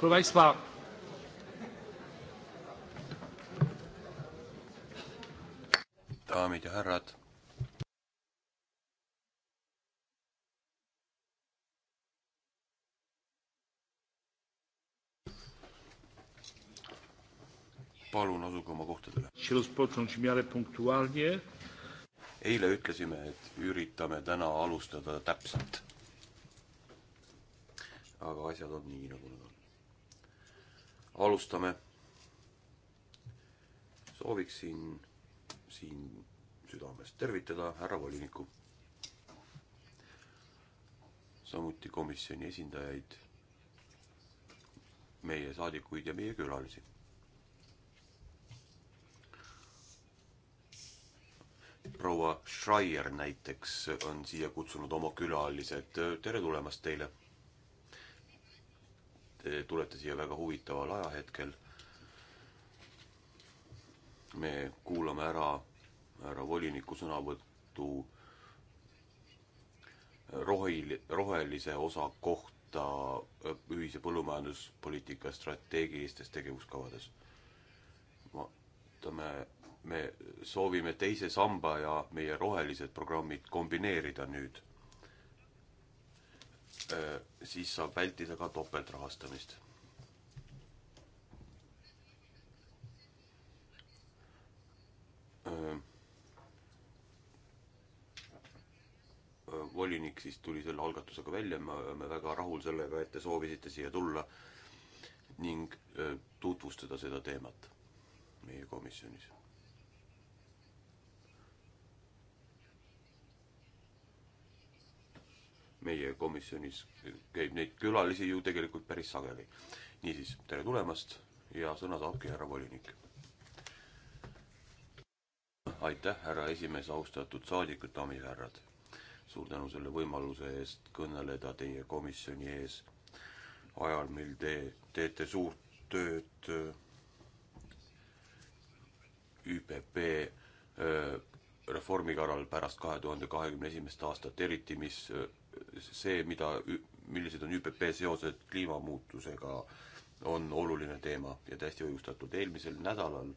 Proszę Państwa, daamid ja härrad. palun asuge oma kohtadele. eile ütlesime, et üritame täna alustada täpselt. aga asjad on nii, nagu nad on alustame. sooviksin siin südamest tervitada härra volinikku. samuti komisjoni esindajaid, meie saadikuid ja meie külalisi. proua Schreier näiteks on siia kutsunud oma külalised, tere tulemast teile Te tulete siia väga huvitaval ajahetkel. me kuulame ära härra voliniku sõnavõttu rohil-, rohelise osa kohta äh, ühise põllumajanduspoliitika strateegilistes tegevuskavades. vaatame, me soovime teise samba ja meie rohelised programmid kombineerida nüüd Äh, siis saab vältida ka topeltrahastamist. Äh, äh, volinik siis tuli selle algatusega välja, me oleme väga rahul sellega, et te soovisite siia tulla ning tutvustada seda teemat meie komisjonis meie komisjonis käib neid külalisi ju tegelikult päris sageli. niisiis, tere tulemast ja sõna saabki härra volinik. aitäh, härra esimees, austatud saadikud, daamid ja härrad. suur tänu selle võimaluse eest kõneleda teie komisjoni ees ajal, mil te teete suurt tööd ÜPP äh, reformi korral pärast kahe tuhande kahekümne esimest aastat, eriti mis äh, see, mida, millised on ÜPP seosed kliimamuutusega, on oluline teema ja täiesti õigustatud. eelmisel nädalal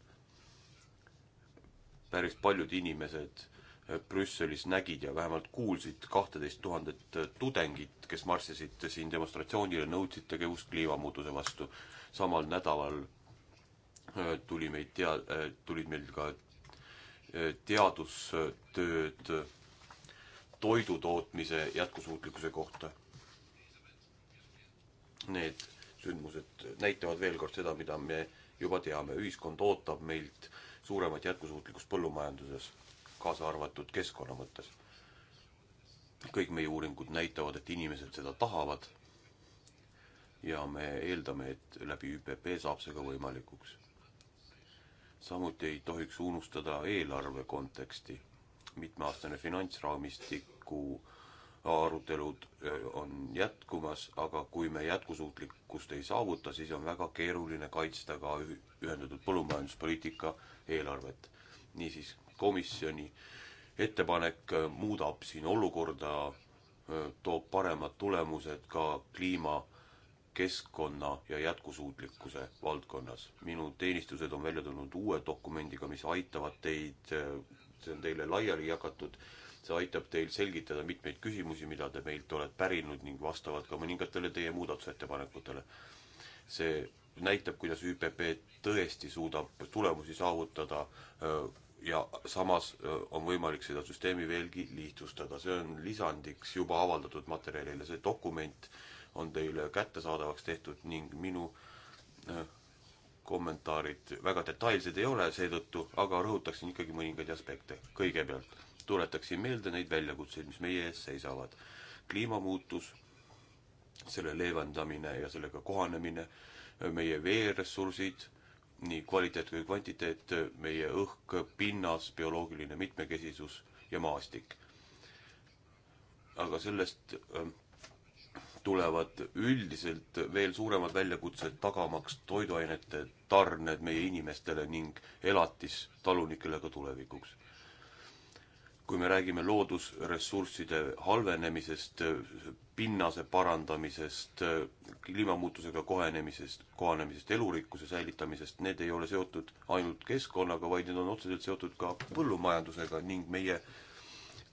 päris paljud inimesed äh, Brüsselis nägid ja vähemalt kuulsid kahteteist tuhandet äh, tudengit, kes marssisid siin demonstratsioonile, nõudsid tegevust kliimamuutuse vastu. samal nädalal äh, tuli meid tea-, tulid meil ka teadustööd toidutootmise jätkusuutlikkuse kohta. Need sündmused näitavad veel kord seda, mida me juba teame, ühiskond ootab meilt suuremat jätkusuutlikkust põllumajanduses, kaasa arvatud keskkonna mõttes. kõik meie uuringud näitavad, et inimesed seda tahavad ja me eeldame, et läbi ÜPP saab see ka võimalikuks. samuti ei tohiks unustada eelarve konteksti. mitmeaastane finantsraamistik tuleviku nagu arutelud eh, on jätkumas, aga kui me jätkusuutlikkust ei saavuta, siis on väga keeruline kaitsta ka ühendatud põllumajanduspoliitika eelarvet. niisiis, komisjoni ettepanek eh, muudab siin olukorda, eh, toob paremad tulemused ka kliima, keskkonna ja jätkusuutlikkuse valdkonnas. minu teenistused on välja tulnud uue dokumendiga, mis aitavad teid, see on teile laiali jagatud see aitab teil selgitada mitmeid küsimusi, mida te meilt olete pärinud ning vastavad ka mõningatele teie muudatusettepanekutele. see näitab, kuidas ÜPP tõesti suudab tulemusi saavutada ja samas on võimalik seda süsteemi veelgi lihtsustada, see on lisandiks juba avaldatud materjalile, see dokument on teile kättesaadavaks tehtud ning minu kommentaarid väga detailsed ei ole seetõttu, aga rõhutaksin ikkagi mõningaid aspekte. kõigepealt tuletaksin meelde neid väljakutseid, mis meie ees seisavad. kliimamuutus, selle leevendamine ja sellega kohanemine, meie veeressursid, nii kvaliteet kui kvantiteet, meie õhk, pinnas, bioloogiline mitmekesisus ja maastik. aga sellest ähm, tulevad üldiselt veel suuremad väljakutsed tagamaks toiduainete tarned meie inimestele ning elatis talunikele ka tulevikuks kui me räägime loodusressursside halvenemisest, pinnase parandamisest, kliimamuutusega kohenemisest, kohanemisest, elurikkuse säilitamisest, need ei ole seotud ainult keskkonnaga, vaid need on otseselt seotud ka põllumajandusega ning meie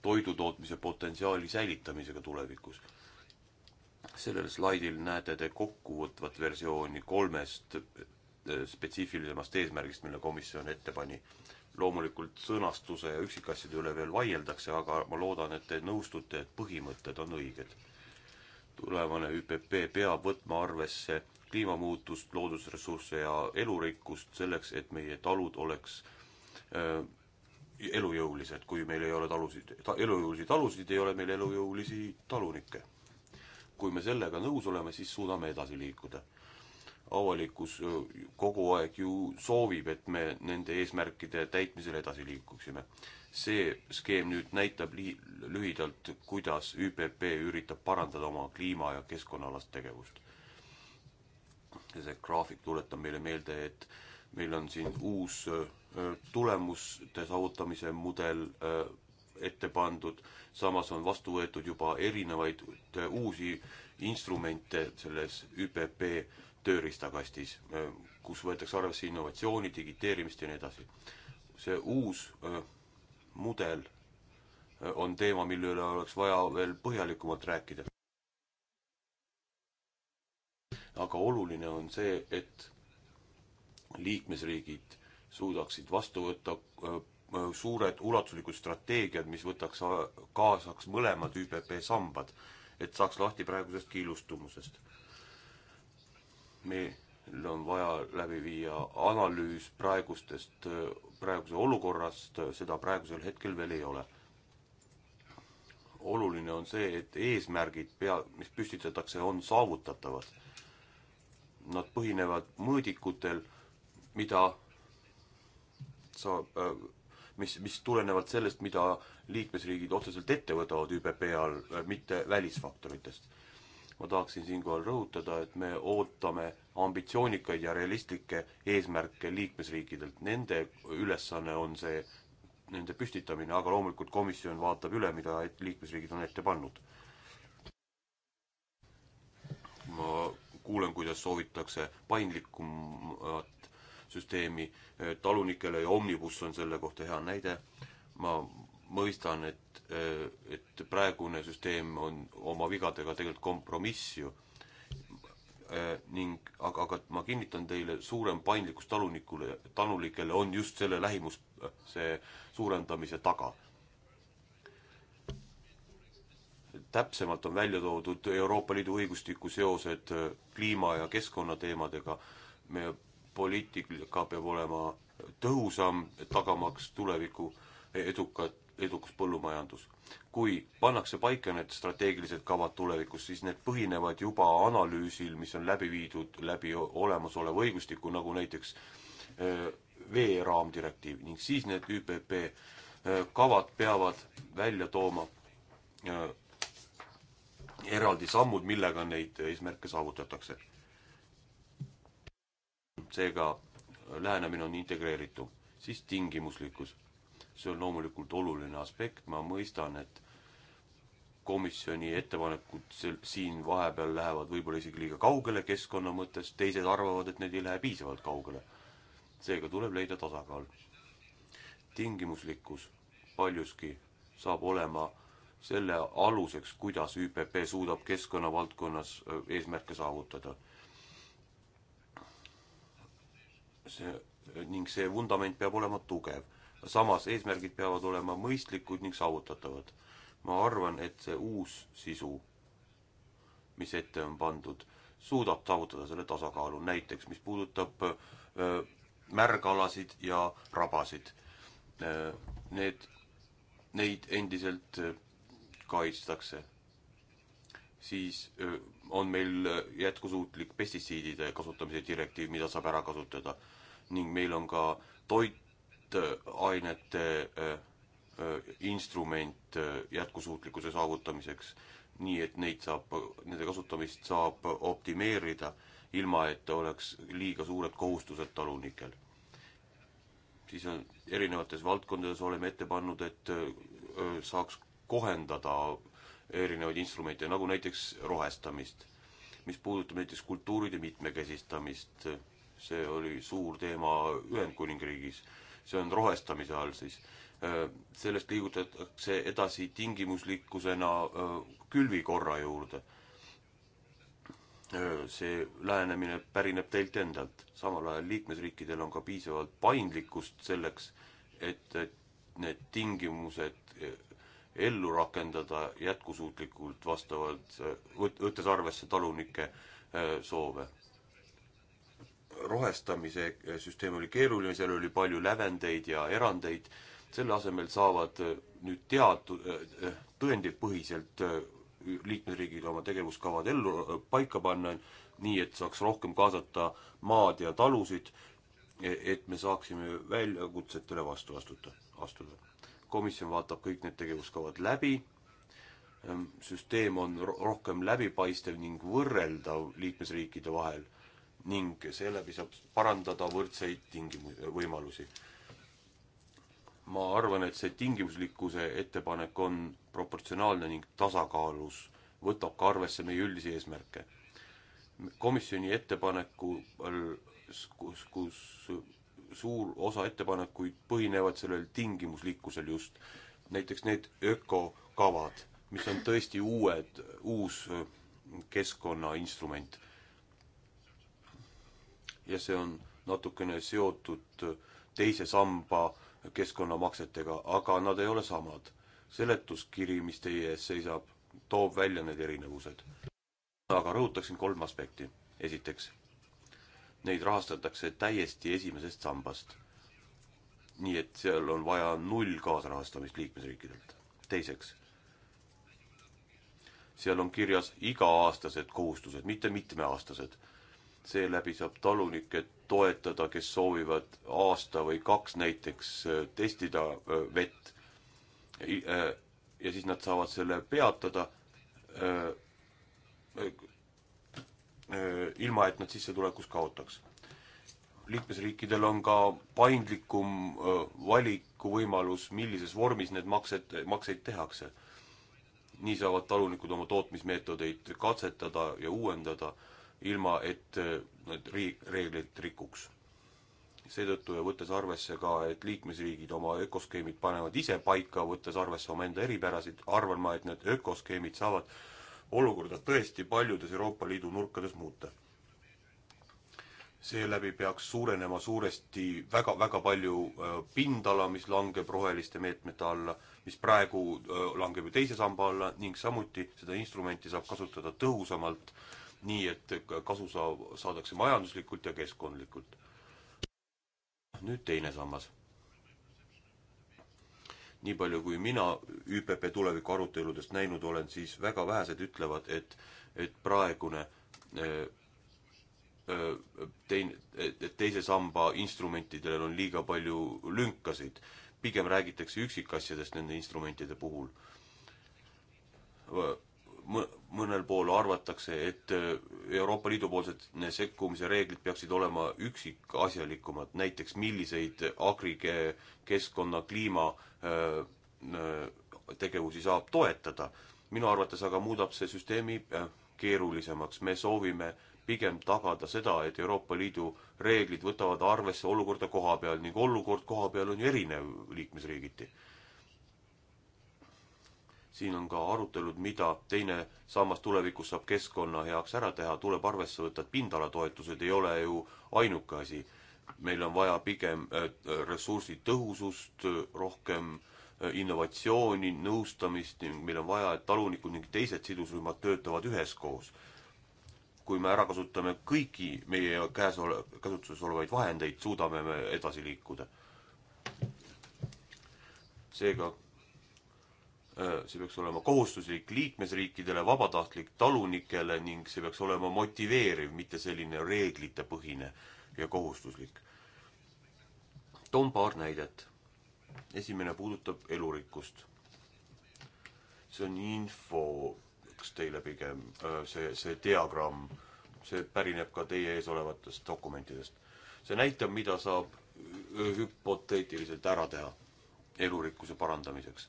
toidutootmise potentsiaali säilitamisega tulevikus. sellel slaidil näete te kokkuvõtvat versiooni kolmest eh, spetsiifilisemast eesmärgist, mille komisjon ette pani loomulikult sõnastuse ja üksikasjade üle veel vaieldakse, aga ma loodan, et te nõustute, et põhimõtted on õiged. tulevane ÜPP peab võtma arvesse kliimamuutust, loodusressursse ja elurikkust selleks, et meie talud oleks äh, elujõulised, kui meil ei ole talusid ta,, elujõulisi talusid, ei ole meil elujõulisi talunikke. kui me sellega nõus oleme, siis suudame edasi liikuda avalikkus kogu aeg ju soovib, et me nende eesmärkide täitmisel edasi liikuksime. see skeem nüüd näitab li-, lühidalt, kuidas ÜPP üritab parandada oma kliima- ja keskkonnaalast tegevust. ja see graafik tuletab meile meelde, et meil on siin uus tulemuste saavutamise mudel ette pandud, samas on vastu võetud juba erinevaid uusi instrumente selles ÜPP tööriistakastis, äh, kus võetakse arvesse innovatsiooni, digiteerimist ja nii edasi. see uus äh, mudel äh, on teema, mille üle oleks vaja veel põhjalikumalt rääkida. aga oluline on see, et liikmesriigid suudaksid vastu võtta suured ulatuslikud strateegiad, mis võtaks kaasaks mõlemad ÜPP sambad, et saaks lahti praegusest killustumusest meil on vaja läbi viia analüüs praegustest, praeguse olukorrast, seda praegusel hetkel veel ei ole. oluline on see, et eesmärgid pea, mis püstitatakse, on saavutatavad. Nad põhinevad mõõdikutel, mida saab äh, mis, mis tulenevad sellest, mida liikmesriigid otseselt ette võtavad ÜPP all, mitte välisfaktoritest ma tahaksin siinkohal rõhutada, et me ootame ambitsioonikaid ja realistlikke eesmärke liikmesriikidelt, nende ülesanne on see, nende püstitamine, aga loomulikult komisjon vaatab üle, mida liikmesriigid on ette pannud. ma kuulen, kuidas soovitakse paindlikumat süsteemi talunikele ja Omnibus on selle kohta hea näide, ma mõistan, et, äh, et praegune süsteem on oma vigadega tegelikult kompromiss ju äh, ning aga, aga ma kinnitan teile, suurem paindlikkus talunikule, talunikele on just selle lähimuse suurendamise taga. täpsemalt on välja toodud Euroopa Liidu õigustiku seosed äh, kliima- ja keskkonnateemadega. meie poliitika peab olema tõhusam, tagamaks tuleviku edukat edukas põllumajandus. kui pannakse paika need strateegilised kavad tulevikus, siis need põhinevad juba analüüsil, mis on läbi viidud läbi olemasoleva õigustiku, nagu näiteks vee raamdirektiiv ning siis need ÜPP kavad peavad välja tooma eraldi sammud, millega neid eesmärke saavutatakse. seega lähenemine on integreeritum, siis tingimuslikkus see on loomulikult oluline aspekt, ma mõistan, et komisjoni ettepanekud sel-, siin vahepeal lähevad võib-olla isegi liiga kaugele keskkonna mõttes, teised arvavad, et need ei lähe piisavalt kaugele. seega tuleb leida tasakaal. tingimuslikkus paljuski saab olema selle aluseks, kuidas ÜPP suudab keskkonna valdkonnas äh, eesmärke saavutada. see, ning see vundament peab olema tugev samas eesmärgid peavad olema mõistlikud ning saavutatavad. ma arvan, et see uus sisu, mis ette on pandud, suudab saavutada selle tasakaalu, näiteks mis puudutab öö, märgalasid ja rabasid. Need, neid endiselt kaitstakse. siis öö, on meil jätkusuutlik pestitsiidide kasutamise direktiiv, mida saab ära kasutada ning meil on ka toit, toitainete äh, äh, äh, instrument jätkusuutlikkuse saavutamiseks, nii et neid saab, nende kasutamist saab optimeerida, ilma et oleks liiga suured kohustused talunikel. siis on, erinevates valdkondades oleme ette pannud, et saaks kohendada erinevaid instrumente, nagu näiteks rohestamist. mis puudutab näiteks kultuuride mitmekesistamist, see oli suur teema Ühendkuningriigis see on rohestamise all siis. Äh, sellest liigutatakse edasi tingimuslikkusena äh, külvikorra juurde. Äh, see lähenemine pärineb teilt endalt, samal ajal liikmesriikidel on ka piisavalt paindlikkust selleks, et need tingimused ellu rakendada jätkusuutlikult vastavalt, võttes arvesse talunike soove rohestamise süsteem oli keeruline, seal oli palju lävendeid ja erandeid, selle asemel saavad nüüd teatud, äh, tõendipõhiselt äh, liikmesriigid oma tegevuskavad ellu äh, paika panna, nii et saaks rohkem kaasata maad ja talusid, e-, et me saaksime väljakutsetele vastu astuda, astuda. komisjon vaatab kõik need tegevuskavad läbi, ehm, süsteem on rohkem läbipaistev ning võrreldav liikmesriikide vahel ning seeläbi saab parandada võrdseid tingimusi, võimalusi. ma arvan, et see tingimuslikkuse ettepanek on proportsionaalne ning tasakaalus, võtab ka arvesse meie üldisi eesmärke. komisjoni ettepaneku, kus, kus suur osa ettepanekuid põhinevad sellel tingimuslikkusel just, näiteks need ökokavad, mis on tõesti uued, uus keskkonnainstrument ja see on natukene seotud teise samba keskkonnamaksetega, aga nad ei ole samad. seletuskiri, mis teie ees seisab, toob välja need erinevused. aga rõhutaksin kolm aspekti. esiteks, neid rahastatakse täiesti esimesest sambast. nii et seal on vaja null kaasrahastamist liikmesriikidelt. teiseks, seal on kirjas iga-aastased kohustused, mitte mitmeaastased seeläbi saab talunikke toetada, kes soovivad aasta või kaks näiteks äh, testida äh, vett. Äh, ja siis nad saavad selle peatada. ilma, et nad sissetulekus kaotaks. liikmesriikidel on ka paindlikum valikuvõimalus, millises vormis need maksed, makseid tehakse. nii saavad talunikud oma tootmismeetodeid katsetada ja uuendada ilma et äh, need reegleid rikuks. seetõttu ja võttes arvesse ka, et liikmesriigid oma ökoskeemid panevad ise paika, võttes arvesse omaenda eripärasid, arvan ma, et need ökoskeemid saavad olukorda tõesti paljudes Euroopa Liidu nurkades muuta. seeläbi peaks suurenema suuresti väga, väga palju äh, pindala, mis langeb roheliste meetmete alla, mis praegu äh, langeb ju teise samba alla ning samuti seda instrumenti saab kasutada tõhusamalt äh, nii et kasu saav, saadakse majanduslikult ja keskkondlikult. nüüd teine sammas. nii palju, kui mina ÜPP tuleviku aruteludest näinud olen, siis väga vähesed ütlevad, et, et praegune öö, äh, äh, tein-, et teise samba instrumentidel on liiga palju lünkasid. pigem räägitakse üksikasjadest nende instrumentide puhul mõnel pool arvatakse, et äh, Euroopa Liidu poolsetne sekkumise reeglid peaksid olema üksikasjalikumad, näiteks milliseid agrike keskkonna, kliima äh, äh, tegevusi saab toetada. minu arvates aga muudab see süsteemi keerulisemaks, me soovime pigem tagada seda, et Euroopa Liidu reeglid võtavad arvesse olukorda koha peal ning olukord koha peal on ju erinev liikmesriigiti siin on ka arutelud, mida teine sammas tulevikus saab keskkonna heaks ära teha, tuleb arvesse võtta, et pindalatoetused ei ole ju ainuke asi. meil on vaja pigem äh, ressursitõhusust, äh, rohkem äh, innovatsiooni, nõustamist ning meil on vaja, et talunikud ning teised sidusrühmad töötavad üheskoos. kui me ära kasutame kõiki meie käesole-, käsutuses olevaid vahendeid, suudame me edasi liikuda. seega Äh, see peaks olema kohustuslik liikmesriikidele, vabatahtlik talunikele ning see peaks olema motiveeriv, mitte selline reeglitepõhine ja kohustuslik. toon paar näidet. esimene puudutab elurikkust. see on infoks teile pigem, äh, see, see diagramm, see pärineb ka teie ees olevatest dokumentidest. see näitab, mida saab hüpoteetiliselt ära teha elurikkuse parandamiseks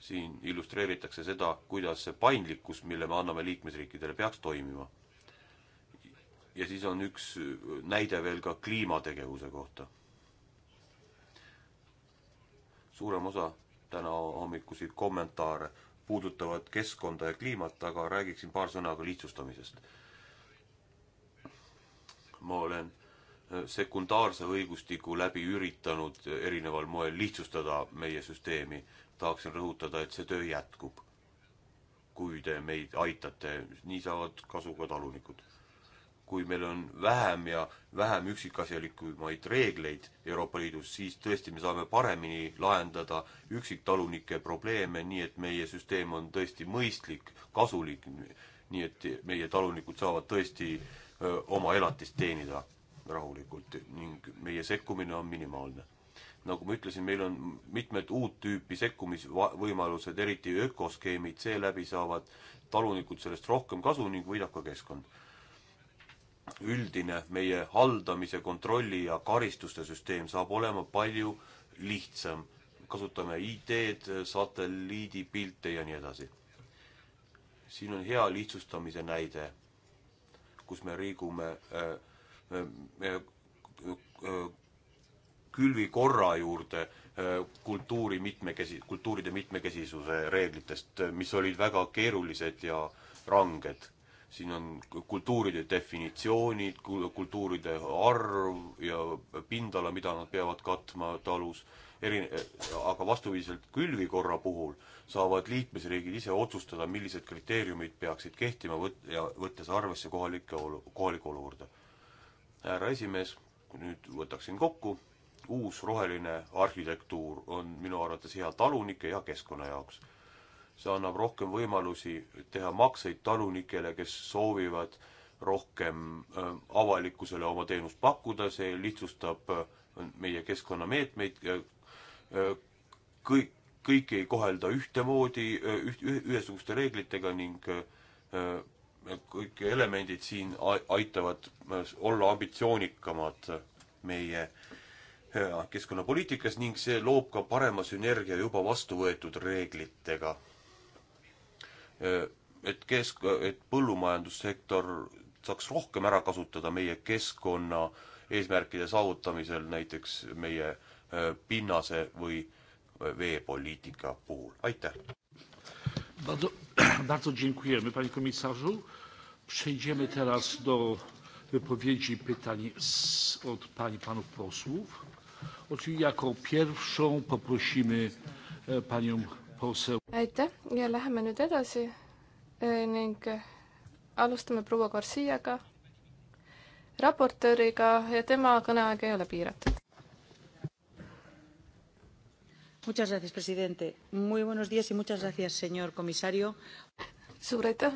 siin illustreeritakse seda, kuidas see paindlikkus, mille me anname liikmesriikidele, peaks toimima. ja siis on üks näide veel ka kliimategevuse kohta. suurem osa täna hommikuseid kommentaare puudutavad keskkonda ja kliimat, aga räägiksin paar sõna ka lihtsustamisest. ma olen äh, sekundaarse õigustiku läbi üritanud erineval moel lihtsustada meie süsteemi tahaksin rõhutada, et see töö jätkub. kui te meid aitate, nii saavad kasu ka talunikud. kui meil on vähem ja vähem üksikasjalikumaid reegleid Euroopa Liidus, siis tõesti me saame paremini lahendada üksiktalunike probleeme, nii et meie süsteem on tõesti mõistlik, kasulik, nii et meie talunikud saavad tõesti öö, oma elatist teenida rahulikult ning meie sekkumine on minimaalne nagu ma ütlesin, meil on mitmed uut tüüpi sekkumisvõimalused, eriti ökoskeemid, seeläbi saavad talunikud sellest rohkem kasu ning võidab ka keskkond. üldine meie haldamise, kontrolli ja karistuste süsteem saab olema palju lihtsam. kasutame IT-d, satelliidipilte ja nii edasi. siin on hea lihtsustamise näide, kus me liigume äh, äh, äh, külvikorra juurde äh, kultuuri mitmekesi-, kultuuride mitmekesisuse reeglitest, äh, mis olid väga keerulised ja ranged. siin on kultuuride definitsioonid, kultuuride arv ja pindala, mida nad peavad katma talus, eri-, aga vastupidiselt külvikorra puhul saavad liikmesriigid ise otsustada, millised kriteeriumid peaksid kehtima võt-, ja võttes arvesse kohalikke olu-, kohalikku olukorda. härra esimees, nüüd võtaksin kokku uus roheline arhitektuur on minu arvates hea talunike ja keskkonna jaoks. see annab rohkem võimalusi teha makseid talunikele, kes soovivad rohkem ähm, avalikkusele oma teenust pakkuda, see lihtsustab äh, meie keskkonnameetmeid, äh, kõik, kõiki ei kohelda ühtemoodi, äh, üht, ühesuguste reeglitega ning kõik elemendid siin aitavad olla ambitsioonikamad meie keskkonnapoliitikas ning see loob ka parema sünergia juba vastu võetud reeglitega. et kesk, et põllumajandussektor saaks rohkem ära kasutada meie keskkonna eesmärkide saavutamisel, näiteks meie äh, pinnase või äh, veepoliitika puhul, aitäh! Bardzo, bardzo dziękujemy panie komisarzu. Przejdziemy teraz do wypowiedzi pytań z, od pań i panów posłów. Oczywiście jako pierwszą poprosimy e, panią poseł. aitäh ja läheme nüüd edasi e, ning e, alustame proua Garciaga, raportööriga ja tema kõneaeg ei ole piiratud. Muchas gracias, presidente. Muy buenos días y muchas gracias, señor comisario. suur aitäh.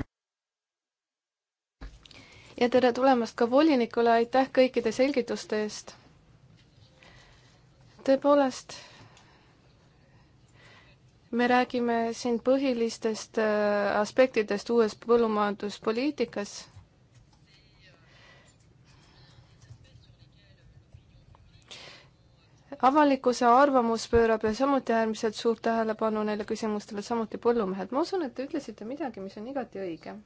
ja tere tulemast ka volinikule, aitäh kõikide selgituste eest tõepoolest, me räägime siin põhilistest äh, aspektidest uues põllumajanduspoliitikas. avalikkuse arvamus pöörab samuti äärmiselt suurt tähelepanu neile küsimustele, samuti põllumehed. ma usun, et te ütlesite midagi, mis on igati õige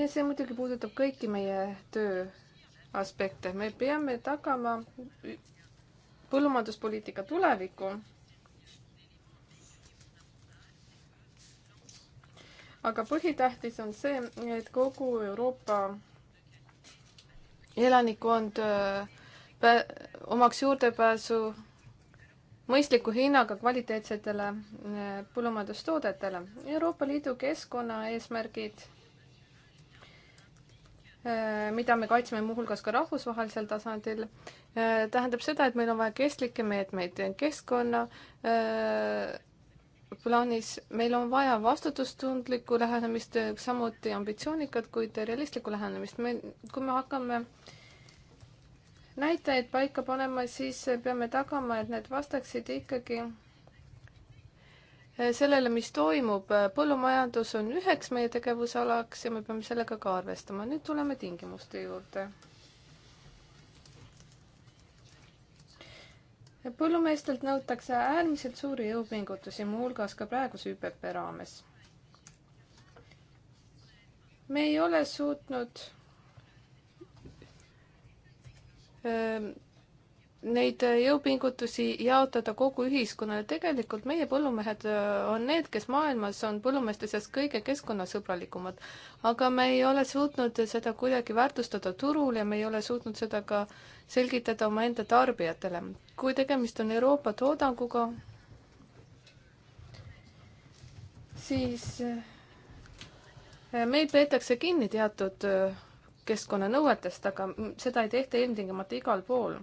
ja see muidugi puudutab kõiki meie töö aspekte. me peame tagama põllumajanduspoliitika tuleviku. aga põhitähtis on see, et kogu Euroopa elanikkond äh, omaks juurdepääsu mõistliku hinnaga kvaliteetsetele äh, põllumajandustoodetele. Euroopa Liidu keskkonnaeesmärgid Äh, mida me kaitseme muuhulgas ka rahvusvahelisel tasandil, äh, tähendab seda, et meil on vaja kestlikke meetmeid keskkonna äh, plaanis, meil on vaja vastutustundlikku lähenemist, samuti ambitsioonikat, kuid realistlikku lähenemist. me, kui me hakkame näitajaid paika panema, siis peame tagama, et need vastaksid ikkagi Eh, sellele, mis toimub. Eh, põllumajandus on üheks meie tegevusalaks ja me peame sellega ka arvestama. nüüd tuleme tingimuste juurde. põllumeestelt nõutakse äärmiselt suuri jõupingutusi, muuhulgas ka praeguse ÜPP raames. me ei ole suutnud öö, eh, neid äh, jõupingutusi jaotada kogu ühiskonnale. tegelikult meie põllumehed äh, on need, kes maailmas on põllumeeste seas kõige keskkonnasõbralikumad. aga me ei ole suutnud seda kuidagi väärtustada turul ja me ei ole suutnud seda ka selgitada omaenda tarbijatele. kui tegemist on Euroopa toodanguga, siis äh, meil peetakse kinni teatud keskkonnanõuetest, aga seda ei tehta ilmtingimata igal pool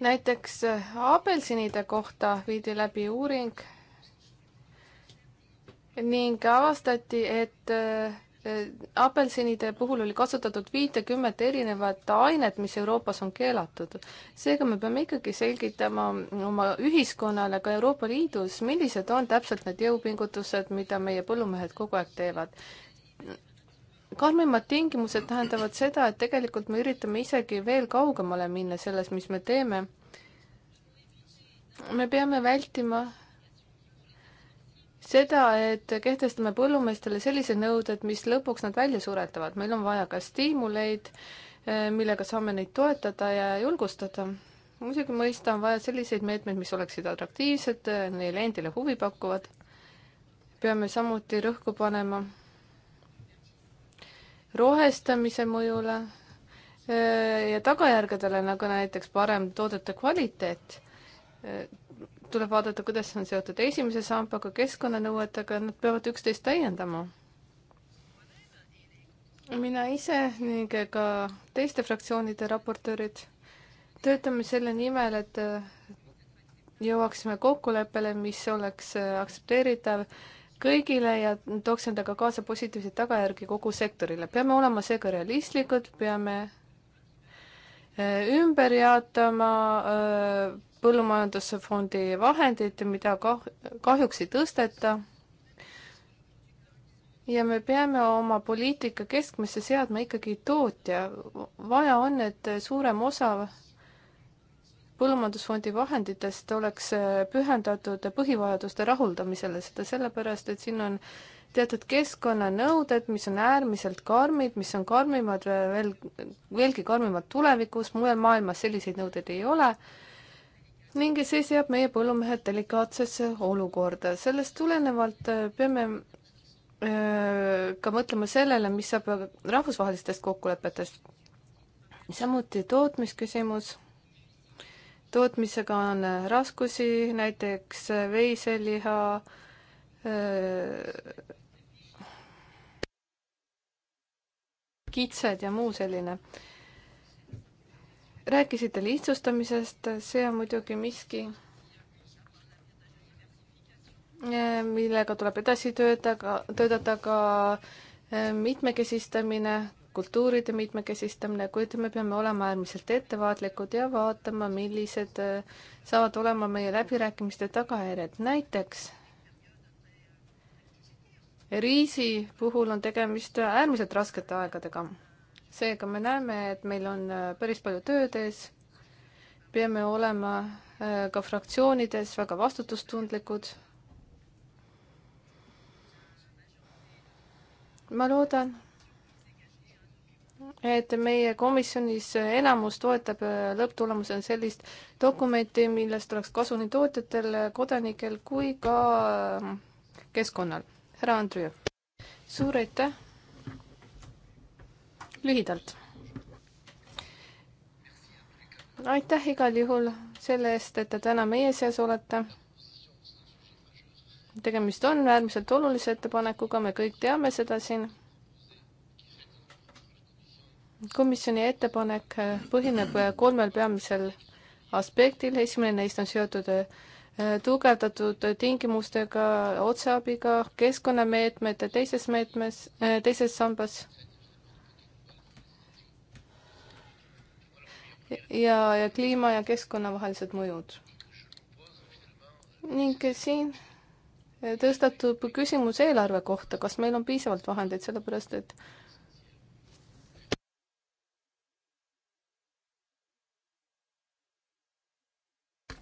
näiteks äh, apelsinide kohta viidi läbi uuring ning avastati, et äh, äh, apelsinide puhul oli kasutatud viitekümmet erinevat ainet, mis Euroopas on keelatud. seega me peame ikkagi selgitama oma ühiskonnale ka Euroopa Liidus, millised on täpselt need jõupingutused, mida meie põllumehed kogu aeg teevad karmimad tingimused tähendavad seda, et tegelikult me üritame isegi veel kaugemale minna selles, mis me teeme. me peame vältima seda, et kehtestame põllumeestele sellised nõuded, mis lõpuks nad välja suretavad. meil on vaja ka stiimuleid, eh, millega saame neid toetada ja julgustada. muidugi mõista on vaja selliseid meetmeid, mis oleksid atraktiivsed, eh, neile endile huvi pakuvad. peame samuti rõhku panema rohestamise mõjule eh, ja tagajärgedele, nagu näiteks parem toodete kvaliteet, eh, tuleb vaadata, kuidas see on seotud esimese sambaga, keskkonnanõuetega, nad peavad üksteist täiendama. mina ise ning ka teiste fraktsioonide raportöörid töötame selle nimel, et eh, jõuaksime kokkuleppele, mis oleks aktsepteeritav äh, kõigile ja tooks endaga kaasa positiivseid tagajärgi kogu sektorile. peame olema seega realistlikud, peame äh, ümber jaotama äh, põllumajandusfondi vahendeid, mida kah-, kahjuks ei tõsteta. ja me peame oma poliitika keskmesse seadma ikkagi tootja. vaja on, et suurem osa põllumajandusfondi vahenditest oleks äh, pühendatud põhivajaduste rahuldamisele, seda sellepärast, et siin on teatud keskkonnanõuded, mis on äärmiselt karmid, mis on karmimad veel, veelgi karmimad tulevikus, mujal maailmas selliseid nõudeid ei ole, ning see seab meie põllumehed delikaatsesse olukorda. sellest tulenevalt äh, peame äh, ka mõtlema sellele, mis saab rahvusvahelistest kokkulepetest. samuti tootmisküsimus tootmisega on raskusi, näiteks veiseliha, kitsed ja muu selline. rääkisite lihtsustamisest, see on muidugi miski, millega tuleb edasi töötada, töötada ka mitmekesistamine, kultuuride mitmekesistamine, kuid me peame olema äärmiselt ettevaatlikud ja vaatama, millised äh, saavad olema meie läbirääkimiste tagajärjed. näiteks riisi puhul on tegemist äärmiselt raskete aegadega. seega me näeme, et meil on äh, päris palju tööd ees. peame olema äh, ka fraktsioonides väga vastutustundlikud. ma loodan et meie komisjonis enamus toetab lõpptulemusena sellist dokumenti, millest oleks kasu nii tootjatel, kodanikel kui ka ähm, keskkonnal. härra Andrei, suur aitäh! lühidalt. aitäh igal juhul selle eest, et te täna meie seas olete. tegemist on äärmiselt olulise ettepanekuga, me kõik teame seda siin komisjoni ettepanek äh, põhineb äh, kolmel peamisel aspektil, esimene neist on seotud äh, tugevdatud tingimustega, otseabiga, keskkonnameetmete teises meetmes, teises sambas ja, ja kliima ja keskkonna vahelised mõjud. ning siin tõstatub küsimus eelarve kohta, kas meil on piisavalt vahendeid, sellepärast et äh,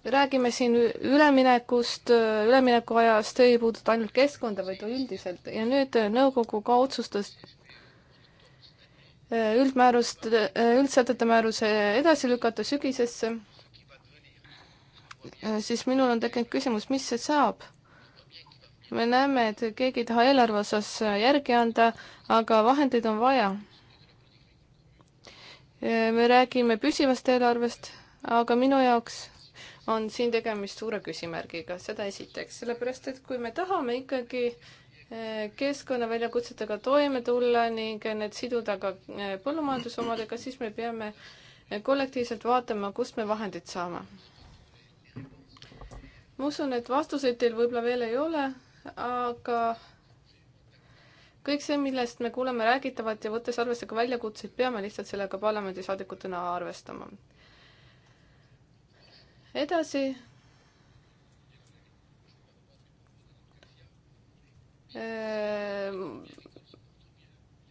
räägime siin üleminekust, üleminekuajast, ei puuduta ainult keskkonda, vaid üldiselt ja nüüd nõukogu ka otsustas äh, üldmäärust, äh, üldsätete määruse edasi lükata sügisesse, äh, siis minul on tekkinud küsimus, mis see saab? me näeme, et keegi ei taha eelarve osas järgi anda, aga vahendeid on vaja. me räägime püsivast eelarvest, aga minu jaoks on siin tegemist suure küsimärgiga, seda esiteks, sellepärast et kui me tahame ikkagi eh, keskkonnaväljakutsetega toime tulla ning need siduda ka eh, põllumajandusomadega, siis me peame eh, kollektiivselt vaatama, kust me vahendid saame. ma usun, et vastuseid teil võib-olla veel ei ole, aga kõik see, millest me kuuleme räägitavat ja võttes arvesse ka väljakutseid, peame lihtsalt sellega parlamendisaadikutena arvestama edasi. Äh,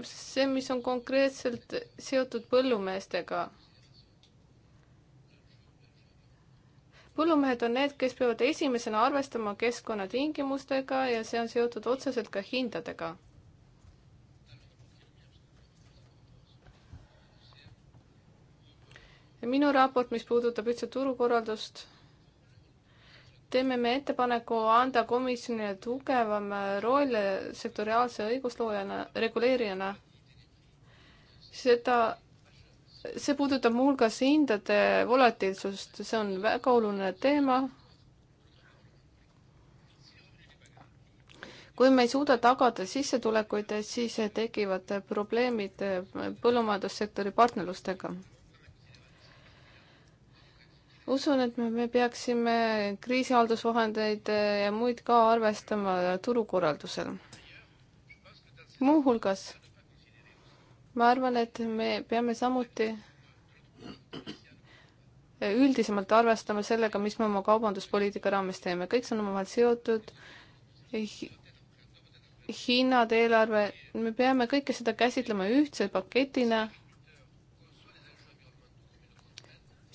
see, mis on konkreetselt seotud põllumeestega. põllumehed on need, kes peavad esimesena arvestama keskkonnatingimustega ja see on seotud otseselt ka hindadega minu raport, mis puudutab üldse turukorraldust, teeme me ettepaneku anda komisjonile tugevam roll sektoriaalse õigusloojana, reguleerijana. seda, see puudutab muuhulgas hindade volatiilsust, see on väga oluline teema kui me ei suuda tagada sissetulekuid, siis tekivad probleemid põllumajandussektori partnerlustega usun, et me peaksime kriisihaldusvahendeid eh, ja muid ka arvestama turukorraldusel. muuhulgas ma arvan, et me peame samuti üldisemalt arvestama sellega, mis me oma kaubanduspoliitika raames teeme, kõik see on omavahel seotud, hinnad, eelarve, me peame kõike seda käsitlema ühtse paketina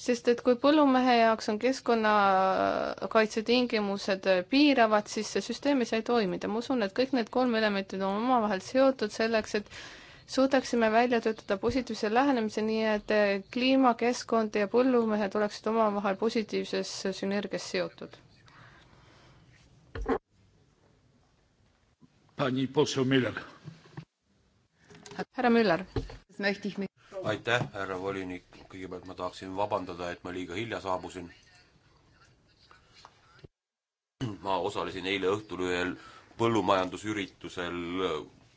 sest et kui põllumehe jaoks on keskkonnakaitsetingimused piiravad, siis see süsteem ei saa toimida. ma usun, et kõik need kolm elementi on omavahel seotud selleks, et suudaksime välja töötada positiivse lähenemise, nii et kliima, keskkond ja põllumehed oleksid omavahel positiivses sünergias seotud. härra Müller aitäh, härra volinik, kõigepealt ma tahaksin vabandada, et ma liiga hilja saabusin. ma osalesin eile õhtul ühel põllumajandusüritusel,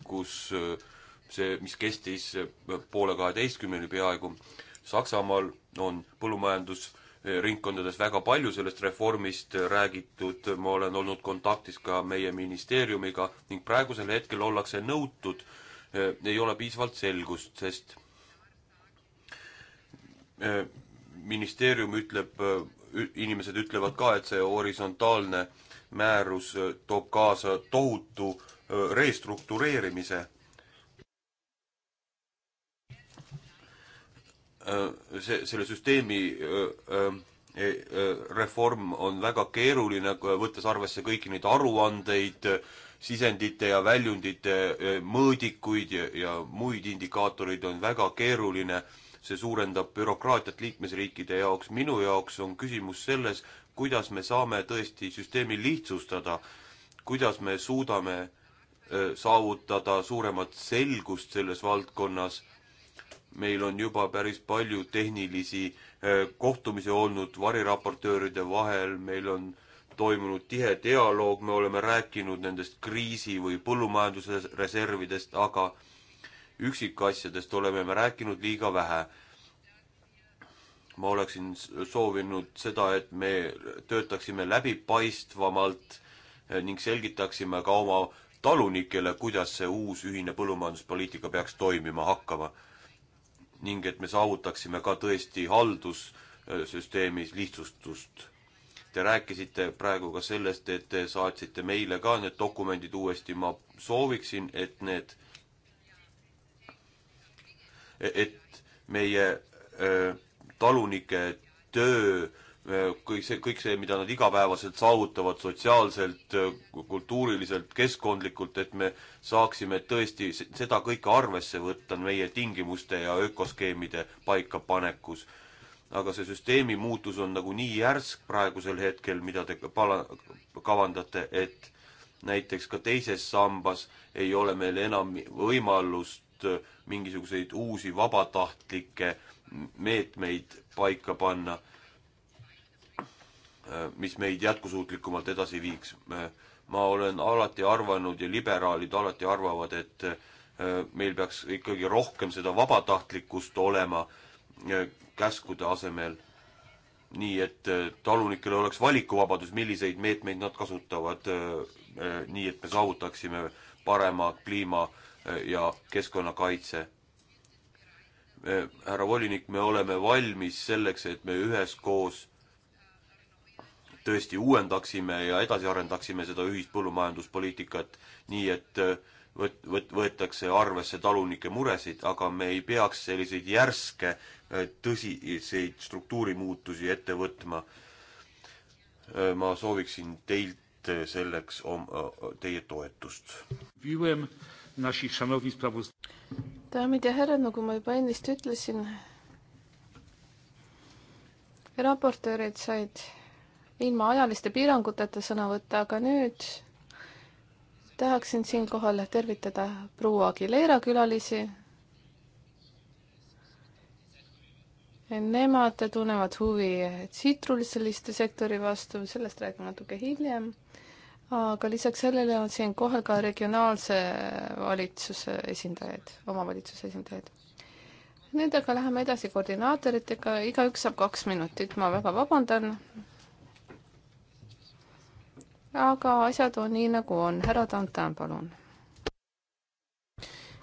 kus eh, see, mis kestis eh, poole kaheteistkümneni peaaegu, Saksamaal on põllumajandusringkondades väga palju sellest reformist räägitud, ma olen olnud kontaktis ka meie ministeeriumiga ning praegusel hetkel ollakse nõutud, eh, ei ole piisavalt selgust, sest Äh, ministeerium ütleb, äh, inimesed ütlevad ka, et see horisontaalne määrus äh, toob kaasa tohutu restruktureerimise. see, selle süsteemi reform on väga keeruline, võttes arvesse kõiki neid aruandeid, sisendite ja väljundite mõõdikuid ja, ja muid indikaatoreid on väga keeruline äh, see suurendab bürokraatiat liikmesriikide jaoks, minu jaoks on küsimus selles, kuidas me saame tõesti süsteemi lihtsustada, kuidas me suudame saavutada suuremat selgust selles valdkonnas, meil on juba päris palju tehnilisi kohtumisi olnud variraportööride vahel, meil on toimunud tihe dialoog, me oleme rääkinud nendest kriisi- või põllumajandusreservidest, aga üksikasjadest oleme me rääkinud liiga vähe. ma oleksin soovinud seda, et me töötaksime läbipaistvamalt eh, ning selgitaksime ka oma talunikele, kuidas see uus ühine põllumajanduspoliitika peaks toimima hakkama. ning et me saavutaksime ka tõesti haldussüsteemis lihtsustust. Te rääkisite praegu ka sellest, et te saatsite meile ka need dokumendid uuesti, ma sooviksin, et need et meie talunike töö, kõik see, kõik see, mida nad igapäevaselt saavutavad sotsiaalselt, kultuuriliselt, keskkondlikult, et me saaksime tõesti seda kõike arvesse võtta meie tingimuste ja ökoskeemide paikapanekus. aga see süsteemi muutus on nagu nii järsk praegusel hetkel, mida te pala-, kavandate, et näiteks ka teises sambas ei ole meil enam võimalust Äh, mingisuguseid uusi vabatahtlikke meetmeid paika panna, äh, mis meid jätkusuutlikumalt edasi viiks. Äh, ma olen alati arvanud ja liberaalid alati arvavad, et meil peaks ikkagi rohkem seda vabatahtlikkust olema käskude asemel nii, et talunikel oleks valikuvabadus, milliseid meetmeid nad kasutavad, nii et me saavutaksime parema kliima ja keskkonnakaitse. härra volinik, me oleme valmis selleks, et me üheskoos tõesti uuendaksime ja edasi arendaksime seda ühist põllumajanduspoliitikat, nii et võt-, võt-, võetakse arvesse talunike muresid, aga me ei peaks selliseid järske tõsiseid struktuurimuutusi ette võtma. ma sooviksin teilt selleks om-, teie toetust nasi szanowni sprawozdawcy. daamid ja härrad, nagu ma juba ennist ütlesin, raportöörid said ilma ajaliste piiranguteta sõna võtta, aga nüüd tahaksin siinkohal tervitada proua Aguilera külalisi. Nemad tunnevad huvi tsitruliseliste sektori vastu, sellest räägime natuke hiljem aga lisaks sellele on siin kohal ka regionaalse valitsuse esindajaid, omavalitsuse esindajaid. Nendega läheme edasi koordinaatoritega, igaüks saab kaks minutit, ma väga vabandan. aga asjad on nii, nagu on, härra Tantan, palun.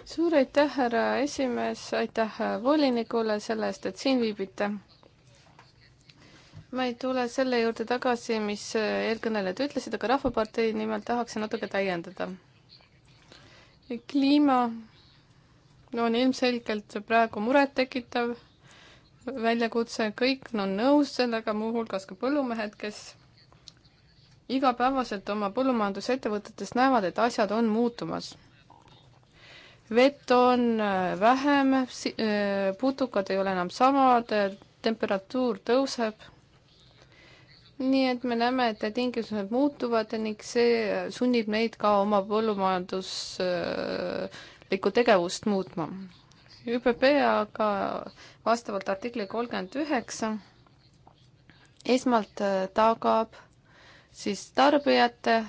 suur aitäh, härra esimees, aitäh volinikule selle eest, et siin viibite ma ei tule selle juurde tagasi, mis äh, eelkõnelejad ütlesid, aga Rahvapartei nimel tahaksin natuke täiendada. kliima on ilmselgelt praegu murettekitav väljakutse, kõik on nõus sellega, muuhulgas ka põllumehed, kes igapäevaselt oma põllumajandusettevõtetes näevad, et asjad on muutumas. vett on äh, vähem, äh, putukad ei ole enam samad, temperatuur tõuseb nii et me näeme, et tingimused muutuvad ning see sunnib neid ka oma põllumajanduslikku tegevust muutma. ÜPP aga vastavalt artikli kolmkümmend üheksa esmalt äh, tagab siis tarbijate äh,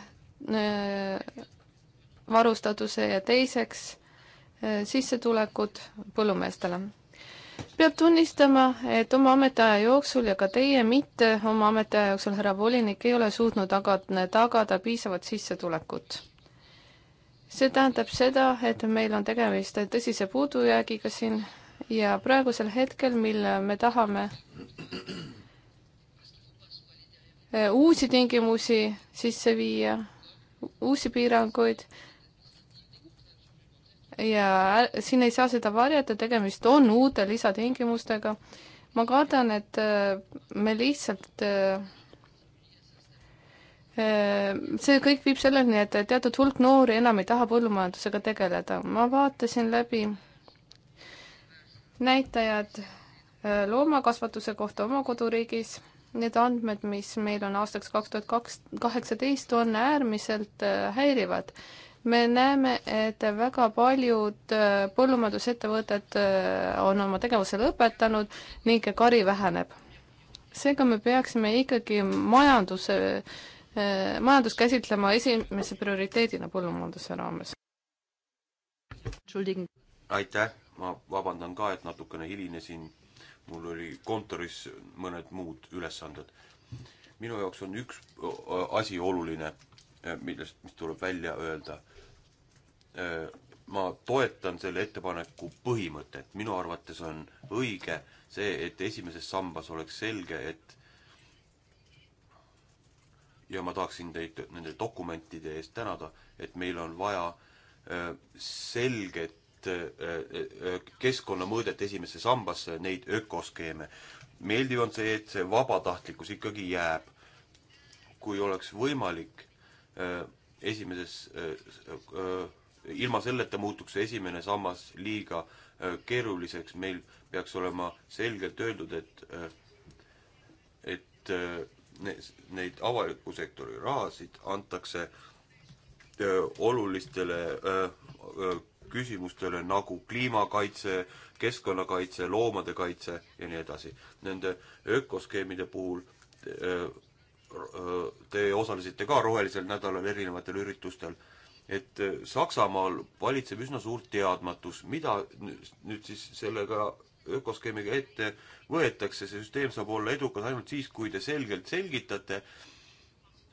varustatuse ja teiseks äh, sissetulekud põllumeestele peab tunnistama, et oma ametiaja jooksul ja ka teie mitte oma ametiaja jooksul, härra volinik, ei ole suutnud aga tagada piisavat sissetulekut. see tähendab seda, et meil on tegemist tõsise puudujäägiga siin ja praegusel hetkel, mil me tahame eh, uusi tingimusi sisse viia, uusi piiranguid, ja siin ei saa seda varjata, tegemist on uute lisatingimustega. ma kardan, et äh, me lihtsalt äh, äh, see kõik viib selleni, et teatud hulk noori enam ei taha põllumajandusega tegeleda. ma vaatasin läbi näitajad loomakasvatuse kohta oma koduriigis. Need andmed, mis meil on aastaks kaks tuhat kaks, kaheksateist, on äärmiselt häirivad me näeme, et väga paljud äh, põllumajandusettevõtted äh, on oma tegevuse lõpetanud ning kari väheneb. seega me peaksime ikkagi majanduse, äh, majandust käsitlema esimese prioriteedina põllumajanduse raames. aitäh, ma vabandan ka, et natukene hilinesin. mul oli kontoris mõned muud ülesanded. minu jaoks on üks asi oluline millest, mis tuleb välja öelda. Äh, ma toetan selle ettepaneku põhimõtet, minu arvates on õige see, et esimeses sambas oleks selge, et ja ma tahaksin teid nende dokumentide eest tänada, et meil on vaja äh, selget äh, keskkonnamõõdet esimesse sambasse, neid ökoskeeme. meeldiv on see, et see vabatahtlikkus ikkagi jääb. kui oleks võimalik esimeses ilma selleta muutuks see esimene sammas liiga äh, keeruliseks, meil peaks olema selgelt öeldud, et, äh, et äh, neid avaliku sektori rahasid antakse olulistele küsimustele nagu kliimakaitse, keskkonnakaitse, loomade kaitse ja nii edasi. Nende ökoskeemide puhul te, te osalesite ka rohelisel nädalal erinevatel üritustel et äh, Saksamaal valitseb üsna suur teadmatus, mida nüüd siis sellega ökoskeemiga ette võetakse, see süsteem saab olla edukas ainult siis, kui te selgelt selgitate,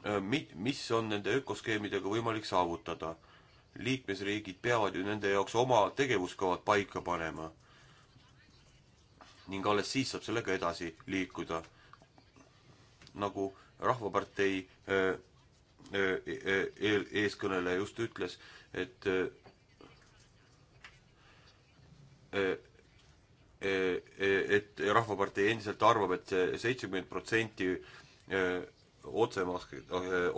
äh, mi-, mis on nende ökoskeemidega võimalik saavutada. liikmesriigid peavad ju nende jaoks oma tegevuskavad paika panema. ning alles siis saab sellega edasi liikuda. nagu Rahvapartei öö, äh, E, e, eeskõneleja just ütles, et e, et Rahvapartei endiselt arvab, et see seitsekümmend protsenti otsemask-,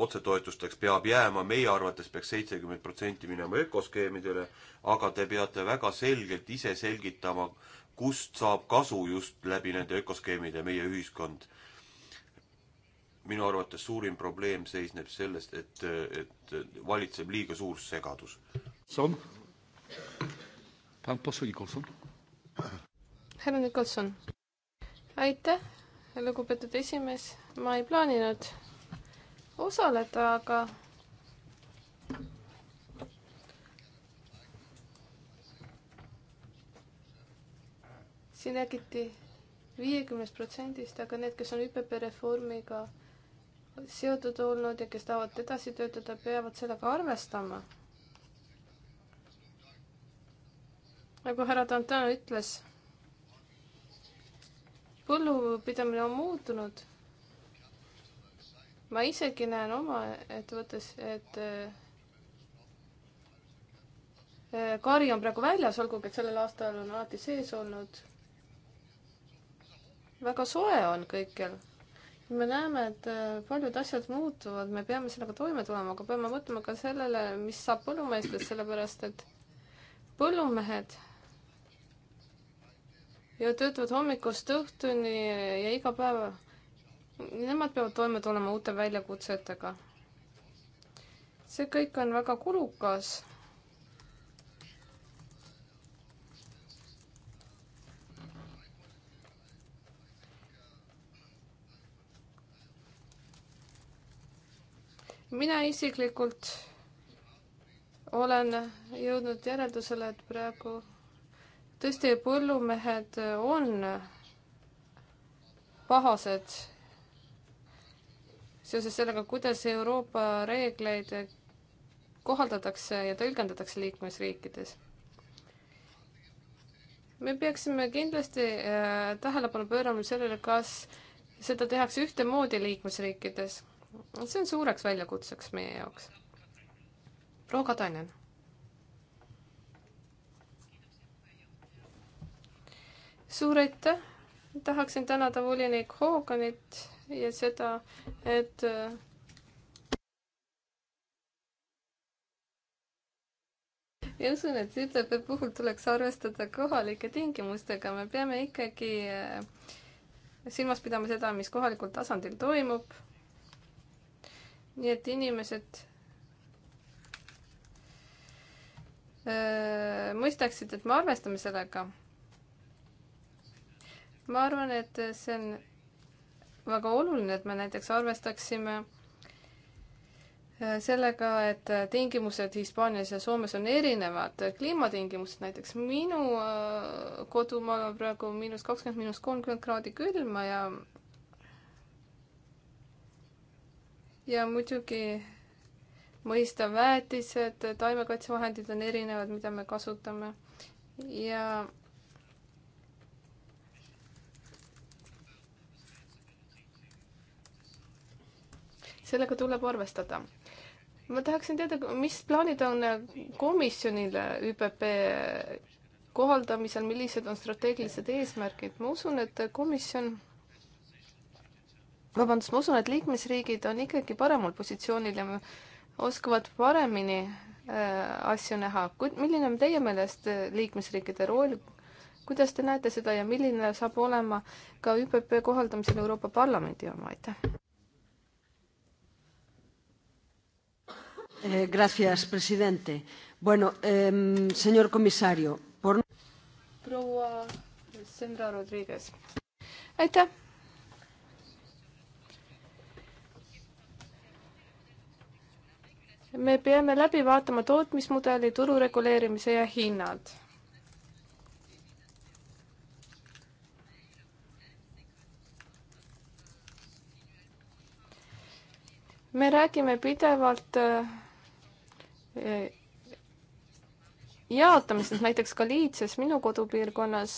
otsetoetusteks peab jääma, meie arvates peaks seitsekümmend protsenti minema ökoskeemidele, aga te peate väga selgelt ise selgitama, kust saab kasu just läbi nende ökoskeemide meie ühiskond minu arvates suurim probleem seisneb selles, et, et valitseb liiga suur segadus. härra Nikolson, aitäh, lugupeetud esimees, ma ei plaaninud osaleda, aga siin räägiti viiekümnest protsendist, aga need, kes on ÜPP reformiga seotud olnud ja kes tahavad edasi töötada, peavad sellega arvestama. nagu härra Dantin ütles, põllupidamine on muutunud. ma isegi näen oma ettevõttes, et, et äh, kari on praegu väljas, olgugi et sellel aastal on alati sees olnud. väga soe on kõikjal me näeme, et äh, paljud asjad muutuvad, me peame sellega toime tulema, aga peame mõtlema ka sellele, mis saab põllumeestest, sellepärast et põllumehed ja töötavad hommikust õhtuni ja iga päev. Nemad peavad toime tulema uute väljakutsetega. see kõik on väga kulukas mina isiklikult olen jõudnud järeldusele, et praegu tõesti põllumehed on pahased seoses sellega, kuidas Euroopa reegleid kohaldatakse ja tõlgendatakse liikmesriikides. me peaksime kindlasti äh, tähelepanu pöörama sellele, kas seda tehakse ühtemoodi liikmesriikides see on suureks väljakutseks meie jaoks. proua Katainen. suur aitäh, tahaksin tänada volinik Hooganit ja seda, et ja usun, et ütlebe puhul tuleks arvestada kohalike tingimustega, me peame ikkagi eh, silmas pidama seda, mis kohalikul tasandil toimub nii et inimesed öö, äh, mõistaksid, et me arvestame sellega. ma arvan, et see on väga oluline, et me näiteks arvestaksime äh, sellega, et tingimused Hispaanias ja Soomes on erinevad, kliimatingimused näiteks minu äh, kodumaal on praegu miinus kakskümmend, miinus kolmkümmend kraadi külma ja ja muidugi mõista väetised, taimekaitsevahendid on erinevad, mida me kasutame ja sellega tuleb arvestada. ma tahaksin teada, mis plaanid on komisjonil ÜPP kohaldamisel, millised on strateegilised eesmärgid, ma usun, et komisjon vabandust, ma usun, et liikmesriigid on ikkagi paremal positsioonil ja oskavad paremini äh, asju näha. kuid milline on teie meelest äh, liikmesriikide roll, kuidas te näete seda ja milline saab olema ka ÜPP kohaldamisel Euroopa Parlamendi oma, aitäh! Eh, gracias, presidente. Bueno, eh, señor comisario, por... proua Sandra Rodriguez. aitäh! me peame läbi vaatama tootmismudeli, turu reguleerimise ja hinnad. me räägime pidevalt äh, jaotamisest, näiteks ka Liitses, minu kodupiirkonnas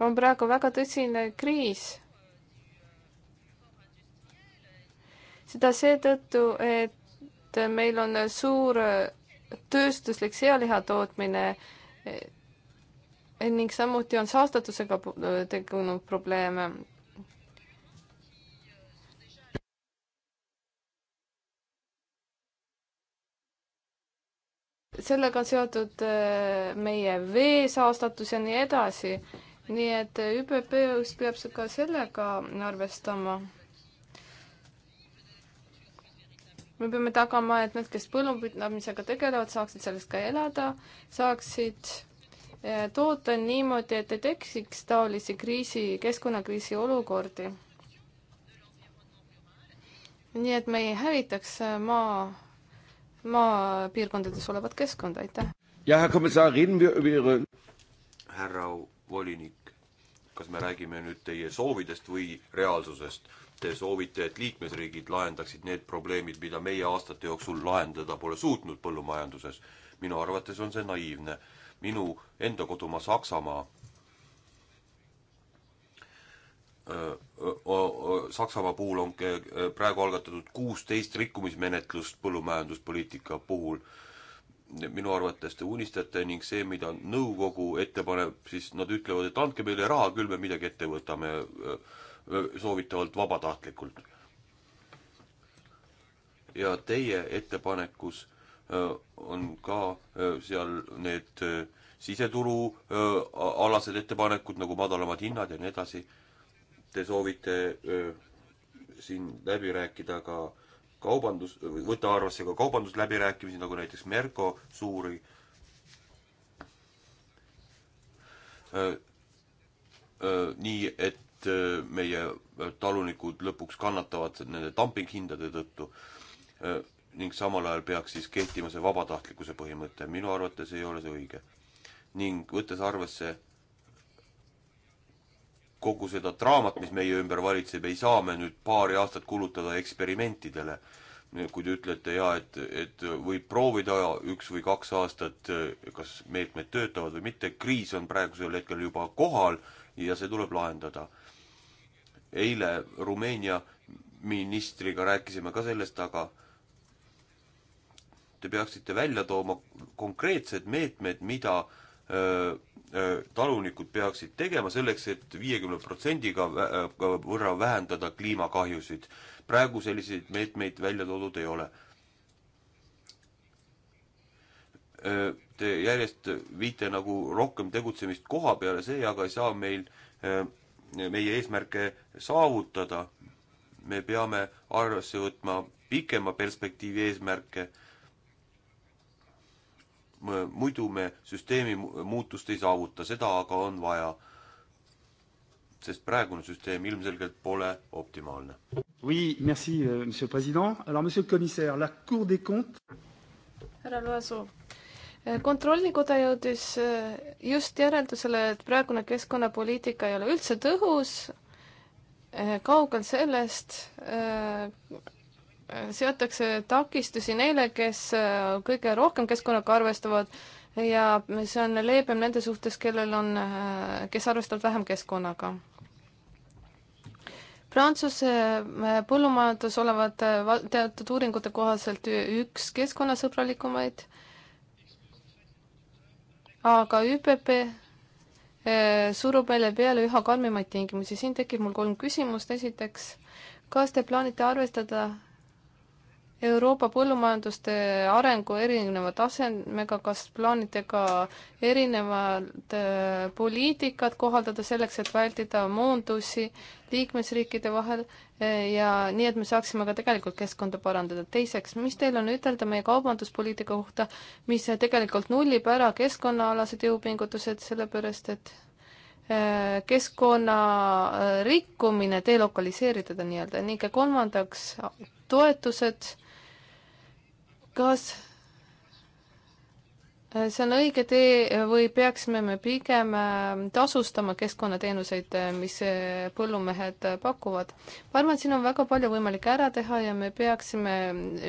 on praegu väga tõsine kriis seda seetõttu, et meil on suur tööstuslik sealiha tootmine eh, ning samuti on saastatusega tekkinud probleeme. sellega on seotud eh, meie veesaastatus ja nii edasi. nii et ÜPP peab ka sellega arvestama me peame tagama, et need, kes põllupidamisega tegelevad, saaksid sellest ka elada, saaksid eh, toota niimoodi, et ei tekiks taolisi kriisi, keskkonnakriisi olukordi. nii et me ei hävitaks eh, maa, maapiirkondades olevat keskkonda, aitäh. härra volinik, kas me räägime nüüd teie soovidest või reaalsusest? te soovite, et liikmesriigid lahendaksid need probleemid, mida meie aastate jooksul lahendada pole suutnud põllumajanduses. minu arvates on see naiivne. minu enda kodumaa Saksamaa Saksamaa puhul on praegu algatatud kuusteist rikkumismenetlust põllumajanduspoliitika puhul. minu arvates te unistate ning see, mida nõukogu ette paneb, siis nad ütlevad, et andke meile raha, küll me midagi ette võtame soovitavalt vabatahtlikult. ja teie ettepanekus on ka seal need siseturu alased ettepanekud nagu madalamad hinnad ja nii edasi. Te soovite siin läbi rääkida ka kaubandus, võtta arvesse ka kaubandusläbirääkimisi, nagu näiteks Merco suuri. nii et Äh, meie äh, talunikud lõpuks kannatavad nende dumpinghindade tõttu äh, ning samal ajal peaks siis kehtima see vabatahtlikkuse põhimõte, minu arvates ei ole see õige. ning võttes arvesse kogu seda draamat, mis meie ümber valitseb, ei saa me nüüd paari aastat kulutada eksperimentidele. kui te ütlete jaa, et, et võib proovida üks või kaks aastat, kas meetmed töötavad või mitte, kriis on praegusel hetkel juba kohal ja see tuleb lahendada eile Rumeenia ministriga rääkisime ka sellest, aga te peaksite välja tooma konkreetsed meetmed, mida öö, talunikud peaksid tegema selleks et, et viiekümne protsendiga võrra vähendada kliimakahjusid. praegu selliseid meetmeid välja toodud ei ole. Te järjest viite nagu rohkem tegutsemist koha peale, see aga ei saa meil meie eesmärke saavutada, me peame arvesse võtma pikema perspektiivi eesmärke, muidu me süsteemi muutust ei saavuta, seda aga on vaja, sest praegune süsteem ilmselgelt pole optimaalne. Oui, merci, euh, monsieur president, alors monsieur commissaire, la cour des comptes härra Loasoo, kontrollikoda jõudis eh, just järeldusele, et praegune keskkonnapoliitika ei ole üldse tõhus, eh, kaugel sellest, eh, seatakse takistusi neile, kes kõige rohkem keskkonnaga arvestavad ja see on leebem nende suhtes, kellel on, kes arvestavad vähem keskkonnaga. Prantsuse põllumajandus olevat teatud uuringute kohaselt üks keskkonnasõbralikumaid aga ÜPP eh, surub meile peale üha karmimaid tingimusi. siin tekib mul kolm küsimust. esiteks, kas te plaanite arvestada Euroopa põllumajanduste arengu erineva tasemega, kas plaanite ka erinevad äh, poliitikad kohaldada selleks, et vältida moondusi liikmesriikide vahel äh, ja nii, et me saaksime ka tegelikult keskkonda parandada. teiseks, mis teil on ütelda meie kaubanduspoliitika kohta, mis tegelikult nullib ära keskkonnaalased jõupingutused, sellepärast et äh, keskkonna rikkumine delokaliseerida nii-öelda ning kolmandaks toetused kas äh, see on õige tee või peaksime me pigem äh, tasustama keskkonnateenuseid, äh, mis põllumehed pakuvad? ma arvan, et siin on väga palju võimalik ära teha ja me peaksime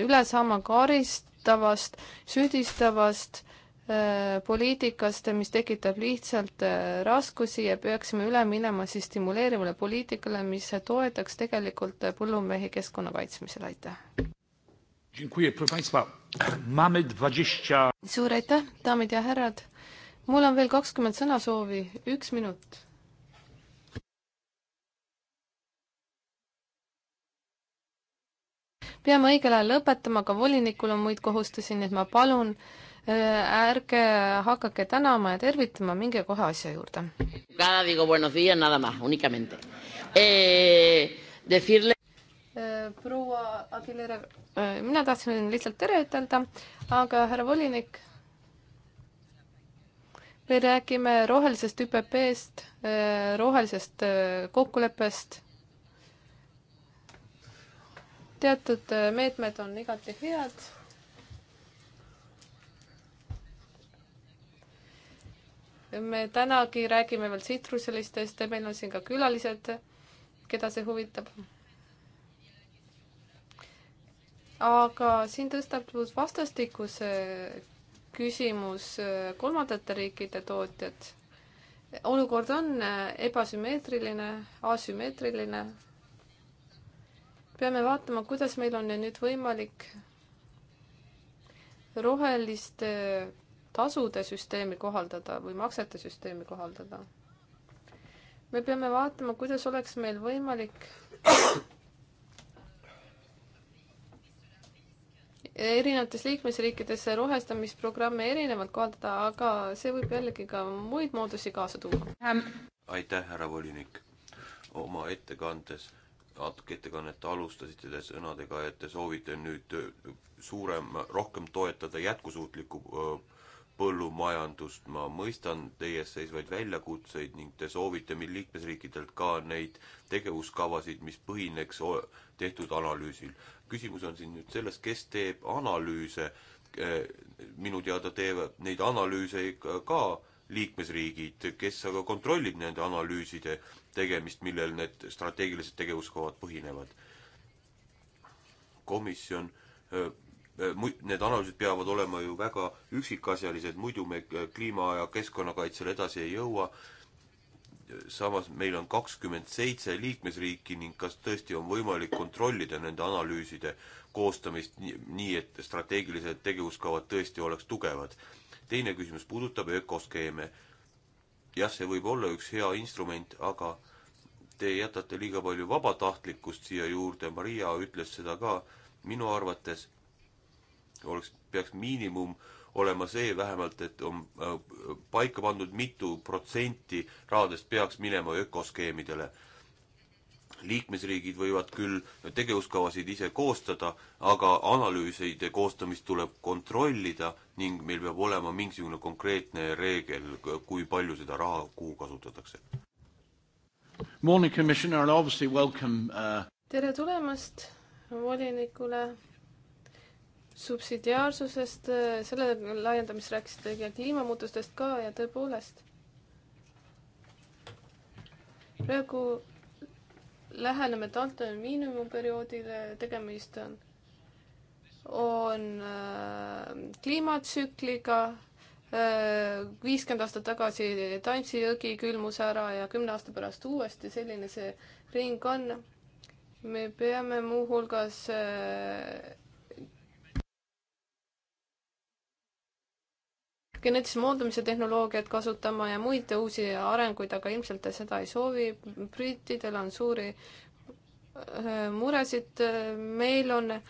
üle saama karistavast, süüdistavast äh, poliitikast, mis tekitab lihtsalt äh, raskusi ja peaksime üle minema siis stimuleerivale poliitikale, mis toetaks tegelikult põllumehi keskkonna kaitsmisel, aitäh! suur aitäh, daamid ja härrad. mul on veel kakskümmend sõnasoovi, üks minut. peame õigel ajal lõpetama, aga volinikul on muid kohustusi, nii et ma palun äh, ärge hakake tänama ja tervitama, minge kohe asja juurde. Digo buenos días nada más, únicamente eh,. Decirle proua Aguilera, äh, mina tahtsin lihtsalt tere ütelda, aga härra volinik, me räägime rohelisest ÜPP-st, äh, rohelisest äh, kokkuleppest. teatud meetmed on igati head. me tänagi räägime veel tsitruselistest ja meil on siin ka külalised, keda see huvitab aga siin tõstab vastastikuse küsimus äh, kolmandate riikide tootjad. olukord on äh, ebasümmeetriline, asümmeetriline. peame vaatama, kuidas meil on nüüd võimalik roheliste tasude süsteemi kohaldada või maksete süsteemi kohaldada. me peame vaatama, kuidas oleks meil võimalik erinevates liikmesriikides rohestamisprogramme erinevalt kohaldada, aga see võib jällegi ka muid moodusi kaasa tuua. Ähm. aitäh, härra volinik. oma ettekandes, natuke ettekannet alustasite te sõnadega, et te soovite nüüd äh, suurem, rohkem toetada jätkusuutlikku öö, äh, põllumajandust, ma mõistan teie ees seisvaid väljakutseid ning te soovite meil liikmesriikidelt ka neid tegevuskavasid, mis põhineks tehtud analüüsil. küsimus on siin nüüd selles, kes teeb analüüse, eh, minu teada teevad neid analüüse ka liikmesriigid, kes aga kontrollib nende analüüside tegemist, millel need strateegilised tegevuskohad põhinevad. komisjon eh, Äh, need analüüsid peavad olema ju väga üksikasjalised, muidu me äh, kliima ja keskkonnakaitsele edasi ei jõua. samas meil on kakskümmend seitse liikmesriiki ning kas tõesti on võimalik kontrollida nende analüüside koostamist nii, nii et strateegilised tegevuskavad tõesti oleks tugevad. teine küsimus puudutab ökoskeeme. jah, see võib olla üks hea instrument, aga te jätate liiga palju vabatahtlikkust siia juurde, Maria ütles seda ka, minu arvates oleks, peaks miinimum olema see vähemalt, et on äh, paika pandud, mitu protsenti rahadest peaks minema ökoskeemidele. liikmesriigid võivad küll tegevuskavasid ise koostada, aga analüüside koostamist tuleb kontrollida ning meil peab olema mingisugune konkreetne reegel, kui palju seda raha kuhu kasutatakse. Morning, commissioner, and obviously welcome uh.... tere tulemast volinikule subsidiaarsusest, äh, selle laiendamist rääkisite ja kliimamuutustest ka ja tõepoolest. praegu läheneme Daltoni miinimumperioodile, tegemist on, on äh, kliimatsükliga, äh, viiskümmend aastat tagasi Taimsi jõgi külmus ära ja kümne aasta pärast uuesti, selline see ring on. me peame muuhulgas geneetilise moondamise tehnoloogiat kasutama ja muid uusi arenguid, aga ilmselt ta seda ei soovi. brittidel on suuri äh, muresid, meil on äh,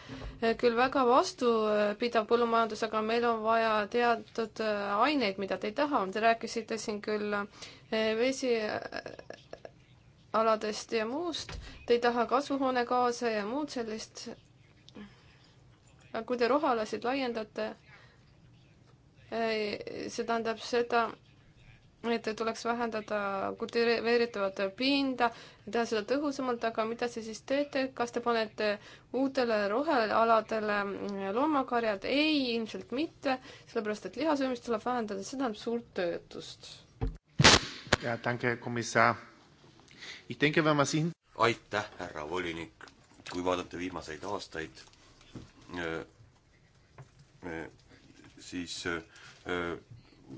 küll väga vastupidav põllumajandus, aga meil on vaja teatud äh, aineid, mida te ei taha. Te rääkisite siin küll vesialadest ja muust, te ei taha kasvuhoonegaase ja muud sellist. kui te rohalasid laiendate see tähendab seda, et tuleks vähendada kultiveeritavat pinda, teha seda tõhusamalt, aga mida te siis teete, kas te panete uutele rohealadele loomakarjad? ei, ilmselt mitte, sellepärast et lihasöömist tuleb vähendada, see tähendab suurt töötust. ja tänke, komissar. aitäh, härra volinik. kui vaadata viimaseid aastaid öö, äh, öö, äh, siis äh, äh,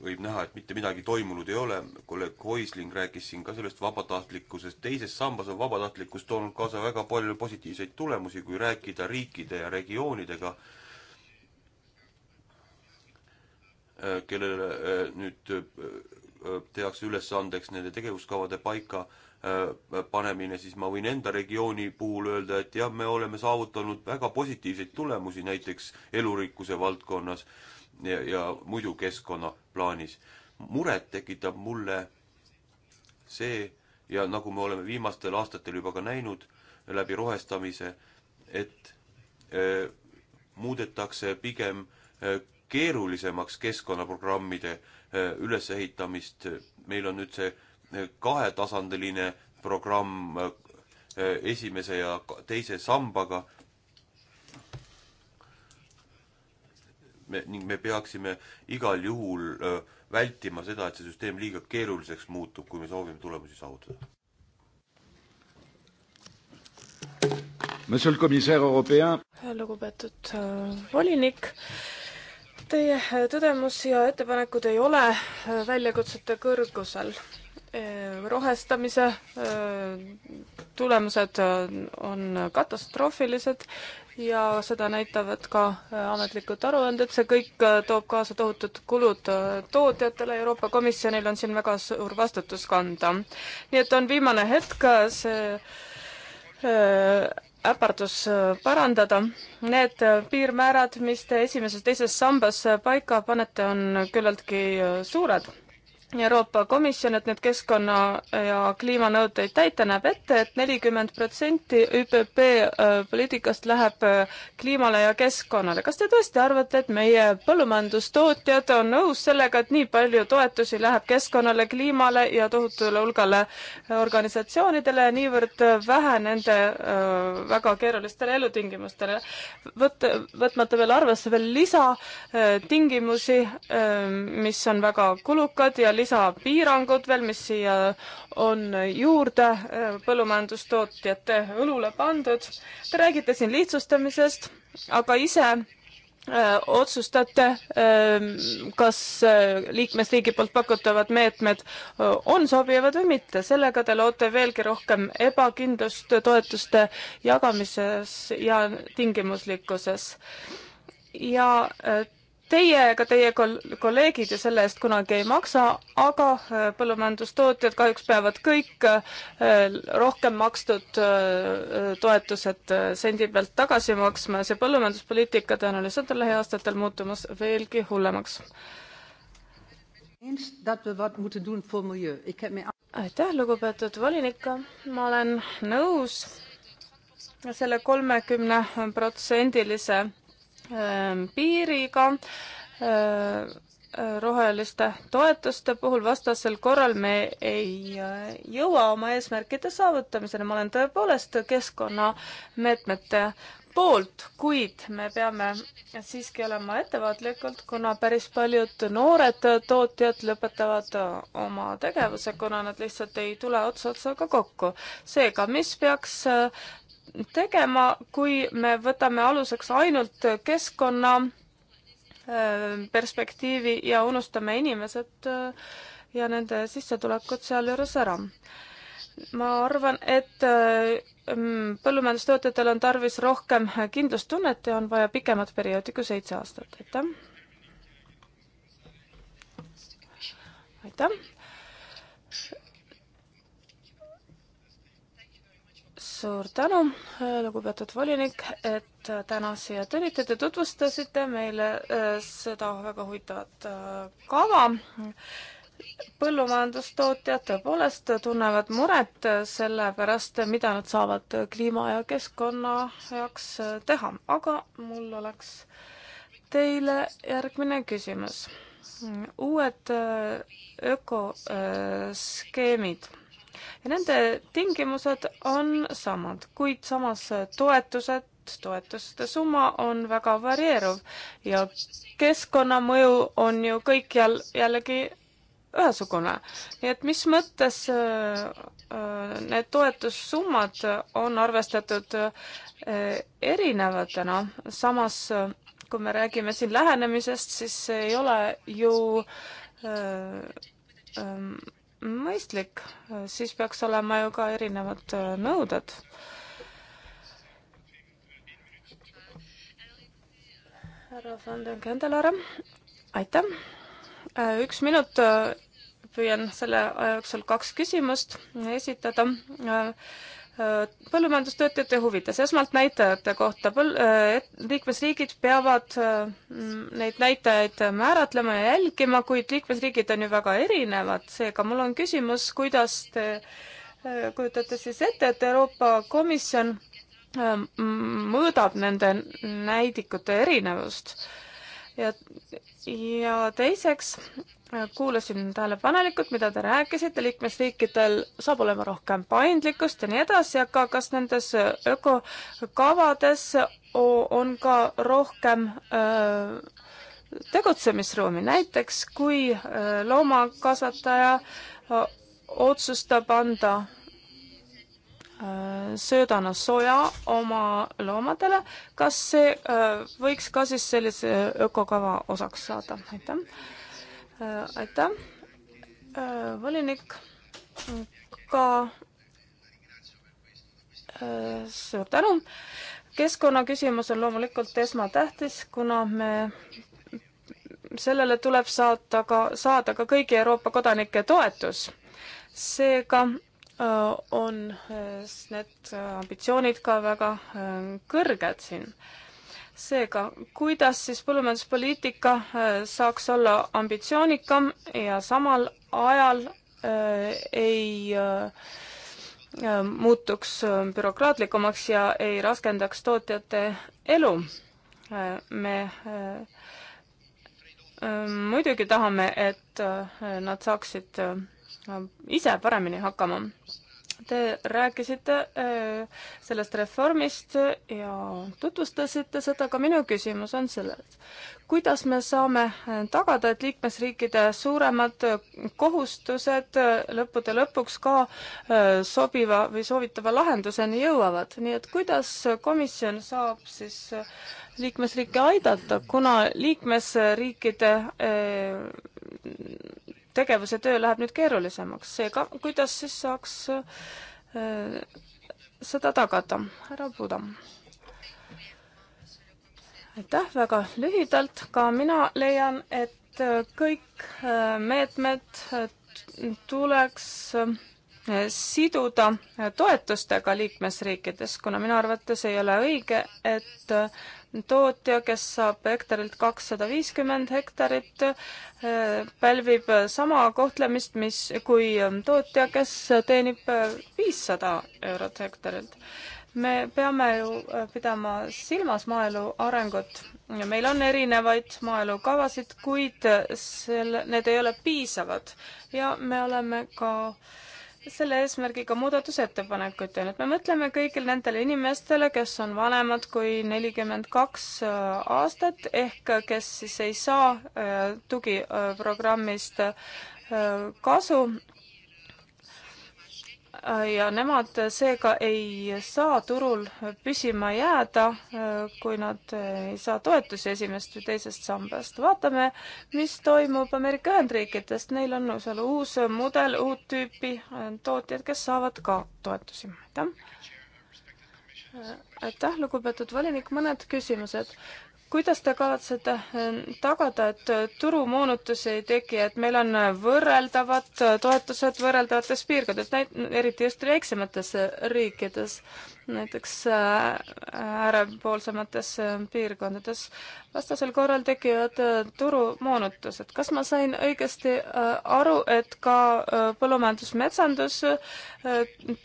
võib näha, et mitte midagi toimunud ei ole, kolleeg Oisling rääkis siin ka sellest vabatahtlikkusest, teises sambas on vabatahtlikkus toonud kaasa väga palju positiivseid tulemusi, kui rääkida riikide ja regioonidega, äh, kellele nüüd tehakse ülesandeks nende tegevuskavade paika panemine, siis ma võin enda regiooni puhul öelda, et jah, me oleme saavutanud väga positiivseid tulemusi näiteks elurikkuse valdkonnas ja, ja muidu keskkonna plaanis. muret tekitab mulle see ja nagu me oleme viimastel aastatel juba ka näinud läbi rohestamise, et öö, äh, muudetakse pigem öö, äh, keerulisemaks keskkonnaprogrammide äh, ülesehitamist. meil on nüüd see kahetasandiline programm esimese ja teise sambaga me, ning me peaksime igal juhul vältima seda, et see süsteem liiga keeruliseks muutub, kui me soovime tulemusi saavutada. lugupeetud volinik, teie tõdemus ja ettepanekud ei ole väljakutsete kõrgusel rohestamise tulemused on katastroofilised ja seda näitavad ka äh, ametlikud aruanded, see kõik äh, toob kaasa tohutud kulud äh, tootjatele, Euroopa Komisjonil on siin väga suur vastutus kanda. nii et on viimane hetk see äpardus parandada. Need piirmäärad, mis te esimeses, teises sambas paika panete, on küllaltki suured Euroopa Komisjon, et need keskkonna- ja kliimanõudeid täita, näeb ette, et nelikümmend protsenti ÜPP äh, poliitikast läheb äh, kliimale ja keskkonnale. kas te tõesti arvate, et meie põllumajandustootjad on nõus sellega, et nii palju toetusi läheb keskkonnale, kliimale ja tohutule hulgale äh, organisatsioonidele ja niivõrd vähe nende väga keerulistele elutingimustele? võt-, võtmata veel arvesse veel lisatingimusi, mis on väga kulukad ja lisapiirangud veel, mis siia on juurde äh, põllumajandustootjate õlule pandud. Te räägite siin lihtsustamisest, aga ise äh, otsustate, ähm, kas äh, liikmesriigi poolt pakutavad meetmed on sobivad või mitte. sellega te loote veelgi rohkem ebakindlust toetuste jagamises ja tingimuslikkuses. ja teie ega teie kol-, kolleegid ju selle eest kunagi ei maksa, aga äh, põllumajandustootjad kahjuks peavad kõik äh, rohkem makstud äh, toetused sendi pealt tagasi maksma ja see põllumajanduspoliitika tõenäoliselt on lähiaastatel muutumas veelgi hullemaks. aitäh, lugupeetud volinik, ma olen nõus selle kolmekümne protsendilise Ehm, piiriga ehm, roheliste toetuste puhul, vastasel korral me ei eh, jõua oma eesmärkide saavutamiseni, ma olen tõepoolest keskkonnameetmete poolt, kuid me peame siiski olema ettevaatlikud, kuna päris paljud noored tootjad lõpetavad oma tegevuse, kuna nad lihtsalt ei tule ots otsaga kokku. seega, mis peaks tegema, kui me võtame aluseks ainult keskkonna äh, perspektiivi ja unustame inimesed äh, ja nende sissetulekud sealjuures ära. ma arvan, et äh, mm, põllumajandustootjatel on tarvis rohkem kindlustunnet ja on vaja pikemat perioodi kui seitse aastat, aitäh. aitäh suur tänu, lugupeetud volinik, et täna siia tulite, te tutvustasite meile äh, seda väga huvitavat äh, kava. põllumajandustootjad tõepoolest tunnevad muret selle pärast, mida nad saavad kliima ja keskkonna heaks äh, teha, aga mul oleks teile järgmine küsimus. uued ökoskeemid ja nende tingimused on samad, kuid samas toetused, toetuste summa on väga varieeruv ja keskkonnamõju on ju kõikjal jällegi ühesugune. nii et mis mõttes äh, need toetussummad on arvestatud äh, erinevatena, samas kui me räägime siin lähenemisest, siis ei ole ju äh, ähm, mõistlik, siis peaks olema ju ka erinevad äh, nõuded. härra Van den Kendelaare, aitäh! Äh, üks minut, äh, püüan selle aja jooksul kaks küsimust esitada põllumajandustöötajate huvides. esmalt näitajate kohta. Põl-, äh, liikmesriigid peavad äh, mm, neid näitajaid määratlema ja jälgima, kuid liikmesriigid on ju väga erinevad, seega mul on küsimus, kuidas te äh, kujutate siis ette, et Euroopa Komisjon mõõdab nende näidikute erinevust ja ja teiseks äh, kuulasin tähelepanelikult, mida te rääkisite, liikmesriikidel saab olema rohkem paindlikkust ja nii edasi, aga kas nendes äh, ökokavades on ka rohkem äh, tegutsemisruumi, näiteks kui loomakasvataja otsustab anda Äh, söödana soja oma loomadele, kas see äh, võiks ka siis sellise ökokava osaks saada? aitäh. Äh, aitäh, volinik. ka suur tänu. keskkonnaküsimus on loomulikult esmatähtis, kuna me sellele tuleb saata ka, saada ka kõigi Euroopa kodanike toetus. seega Äh, on äh, need äh, ambitsioonid ka väga kõrged siin. seega, kuidas siis põllumajanduspoliitika saaks olla ambitsioonikam ja samal ajal ei muutuks bürokraatlikumaks ja ei raskendaks tootjate elu. me muidugi tahame, et nad saaksid ise paremini hakkama. Te rääkisite äh, sellest reformist ja tutvustasite seda, ka minu küsimus on selles, kuidas me saame äh, tagada, et liikmesriikide suuremad äh, kohustused lõppude lõpuks ka sobiva või soovitava lahenduseni jõuavad, nii et kuidas komisjon saab siis liikmesriike aidata, kuna liikmesriikide tegevuse töö läheb nüüd keerulisemaks, seega kuidas siis saaks äh, seda tagada, härra Puda? aitäh väga lühidalt, ka mina leian, et äh, kõik äh, meetmed tuleks siduda toetustega liikmesriikides, kuna minu arvates ei ole õige, et tootja, kes saab hektarilt kakssada viiskümmend hektarit, eh, pälvib sama kohtlemist, mis, kui tootja, kes teenib viissada eurot hektarilt. me peame ju pidama silmas maaelu arengut. meil on erinevaid maaelukavasid, kuid sel-, need ei ole piisavad ja me oleme ka äh, selle eesmärgiga muudatusettepanekuid teinud. me mõtleme kõigile nendele inimestele, kes on vanemad kui nelikümmend kaks äh, aastat ehk kes siis ei saa äh, tugiprogrammist äh, kasu ja nemad seega ei saa turul püsima jääda, kui nad ei saa toetusi esimest või teisest sambast. vaatame, mis toimub Ameerika Ühendriikidest, neil on seal uus mudel, uut tüüpi tootjad, kes saavad ka toetusi. aitäh. aitäh, lugupeetud volinik, mõned küsimused kuidas te kavatsete äh, tagada, et äh, turumoonutusi ei teki, et meil on äh, võrreldavad toetused võrreldavates piirkondades, eriti just väiksemates riikides? näiteks äh, äärepoolsemates äh, piirkondades. vastasel korral tekivad äh, turumoonutused. kas ma sain õigesti aru, et ka põllumajandusmetsandus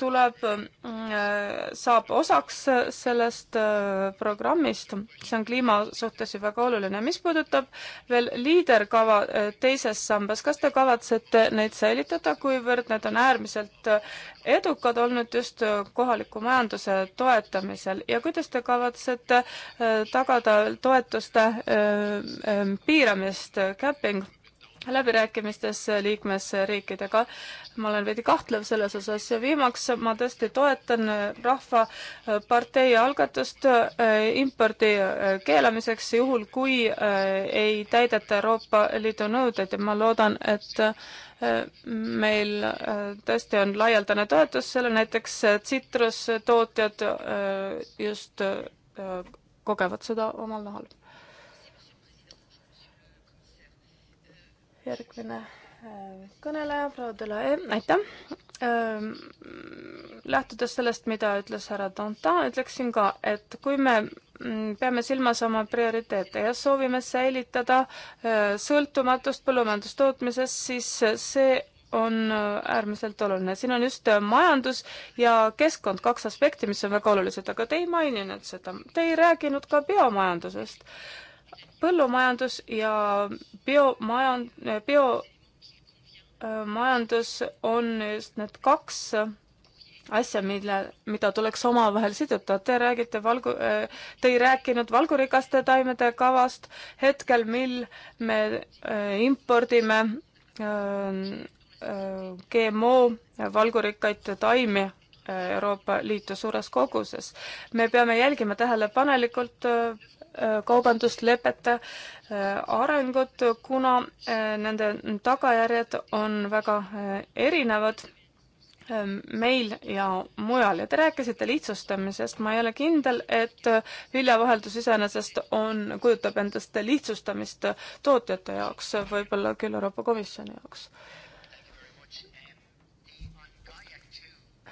tuleb, saab osaks sellest programmist, see on kliima suhtes ju väga oluline. mis puudutab veel liiderkava teises sambas, kas te kavatsete neid säilitada, kuivõrd need on äärmiselt edukad olnud just kohaliku majanduse toetamisel ja kuidas te kavatsete äh, tagada toetuste äh, äh, piiramist, capping? läbirääkimistes liikmesriikidega. ma olen veidi kahtlev selles osas ja viimaks ma tõesti toetan Rahvapartei algatust eh, impordi eh, keelamiseks, juhul kui eh, ei täideta Euroopa Liidu nõudeid ja ma loodan, et meil tõesti on laialdane toetus selle, näiteks tsitrustootjad just kogevad seda omal nahal järgmine äh, kõneleja, proua Delae, aitäh. Ähm, lähtudes sellest, mida ütles härra Dantin, ütleksin ka, et kui me mm, peame silmas oma prioriteete ja soovime säilitada äh, sõltumatust põllumajandustootmises, siis see on äh, äärmiselt oluline. siin on just majandus ja keskkond, kaks aspekti, mis on väga olulised, aga te ei maininud seda. Te ei rääkinud ka biomajandusest põllumajandus ja biomajand-, biomajandus on just need kaks asja, mille, mida tuleks omavahel siduda. Te räägite valgu, te ei rääkinud valgurikaste taimede kavast hetkel, mil me äh, impordime ähm, äh, GMO valgurikkaid taimi äh, Euroopa Liitu suures koguses. me peame jälgima tähelepanelikult kaubanduslepete äh, arengut, kuna äh, nende tagajärjed on väga äh, erinevad ähm, meil ja mujal ja te rääkisite lihtsustamisest, ma ei ole kindel, et viljavaheldus iseenesest on, kujutab endast lihtsustamist tootjate jaoks, võib-olla küll Euroopa Komisjoni jaoks.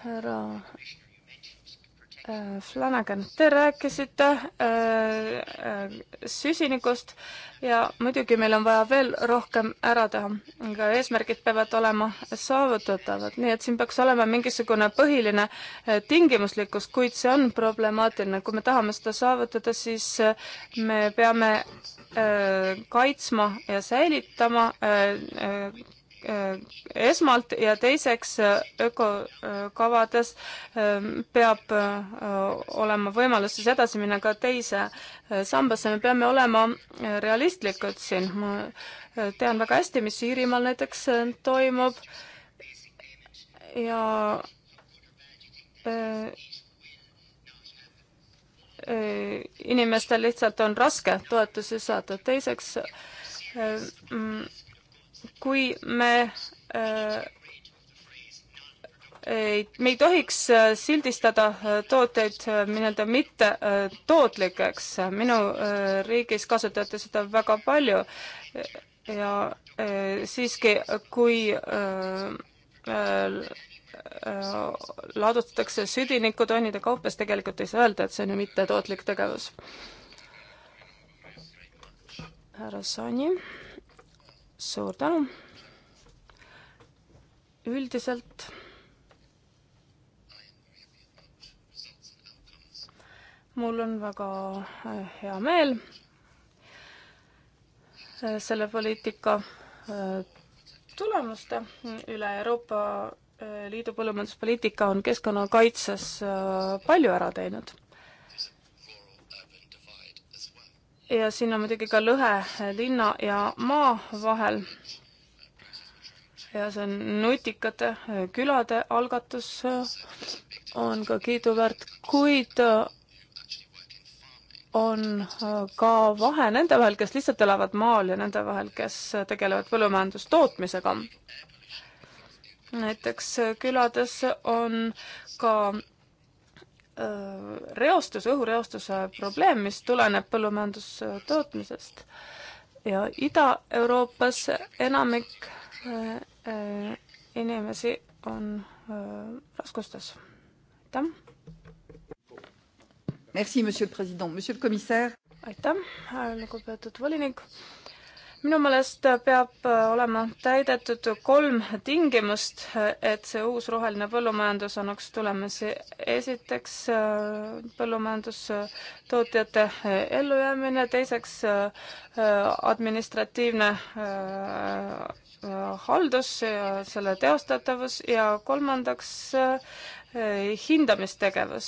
härra Äh, Flanagan, te rääkisite äh, äh, süsinikust ja muidugi meil on vaja veel rohkem ära teha, aga eesmärgid peavad olema saavutatavad, nii et siin peaks olema mingisugune põhiline äh, tingimuslikkus, kuid see on problemaatiline. kui me tahame seda saavutada, siis me peame äh, kaitsma ja säilitama äh, Äh, esmalt ja teiseks äh, ökokavades äh, peab olema võimalus siis edasi minna ka teise sambasse, me peame olema realistlikud siin. ma tean väga hästi, mis Iirimaal näiteks toimub ja inimestel lihtsalt on raske toetusi saada. teiseks kui me äh, ei, me ei tohiks äh, sildistada äh, tooteid nii-öelda mitte tootlikeks. minu riigis kasutati seda väga palju ja siiski, kui laadutatakse südinikutonnide kaupas, tegelikult ei saa öelda, et see on ju mittetootlik tegevus. härra Sani suur tänu. üldiselt mul on väga äh, hea meel äh, selle poliitika äh, tulemuste üle Euroopa Liidu põllumajanduspoliitika on keskkonnakaitses palju ära teinud. ja siin on muidugi ka lõhe linna ja maa vahel. ja see on nutikate külade algatus, on ka kiiduväärt, kuid on ka vahe nende vahel, kes lihtsalt elavad maal ja nende vahel, kes tegelevad põllumajandustootmisega. näiteks külades on ka Äh, reostuse, õhureostuse probleem, mis tuleneb põllumajandustootmisest. ja Ida-Euroopas enamik äh, äh, inimesi on raskustes. aitäh! Merci, monsieur le président, monsieur le commissaire. aitäh, lugupeetud volinik minu meelest peab äh, olema täidetud kolm tingimust, et see uus roheline põllumajandus annaks tulemusi. esiteks äh, põllumajandustootjate äh, ellujäämine, teiseks administratiivne haldus ja selle teostatavus ja kolmandaks Äh, hindamistegevus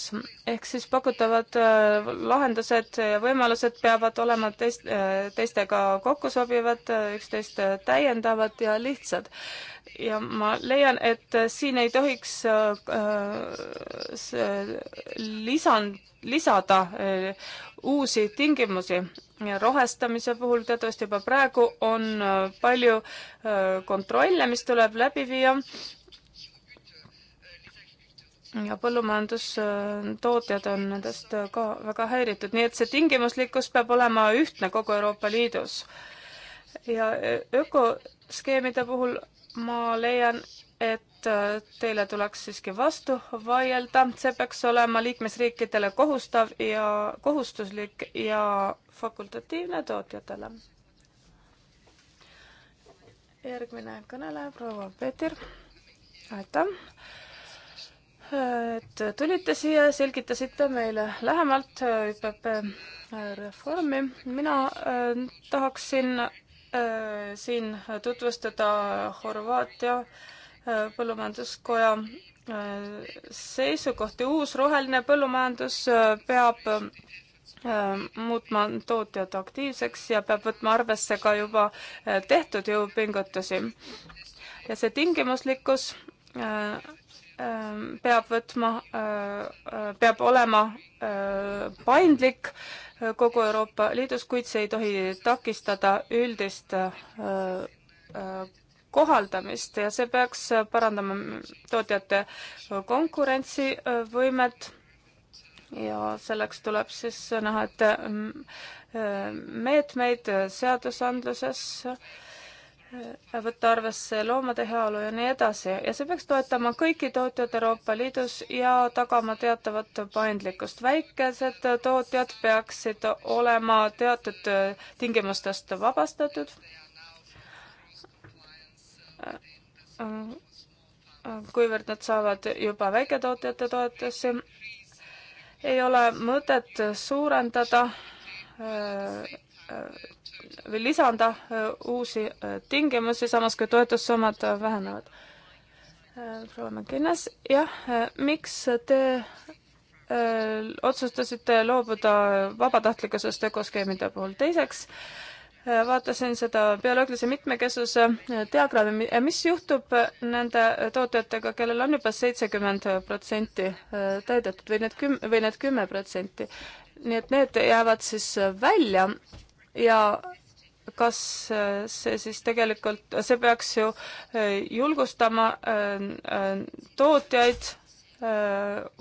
ehk siis pakutavad äh, lahendused ja võimalused peavad olema teist, äh, teistega kokkusobivad, üksteist täiendavad ja lihtsad. ja ma leian, et siin ei tohiks lisand, lisada uusi tingimusi ja rohestamise puhul teatavasti juba praegu on palju kontrolle, mis tuleb läbi viia ja põllumajandustootjad äh, on nendest äh, ka väga häiritud, nii et see tingimuslikkus peab olema ühtne kogu Euroopa Liidus. ja äh, ökoskeemide puhul ma leian, et teile tuleks siiski vastu vaielda, see peaks olema liikmesriikidele kohustav ja kohustuslik ja fakultatiivne tootjatele. järgmine kõneleja, proua Peeter, aitäh et tulite siia, selgitasite meile lähemalt ÜPP äh, reformi. mina äh, tahaksin äh, siin tutvustada Horvaatia põllumajanduskoja seisukohti. uus roheline põllumajandus peab muutma tootjad aktiivseks ja peab võtma arvesse ka juba tehtud jõupingutusi. ja see tingimuslikkus Ähm, peab võtma, äh, äh, peab olema äh, paindlik kogu Euroopa Liidus, kuid see ei tohi takistada üldist kohaldamist ja see peaks parandama tootjate konkurentsivõimet ja selleks tuleb siis näha ette mm, meetmeid seadusandluses äh, võtta arvesse loomade heaolu ja nii edasi ja see peaks toetama kõiki tootjaid Euroopa Liidus ja tagama teatavat paindlikkust. väikesed tootjad peaksid olema teatud tingimustest vabastatud. kuivõrd nad saavad juba väiketootjate toetusi, ei ole mõtet suurendada Äh, või lisada äh, uusi äh, tingimusi, samas kui toetussummad vähenevad. proua McGuinness, jah, miks te otsustasite loobuda vabatahtlikkusest ökoskeemide puhul. teiseks vaatasin seda bioloogilise mitmekesisuse diagrammi, mis juhtub nende tootjatega, kellel on juba seitsekümmend protsenti täidetud või need küm-, või need kümme protsenti. nii et need jäävad siis välja ja kas äh, see siis tegelikult, see peaks ju äh, julgustama äh, tootjaid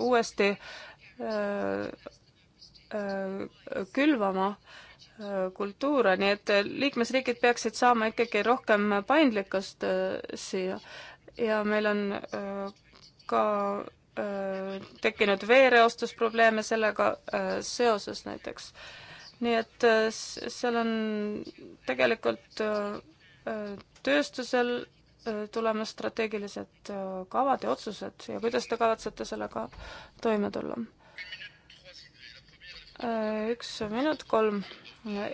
uuesti külvama kultuure, nii et liikmesriigid peaksid saama ikkagi rohkem paindlikkust siia ja meil on ka tekkinud veereostusprobleeme sellega seoses näiteks äh, nii et äh, seal on tegelikult äh, äh, tööstusel tulemas strateegilised kavad ja otsused ja kuidas te kavatsete sellega toime tulla? üks minut, kolm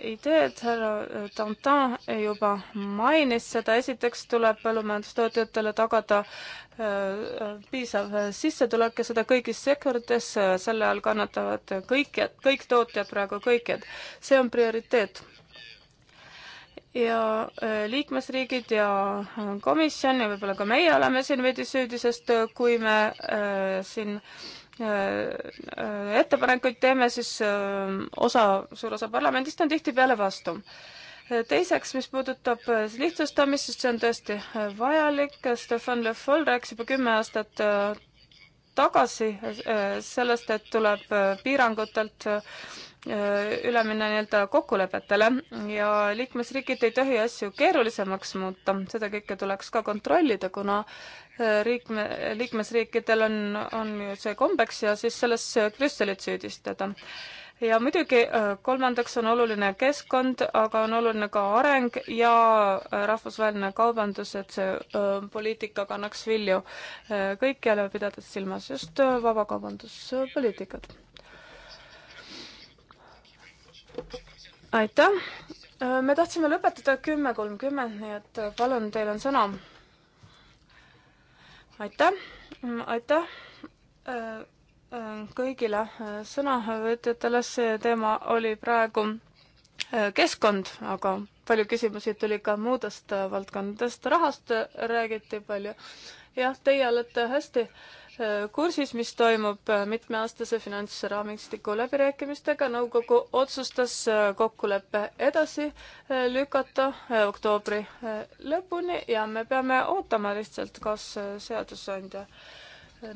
ideed, härra äh, Dantin juba mainis seda, esiteks tuleb põllumajandustootjatele tagada äh, äh, piisav sissetulek ja seda kõigis sektorites, selle all kannatavad kõik, kõik tootjad praegu, kõikjad. see on prioriteet. ja liikmesriigid ja komisjon ja võib-olla ka meie oleme siin veidi süüdi, sest kui me siin äh, Äh, äh, ettepanekuid teeme, siis äh, osa, suur osa parlamendist on tihtipeale vastu. teiseks, mis puudutab lihtsustamist, siis see on tõesti vajalik, Stefan Le Foll rääkis juba kümme aastat tagasi sellest, et tuleb piirangutelt üle minna nii-öelda kokkulepetele ja liikmesriigid ei tohi asju keerulisemaks muuta, seda kõike tuleks ka kontrollida, kuna liikme, liikmesriikidel on, on ju see kombeks ja siis selles Brüsselit süüdistada. ja muidugi kolmandaks on oluline keskkond, aga on oluline ka areng ja rahvusvaheline kaubandus, et see poliitika kannaks vilju kõikjale, pidades silmas just vabakaubanduspoliitikat aitäh. Äh, me tahtsime lõpetada kümme kolmkümmend, nii et äh, palun, teil on sõna. aitäh, mm, aitäh äh, kõigile sõnavõtjatele, see teema oli praegu keskkond, aga palju küsimusi tuli ka muudest valdkondadest, rahast räägiti palju. jah, teie olete hästi äh, Äh, kursis, mis toimub äh, mitmeaastase finantsraamistiku läbirääkimistega. nõukogu otsustas äh, kokkuleppe edasi lükata oktoobri lõpuni ja me peame ootama lihtsalt, kas seadusandja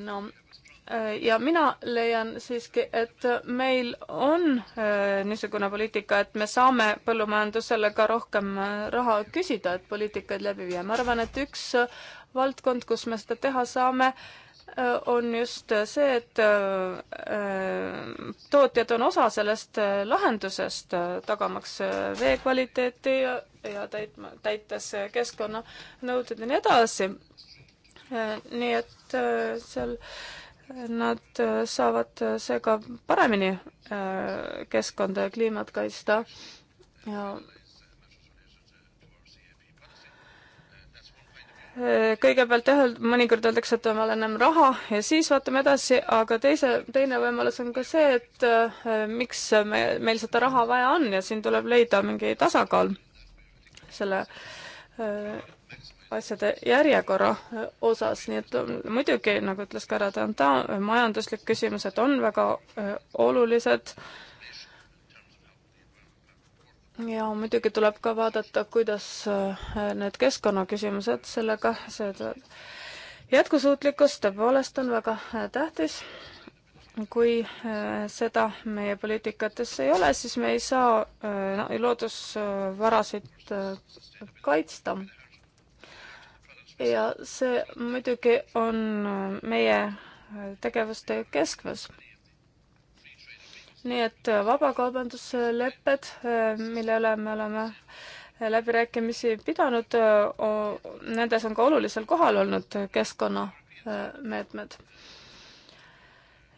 no ja mina leian siiski, et meil on niisugune poliitika, et me saame põllumajandusele ka rohkem raha küsida, et poliitikaid läbi viia. ma arvan, et üks valdkond, kus me seda teha saame, Äh, on just äh, see, et äh, tootjad on osa sellest lahendusest, tagamaks vee kvaliteeti ja, ja täitma, täites keskkonnanõuded ja nii edasi. nii et seal nad saavad seega paremini keskkonda ja kliimat kaitsta ja kõigepealt jah, mõnikord öeldakse, et ma olen enam raha ja siis vaatame edasi, aga teise, teine võimalus on ka see, et äh, miks me, meil seda raha vaja on ja siin tuleb leida mingi tasakaal selle äh, asjade järjekorra äh, osas, nii et äh, muidugi, nagu ütles ka härra Tantan, majanduslik küsimused on väga äh, olulised äh, ja muidugi tuleb ka vaadata, kuidas äh, need keskkonnaküsimused sellega seotud. jätkusuutlikkus tõepoolest on väga äh, tähtis. kui äh, seda meie poliitikates ei ole, siis me ei saa no, loodusvarasid kaitsta. ja see muidugi on meie tegevuste keskmes nii et äh, vabakaubanduslepped, äh, mille üle me oleme äh, läbirääkimisi pidanud, nendes on ka olulisel kohal olnud keskkonnameetmed.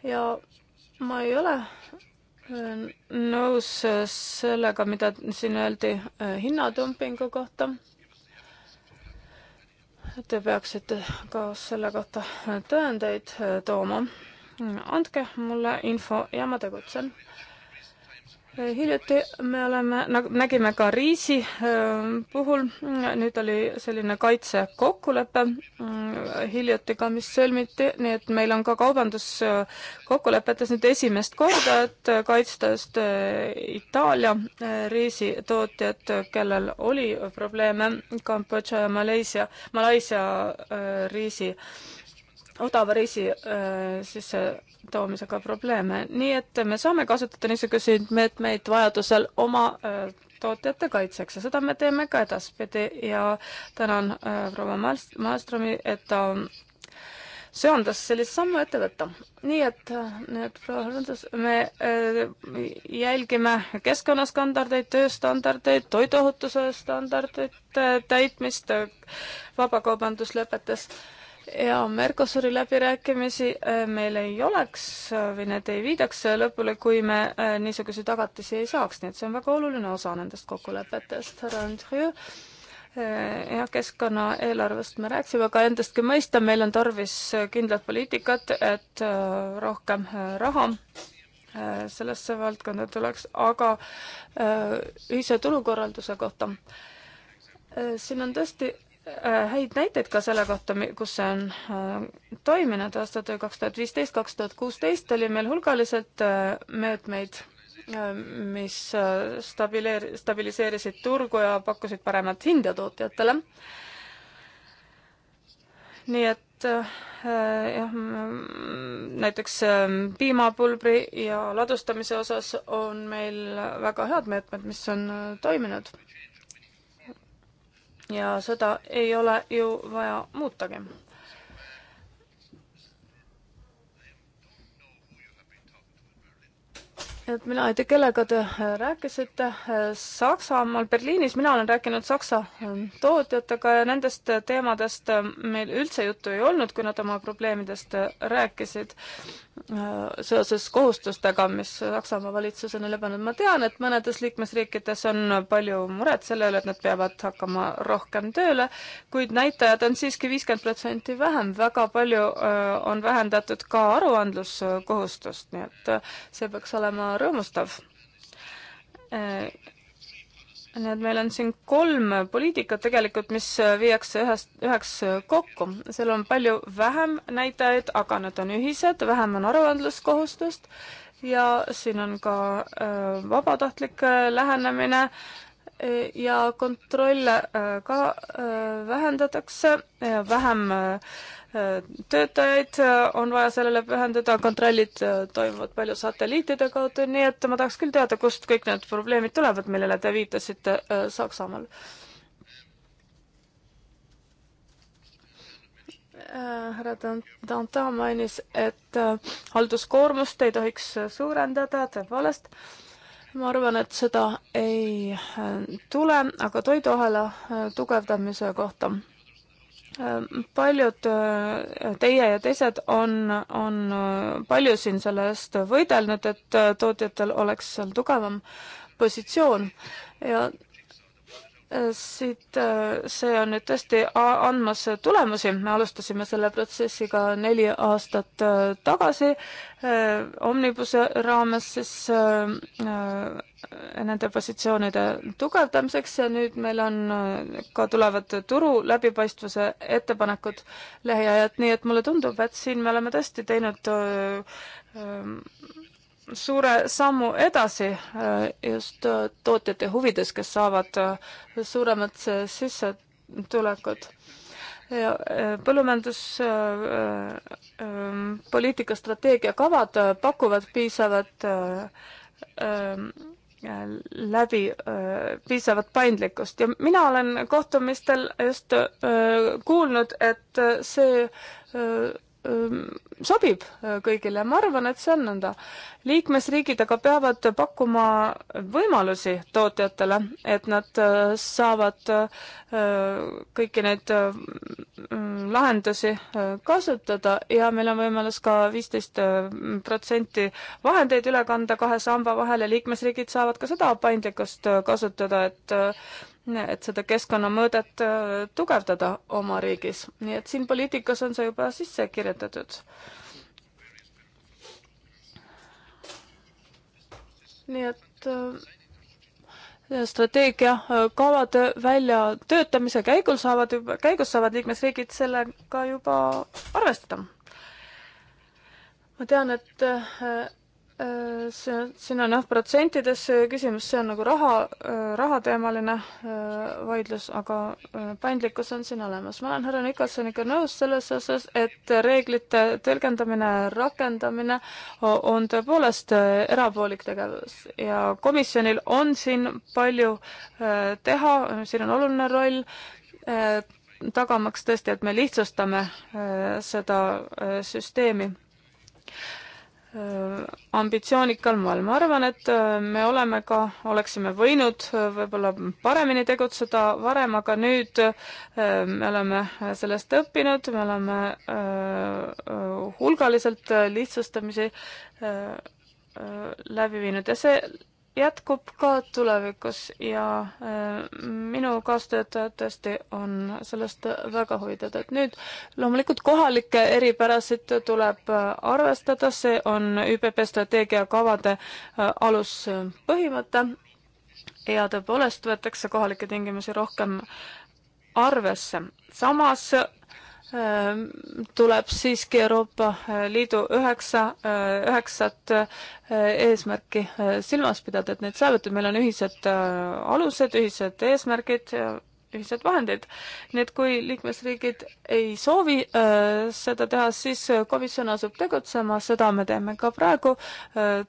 ja ma ei ole nõus sellega, mida siin öeldi hinnadumpingu kohta. Te peaksite ka selle kohta tõendeid tooma andke mulle info ja ma tegutsen. hiljuti me oleme, nagu nägime ka Riisi puhul, nüüd oli selline kaitsekokkulepe hiljuti ka, mis sõlmiti, nii et meil on ka kaubanduskokkulepetes nüüd esimest korda, et kaitsta just Itaalia riisitootjad, kellel oli probleeme Kambodža ja Malaisia, Malaisia riisi odava reisi sissetoomisega probleeme, nii et me saame kasutada niisuguseid meetmeid vajadusel oma tootjate kaitseks ja seda me teeme ka edaspidi ja tänan proua Maastromi, et ta söandas sellist sammu ette võtta. nii et nüüd praeguseks me jälgime keskkonnastandardeid, tööstandardeid, toiduohutuse standardeid, täitmist vabakaubanduslepetes ja Mercosuri läbirääkimisi äh, meil ei oleks äh, või need ei viidaks äh, lõpule, kui me niisuguseid tagatisi ei saaks, nii et see on väga oluline osa nendest kokkulepetest. härra Andrei, jah, keskkonnaeelarvest me rääkisime, aga endastki mõista, meil on tarvis kindlat poliitikat, et rohkem raha sellesse valdkonda tuleks, aga ühise turukorralduse kohta siin on tõesti Äh, häid näiteid ka selle kohta, kus see on äh, toiminud. aastatel kaks tuhat viisteist, kaks tuhat kuusteist oli meil hulgaliselt äh, meetmeid, mis stabileer-, stabiliseerisid turgu ja pakkusid paremat hinda tootjatele. nii et jah, näiteks piimapulbri ja ladustamise osas on meil väga head meetmed, mis on toiminud ja seda ei ole ju vaja muutagi. et mina ei tea, kellega te rääkisite Saksamaal, Berliinis, mina olen rääkinud Saksa tootjatega ja nendest teemadest meil üldse juttu ei olnud, kui nad oma probleemidest rääkisid Äh, seoses kohustustega, mis Saksamaa valitsus on üle pannud. ma tean, et mõnedes liikmesriikides on palju muret selle üle, et nad peavad hakkama rohkem tööle, kuid näitajad on siiski viiskümmend protsenti vähem. väga palju äh, on vähendatud ka aruandluskohustust, nii et äh, see peaks olema rõõmustav nii et meil on siin kolm poliitikat tegelikult, mis viiakse ühest, üheks kokku. seal on palju vähem näitajaid, aga need on ühised, vähem on aruandluskohustust ja siin on ka äh, vabatahtlik äh, lähenemine äh, ja kontrolle äh, ka äh, vähendatakse, vähem äh, töötajaid äh, on vaja sellele pühendada, kontrollid äh, toimuvad palju satelliitide kaudu, nii et ma tahaks küll teada, kust kõik need probleemid tulevad, millele te viitasite äh, Saksamaal. härra Dantin mainis, et halduskoormust ei tohiks suurendada, tõepoolest ma arvan, et seda ei tule, aga toiduahela tugevdamise kohta paljud äh, teie ja teised on, on äh, palju siin selle eest võidelnud, et äh, tootjatel oleks seal tugevam positsioon ja siit äh, see on nüüd tõesti andmas tulemusi, me alustasime selle protsessiga neli aastat äh, tagasi äh, Omnibuse raames siis nende positsioonide tugevdamiseks ja nüüd meil on ka tulevad turu läbipaistvuse ettepanekud lähiajad, nii et mulle tundub, et siin me oleme tõesti teinud suure sammu edasi äh, just äh, tootjate huvides, kes saavad äh, suuremad sissetulekud. ja põllumajanduspoliitika ähm, strateegiakavad pakuvad piisavat ähm, läbi piisavat paindlikkust ja mina olen kohtumistel just kuulnud, et see sobib kõigile, ma arvan, et see on nõnda. liikmesriigid aga peavad pakkuma võimalusi tootjatele, et nad saavad kõiki neid mm, lahendusi kasutada ja meil on võimalus ka viisteist protsenti vahendeid üle kanda kahe samba vahel ja liikmesriigid saavad ka seda paindlikkust kasutada, et et seda keskkonnamõõdet äh, tugevdada oma riigis. nii et siin poliitikas on see juba sisse kirjutatud. nii et äh, strateegiakavade äh, väljatöötamise käigul saavad juba, käigus saavad liikmesriigid sellega juba arvestada. ma tean, et Äh, see, siin on jah, protsentides küsimus, see on nagu raha, äh, rahateemaline äh, vaidlus, aga paindlikkus on siin olemas. ma olen härra Nikolsoniga nõus selles osas, et reeglite tõlgendamine, rakendamine on tõepoolest erapoolik tegevus ja komisjonil on siin palju teha, siin on oluline roll tagamaks tõesti, et me lihtsustame seda süsteemi Äh, ambitsioonikal moel. ma arvan, et äh, me oleme ka, oleksime võinud äh, võib-olla paremini tegutseda varem, aga nüüd me oleme sellest õppinud, me oleme hulgaliselt lihtsustamisi läbi viinud ja see jätkub ka tulevikus ja äh, minu kaastöötajad tõesti on sellest väga huvitatud. nüüd loomulikult kohalikke eripärasid tuleb äh, arvestada, see on ÜPP strateegiakavade äh, aluspõhimõte ja tõepoolest võetakse kohalikke tingimusi rohkem arvesse. samas Ehm, tuleb siiski Euroopa eh, Liidu üheksa, eh, üheksat eh, eesmärki silmas pidada, et need saavutada, meil on ühised alused, ühised eesmärgid, ühised vahendid. nii et kui liikmesriigid ei soovi seda teha, siis komisjon asub tegutsema, seda me teeme ka praegu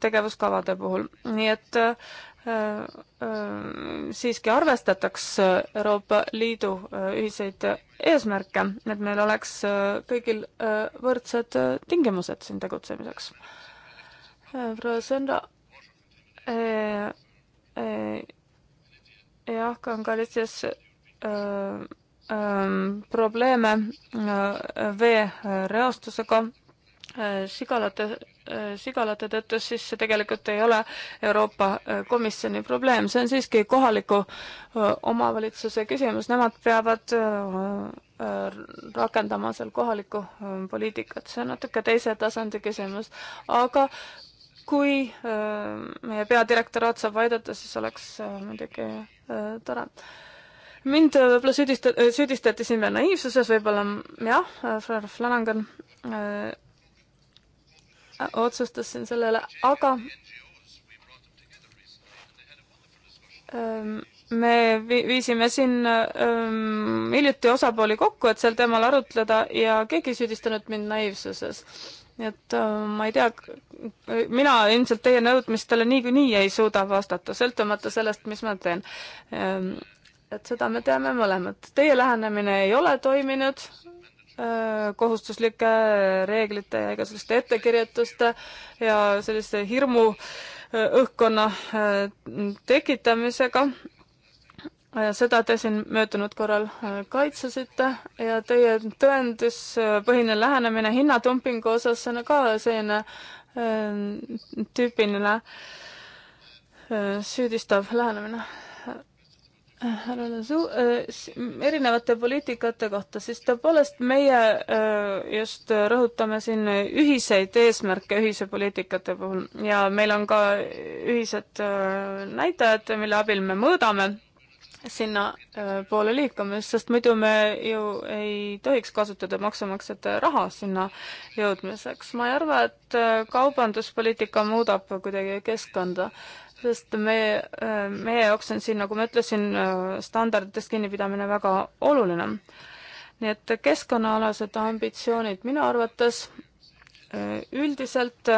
tegevuskavade puhul, nii et äh, Äh, äh, siiski arvestataks Euroopa Liidu äh, ühiseid eesmärke, et meil oleks kõigil võrdsed tingimused siin tegutsemiseks. proua Sõnra, jah, Kangalisias probleeme veereostusega Äh, sigalate, äh, sigalate tõttu, siis see tegelikult ei ole Euroopa äh, Komisjoni probleem, see on siiski kohaliku omavalitsuse küsimus, nemad peavad rakendama seal kohalikku poliitikat, see on natuke teise tasandi küsimus. aga kui meie peadirektoraat saab aidata, siis oleks muidugi tore mind võib-olla süüdista-, süüdistati siin veel naiivsuses, võib-olla jah, Flanagan otsustasin sellele, aga ähm, me viisime siin ähm, hiljuti osapooli kokku, et sel teemal arutleda ja keegi ei süüdistanud mind naiivsuses nii et äh, ma ei tea, mina ilmselt teie nõudmistele niikuinii ei suuda vastata, sõltumata sellest, mis ma teen. Ähm, et seda me teame mõlemad. Teie lähenemine ei ole toiminud, Äh, kohustuslike reeglite ja igasuguste ettekirjutuste ja sellise hirmu äh, õhkkonna äh, tekitamisega. seda te siin möödunud korral kaitsesite ja teie tõenduspõhine lähenemine hinnatumpingu osas on ka selline tüüpiline süüdistav lähenemine Äh, härra Lasu, äh, erinevate poliitikate kohta, siis tõepoolest meie äh, just rõhutame siin ühiseid eesmärke ühise poliitikate puhul ja meil on ka ühised näitajad, mille abil me mõõdame sinna poole liikumist, sest muidu me ju ei tohiks kasutada maksumaksjate raha sinna jõudmiseks. ma ei arva, et kaubanduspoliitika muudab kuidagi keskkonda sest meie, meie jaoks on siin, nagu ma ütlesin, standarditest kinnipidamine väga oluline. nii et keskkonnaalased ambitsioonid minu arvates e, üldiselt e,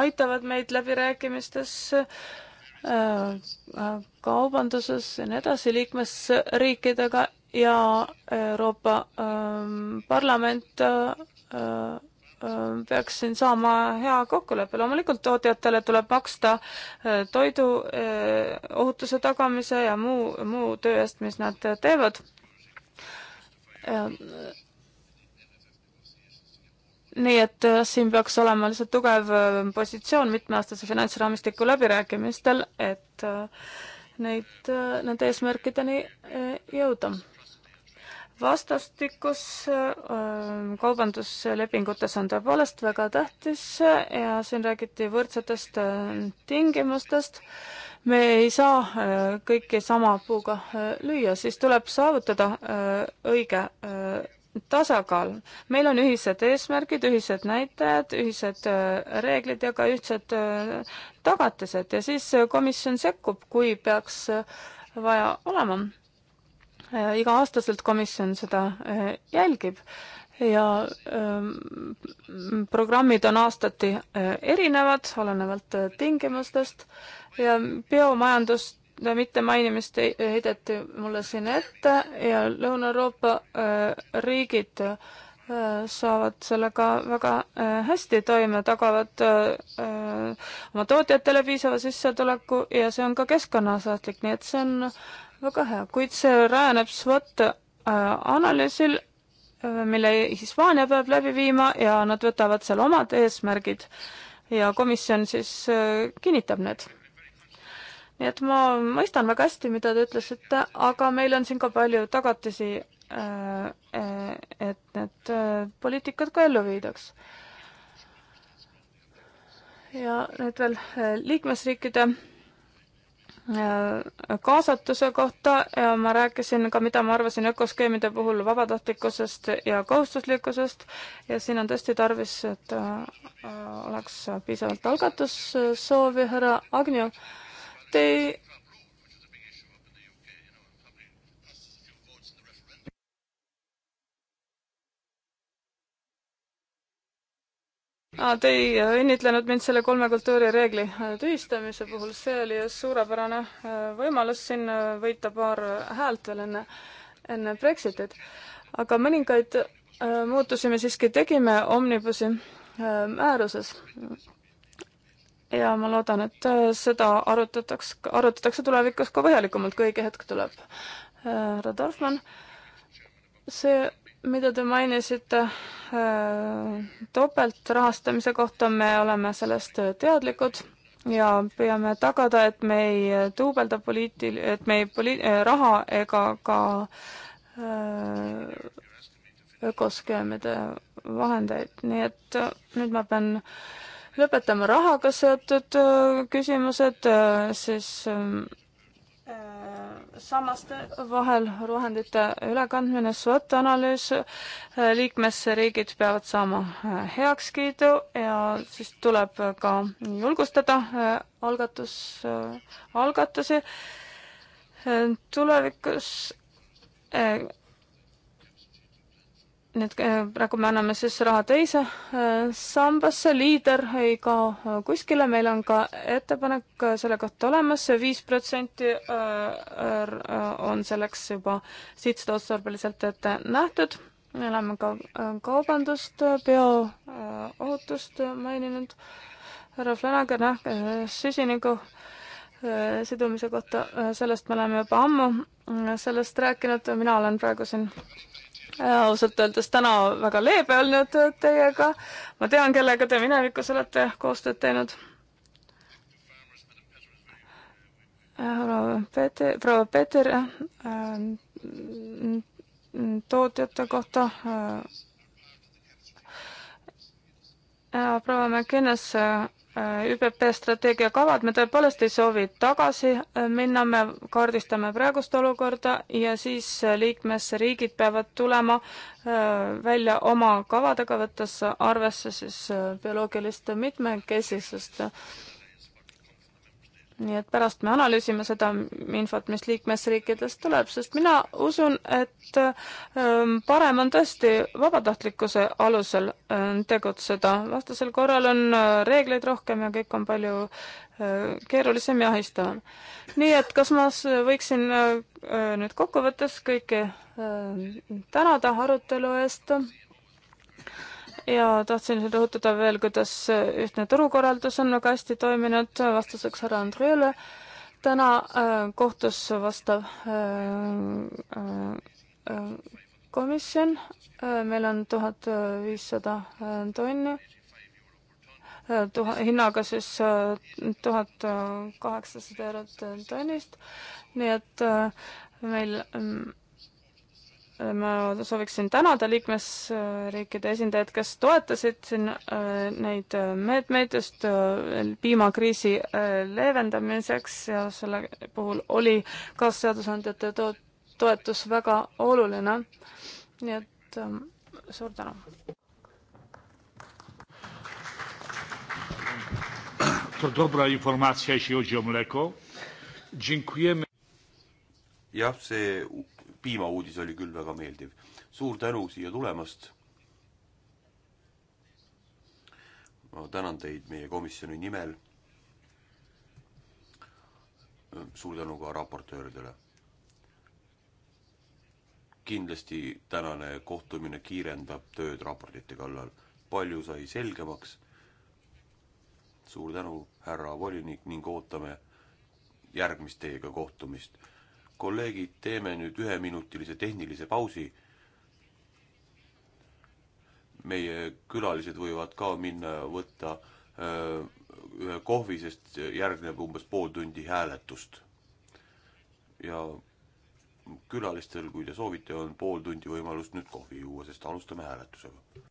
aitavad meid läbirääkimistes, e, kaubanduses ja nii edasi liikmesriikidega ja Euroopa Parlament Äh, peaks siin saama hea kokkuleppe. loomulikult tootjatele tuleb maksta äh, toidu äh, ohutuse tagamise ja muu, muu töö eest, mis nad teevad. nii et siin peaks olema lihtsalt tugev positsioon mitmeaastase finantsraamistiku läbirääkimistel, et neid, nende eesmärkideni jõuda vastastikus ähm, kaubanduslepingutes on tõepoolest väga tähtis ja siin räägiti võrdsetest ähm, tingimustest. me ei saa äh, kõiki sama puuga äh, lüüa, siis tuleb saavutada äh, õige tasakaal. meil on ühised eesmärgid, ühised näitajad, ühised reeglid ja ka ühtsed tagatised ja siis komisjon sekkub, kui peaks vaja olema Äh, iga-aastaselt komisjon seda äh, jälgib ja ähm, programmid on aastati äh, erinevad, olenevalt tingimustest ja biomajandust mitte mainimist heideti mulle siin ette ja Lõuna-Euroopa äh, riigid äh, saavad sellega väga äh, hästi toime, tagavad oma tootjatele piisava sissetuleku ja see on ka keskkonnasäästlik, nii et see on väga hea, kuid see rajaneb SWOT äh, analüüsil, äh, mille Hispaania peab läbi viima ja nad võtavad seal omad eesmärgid ja komisjon siis äh, kinnitab need nii et ma mõistan väga hästi, mida te ütlesite, aga meil on siin ka palju tagatisi, e, et need poliitikad ka ellu viidaks. ja nüüd veel liikmesriikide kaasatuse kohta ja ma rääkisin ka, mida ma arvasin ökoskeemide puhul vabatahtlikkusest ja kohustuslikkusest ja siin on tõesti tarvis, et äh, oleks piisavalt algatussoovi, äh, härra Agnew. Te ei Ah, te ei õnnitlenud mind selle kolme kultuuri reegli äh, tühistamise puhul, see oli just suurepärane äh, võimalus siin äh, võita paar häält veel enne, enne Brexitit. aga mõningaid muutusi me siiski tegime Omnibusi määruses. ja ma loodan, et seda arutatakse, arutatakse tulevikus ka põhjalikumalt, kui õige hetk tuleb. härra Dorfmann, see mida te mainisite äh, topeltrahastamise kohta, me oleme sellest teadlikud ja püüame tagada, et me ei duubelda poliitil-, et me ei poli-, äh, raha ega ka äh, ökoskeemide vahendeid, nii et nüüd ma pean lõpetama rahaga seotud küsimused, siis ähm, sammaste vahel vahendite ülekandmine, SWOT analüüs, liikmesriigid peavad saama äh, heakskiidu ja siis tuleb äh, ka julgustada äh, algatus, algatusi. tulevikus nüüd äh, praegu me anname siis raha teise äh, sambasse, liider ei kao äh, kuskile, meil on ka ettepanek selle kohta olemas, viis protsenti on selleks juba sihtotstarbeliselt ette nähtud. me oleme ka kaubandust, bioohutust maininud, härra Flanagan, jah, süsiniku sidumise kohta, sellest me oleme juba ammu sellest rääkinud, mina olen praegu siin ausalt öeldes täna väga leebe olnud äh, teiega. ma tean, kellega te minevikus olete koostööd teinud. Äh, proua Peeter, proua Peeter äh, tootjate kohta. proua McInnes ÜPP strateegiakavad, me tõepoolest ei soovi tagasi äh, minna, me kaardistame praegust olukorda ja siis äh, liikmesriigid peavad tulema äh, välja oma kavadega, võttes arvesse siis bioloogilist mitmekesisust nii et pärast me analüüsime seda infot, mis liikmesriikidest tuleb, sest mina usun, et ähm, parem on tõesti vabatahtlikkuse alusel ähm, tegutseda, vastasel korral on äh, reegleid rohkem ja kõik on palju äh, keerulisem ja ahistavam. nii et kas ma võiksin äh, nüüd kokkuvõttes kõiki ähm, tänada arutelu eest ja tahtsin rõhutada veel, kuidas ühtne turukorraldus on väga hästi toiminud, vastuseks härra Andreele. täna äh, kohtus vastav äh, äh, komisjon äh,, meil on tuhat viissada äh, tonni äh, tuha-, hinnaga siis äh, tuhat kaheksasada eurot tonnist, nii et meil mm, ma sooviksin tänada liikmesriikide esindajaid, kes toetasid siin äh, neid äh, meetmeid just äh, piimakriisi leevendamiseks ja selle puhul oli ka seadusandjate to toetus väga oluline. nii et ähm, suur tänu. To dobra informacja, jeśli chodzi o mleko. Dziękujemy. Ja, see piimauudis oli küll väga meeldiv. suur tänu siia tulemast. ma tänan teid meie komisjoni nimel. suur tänu ka raportööridele. kindlasti tänane kohtumine kiirendab tööd raportite kallal. palju sai selgemaks. suur tänu, härra volinik ning ootame järgmist teiega kohtumist kolleegid, teeme nüüd üheminutilise tehnilise pausi. meie külalised võivad ka minna võtta äh, ühe kohvi, sest järgneb umbes pool tundi hääletust. ja külalistel, kui te soovite, on pool tundi võimalust nüüd kohvi juua, sest alustame hääletusega.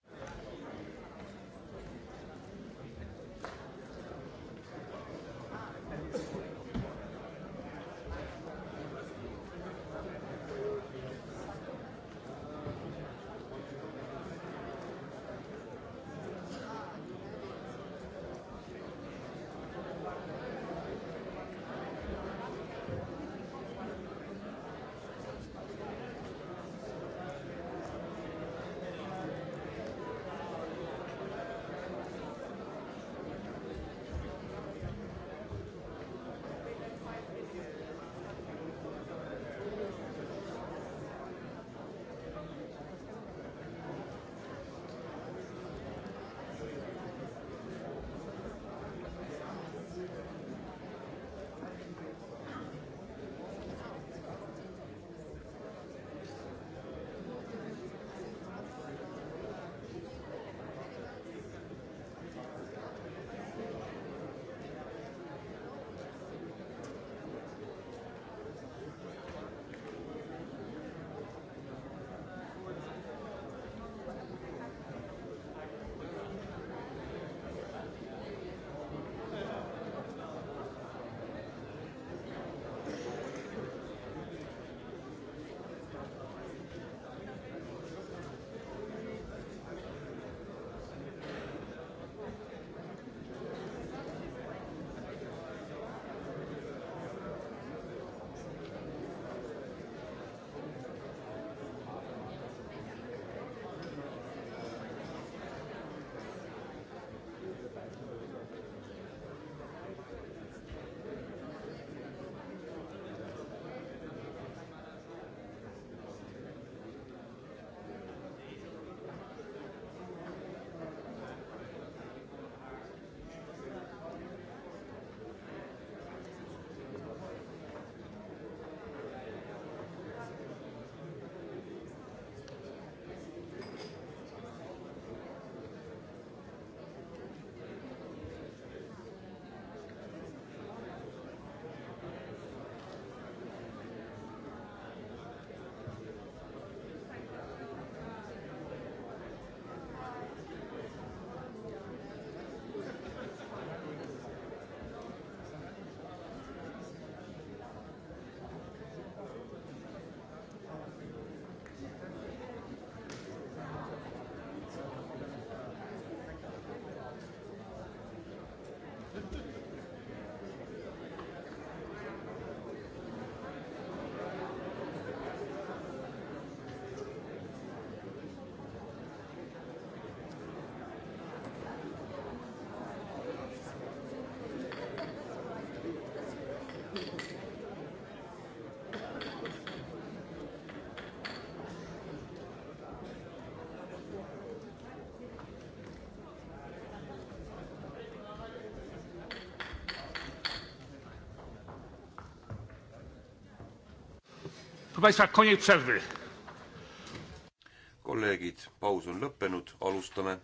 kolleegid, paus on lõppenud, alustame.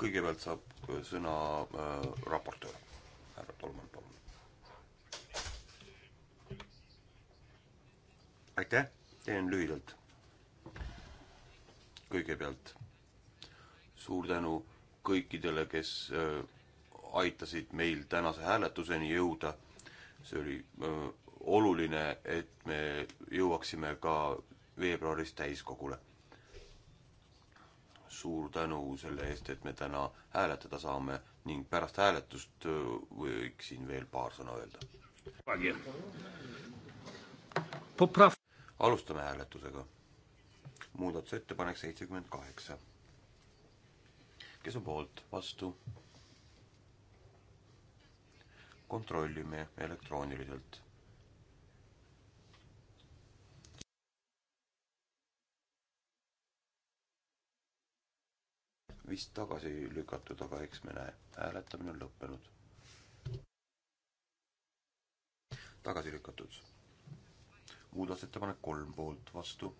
kõigepealt saab äh, sõna äh, raportöör, härra Tolman, palun. aitäh, teen lühidalt. kõigepealt suur tänu kõikidele, kes äh, aitasid meil tänase hääletuseni jõuda. see oli äh, oluline, et me jõuaksime ka veebruaris täiskogule. suur tänu selle eest, et me täna hääletada saame ning pärast hääletust äh, võiksin veel paar sõna öelda. alustame hääletusega. muudatusettepanek seitsekümmend kaheksa kes on poolt, vastu? kontrollime elektrooniliselt. vist tagasi lükatud, aga eks me näe, hääletamine on lõppenud. tagasi lükatud muudatusettepanek kolm poolt vastu,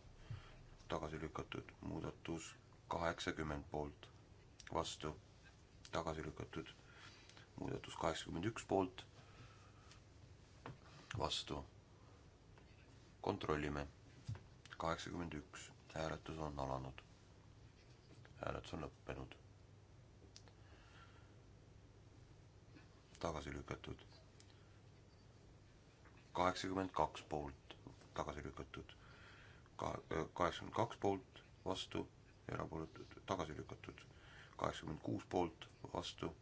tagasi lükatud muudatus kaheksakümmend poolt vastu, tagasi lükatud. muudatus kaheksakümmend üks poolt, vastu. kontrollime. kaheksakümmend üks, hääletus on alanud. hääletus on lõppenud. tagasi lükatud. kaheksakümmend kaks poolt, tagasi lükatud. Äh, kaheksakümmend kaks poolt, vastu, erapooletud, tagasi lükatud kaheksakümmend kuus poolt, vastu,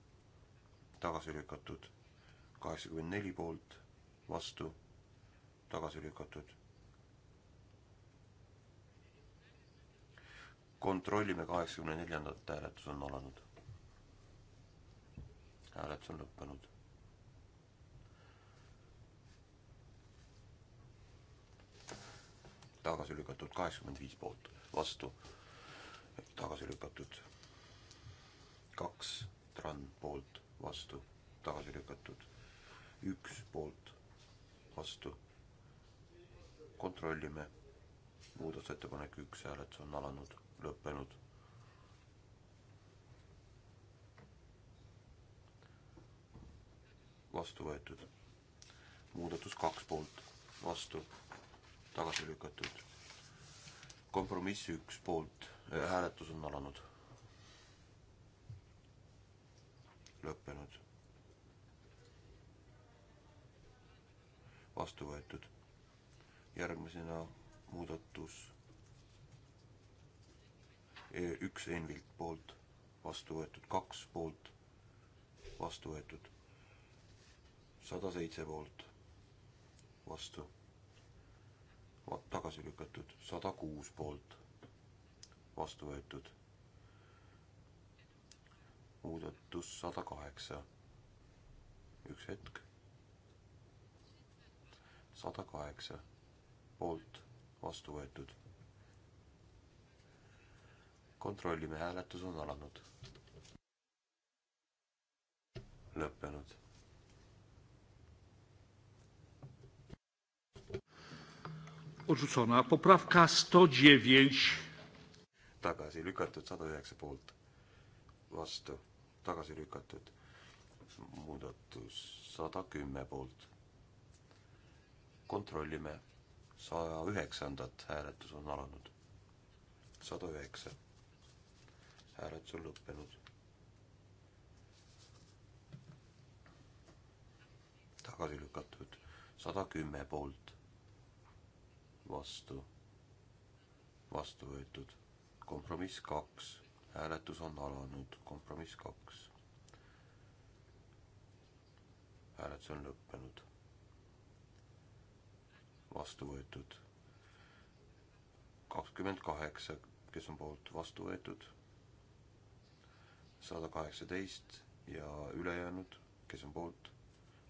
tagasi lükatud. kaheksakümmend neli poolt, vastu, tagasi lükatud. kontrollime kaheksakümne neljandat, hääletus on alanud. hääletus on lõppenud tagasi lükatud kaheksakümmend viis poolt, vastu tagasi lükatud kaks tran poolt, vastu, tagasi lükatud. üks poolt, vastu. kontrollime. muudatusettepanek üks hääletus on alanud, lõppenud. vastu võetud. muudatus kaks poolt, vastu, tagasi lükatud. kompromiss üks poolt, äh, hääletus on alanud lõppenud. vastu võetud. järgmisena muudatus e üks Envilt poolt, vastu võetud kaks poolt, vastu võetud sada seitse poolt, vastu, tagasi lükatud sada kuus poolt, vastu võetud muudatus sada kaheksa. üks hetk. sada kaheksa poolt vastu võetud. kontrollime, hääletus on alanud. lõppenud. Odrzucona poprawka 109. Tagasi lükatud 109 poolt. Vastu tagasi lükatud. muudatus sada kümme poolt. kontrollime. saja üheksandat hääletus on alanud. sada üheksa. hääletus on lõppenud. tagasi lükatud. sada kümme poolt. vastu. vastu võetud. kompromiss kaks hääletus on alanud, kompromiss kaks. hääletus on lõppenud. vastu võetud kakskümmend kaheksa, kes on poolt vastu võetud, sada kaheksateist ja ülejäänud, kes on poolt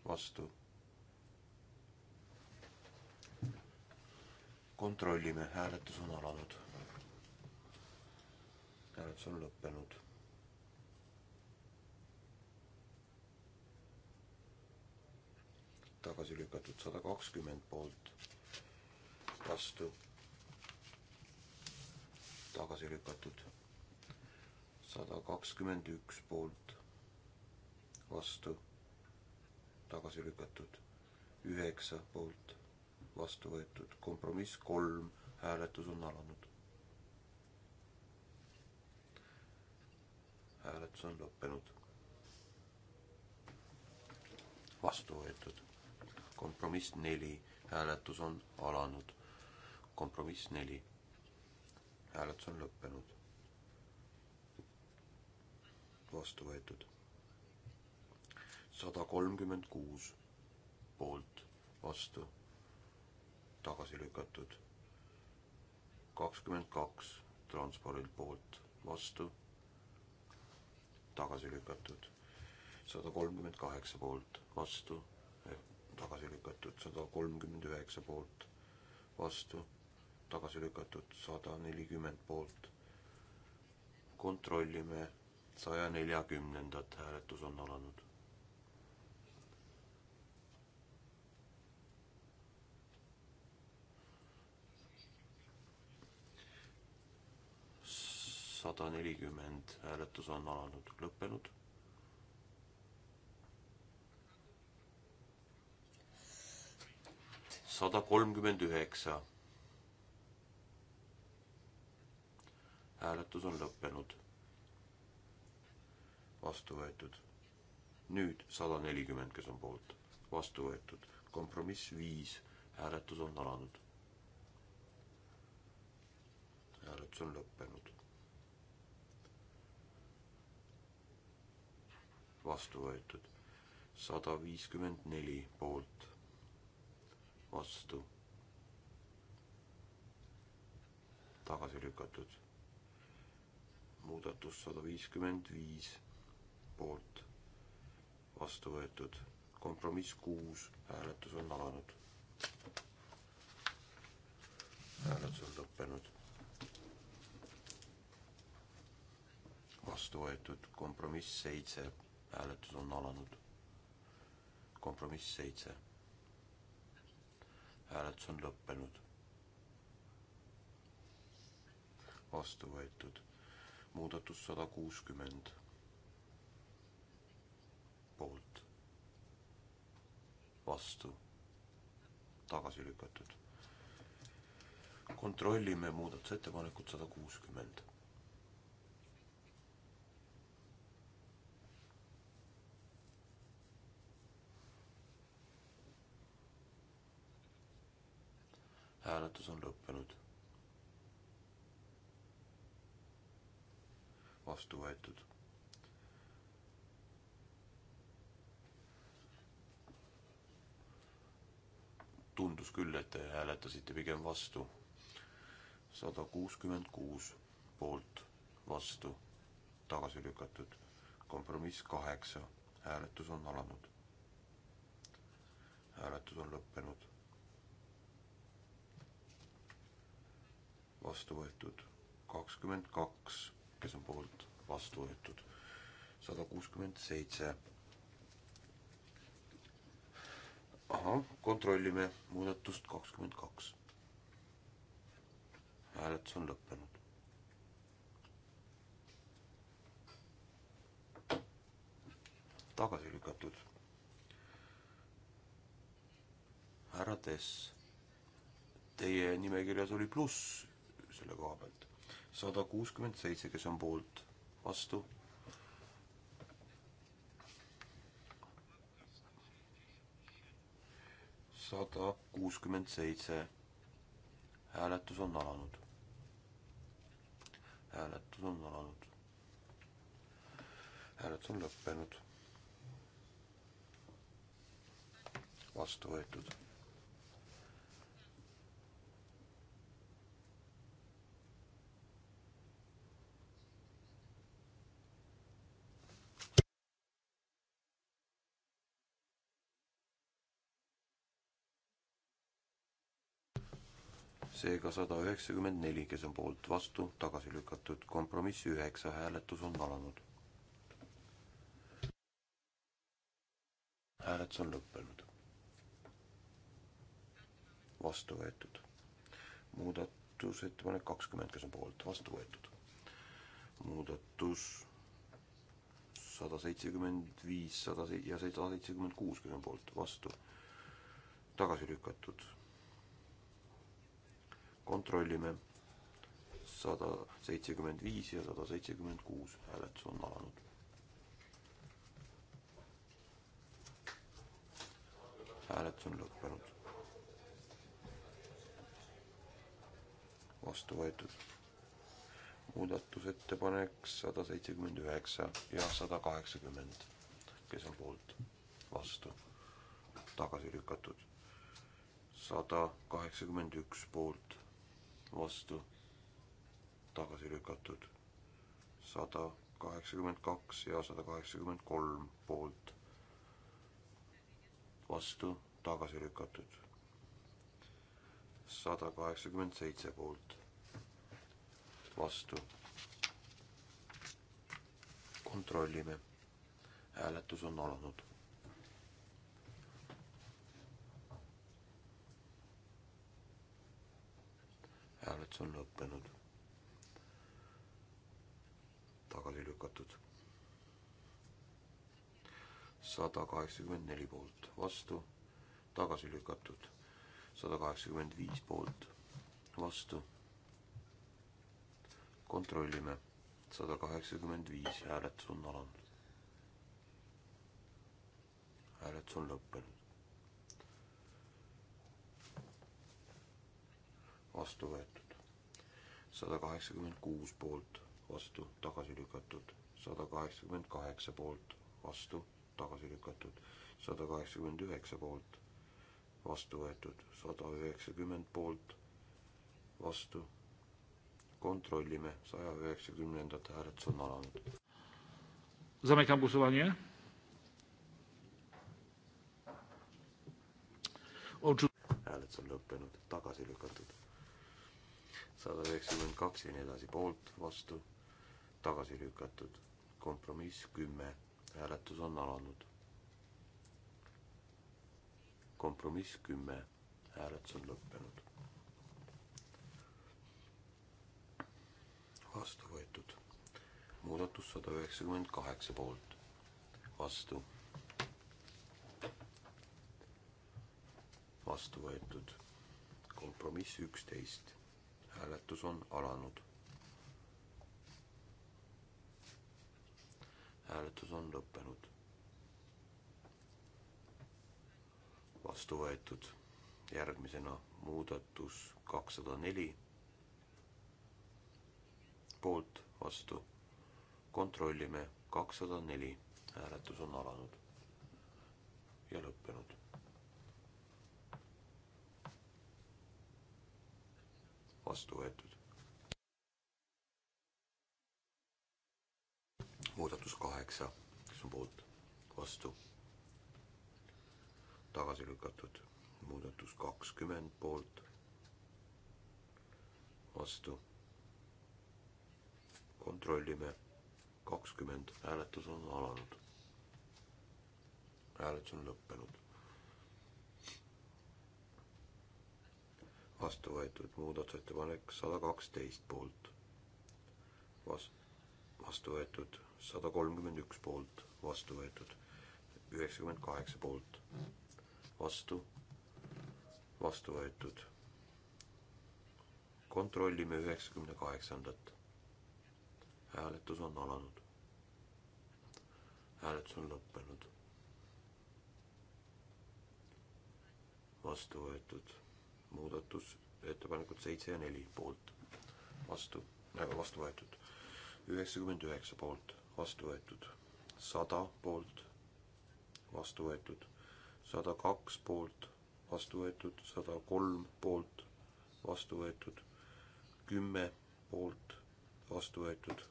vastu. kontrollime, hääletus on alanud hääletus on lõppenud. tagasi lükatud sada kakskümmend poolt, vastu, tagasi lükatud sada kakskümmend üks poolt, vastu, tagasi lükatud üheksa poolt, vastu võetud kompromiss kolm, hääletus on alanud. hääletus on lõppenud. vastu võetud. kompromiss neli, hääletus on alanud. kompromiss neli, hääletus on lõppenud. vastu võetud. sada kolmkümmend kuus poolt, vastu, tagasi lükatud. kakskümmend kaks transpordilt poolt, vastu tagasi lükatud. sada kolmkümmend kaheksa poolt, vastu, eh, tagasi lükatud, sada kolmkümmend üheksa poolt, vastu, tagasi lükatud, sada nelikümmend poolt. kontrollime saja neljakümnendat, hääletus on alanud. sada nelikümmend hääletus on alanud, lõppenud. sada kolmkümmend üheksa. hääletus on lõppenud. vastu võetud. nüüd sada nelikümmend, kes on poolt, vastu võetud. kompromiss viis, hääletus on alanud. hääletus on lõppenud vastu võetud. sada viiskümmend neli poolt, vastu, tagasi lükatud. muudatus sada viiskümmend viis poolt, vastu võetud. kompromiss kuus, hääletus on alanud. hääletus on lõppenud vastu võetud kompromiss seitse hääletus on alanud. kompromiss seitse. hääletus on lõppenud. vastu võetud. muudatus sada kuuskümmend. poolt. vastu. tagasi lükatud. kontrollime muudatusettepanekut sada kuuskümmend hääletus on lõppenud. vastu võetud. tundus küll, et te hääletasite pigem vastu. sada kuuskümmend kuus poolt, vastu, tagasi lükatud. kompromiss kaheksa, hääletus on alanud. hääletus on lõppenud vastu võetud. kakskümmend kaks, kes on poolt, vastu võetud. sada kuuskümmend seitse. ahah, kontrollime muudatust kakskümmend kaks. hääletus on lõppenud. tagasi lükatud. härra Tess, teie nimekirjas oli pluss selle koha pealt. sada kuuskümmend seitse, kes on poolt, vastu. sada kuuskümmend seitse. hääletus on alanud. hääletus on alanud. hääletus on lõppenud. vastu võetud seega sada üheksakümmend neli, kes on poolt, vastu, tagasi lükatud. kompromiss üheksa, hääletus on alanud. hääletus on lõppenud. vastu võetud. muudatusettepanek kakskümmend, kes on poolt, vastu võetud. muudatus sada seitsekümmend viis, sada ja sada seitsekümmend kuus, kes on poolt, vastu, tagasi lükatud kontrollime. sada seitsekümmend viis ja sada seitsekümmend kuus hääletus on alanud. hääletus on lõppenud. vastu võetud muudatusettepanek sada seitsekümmend üheksa ja sada kaheksakümmend, kes on poolt, vastu, tagasi lükatud. sada kaheksakümmend üks poolt, vastu tagasi lükatud. sada kaheksakümmend kaks ja sada kaheksakümmend kolm poolt vastu tagasi lükatud. sada kaheksakümmend seitse poolt vastu. kontrollime. hääletus on alanud. hääletus on lõppenud. tagasi lükatud. sada kaheksakümmend neli poolt, vastu, tagasi lükatud. sada kaheksakümmend viis poolt, vastu. kontrollime. sada kaheksakümmend viis, hääletus on alanud. hääletus on lõppenud. vastu võetud. sada kaheksakümmend kuus poolt, vastu, tagasi lükatud. sada kaheksakümmend kaheksa poolt, vastu, tagasi lükatud. sada kaheksakümmend üheksa poolt, vastu võetud. sada üheksakümmend poolt, vastu. kontrollime, saja üheksakümnendat hääletus on alanud. Zamykam głosowanie. hääletus on lõppenud, tagasi lükatud sada üheksakümmend kaks ja nii edasi, poolt, vastu, tagasi lükatud. kompromiss kümme, hääletus on alanud. kompromiss kümme, hääletus on lõppenud. vastu võetud. muudatus sada üheksakümmend kaheksa poolt, vastu. vastu võetud. kompromiss üksteist hääletus on alanud. hääletus on lõppenud. vastu võetud. järgmisena muudatus kakssada neli. poolt, vastu. kontrollime, kakssada neli. hääletus on alanud ja lõppenud. vastu võetud. muudatus kaheksa, kes on poolt, vastu, tagasi lükatud. muudatus kakskümmend poolt, vastu. kontrollime, kakskümmend, hääletus on alanud. hääletus on lõppenud vastu võetud muudatusettepanek sada kaksteist poolt, vas-, vastu võetud sada kolmkümmend üks poolt, vastu võetud üheksakümmend kaheksa poolt, vastu, vastu võetud. kontrollime üheksakümne kaheksandat. hääletus on alanud. hääletus on lõppenud. vastu võetud muudatusettepanekud seitse ja neli poolt, vastu äh,, vastu võetud. üheksakümmend üheksa poolt, vastu võetud. sada poolt, vastu võetud. sada kaks poolt, vastu võetud. sada kolm poolt, vastu võetud. kümme poolt, vastu võetud.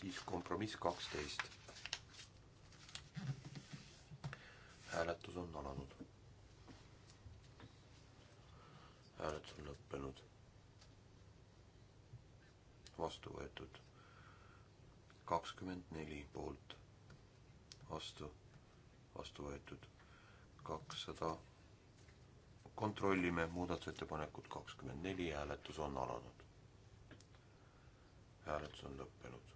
siis kompromiss kaksteist hääletus on alanud. hääletus on lõppenud. vastu võetud kakskümmend neli poolt, vastu, vastu võetud kakssada. kontrollime muudatusettepanekut kakskümmend neli, hääletus on alanud. hääletus on lõppenud.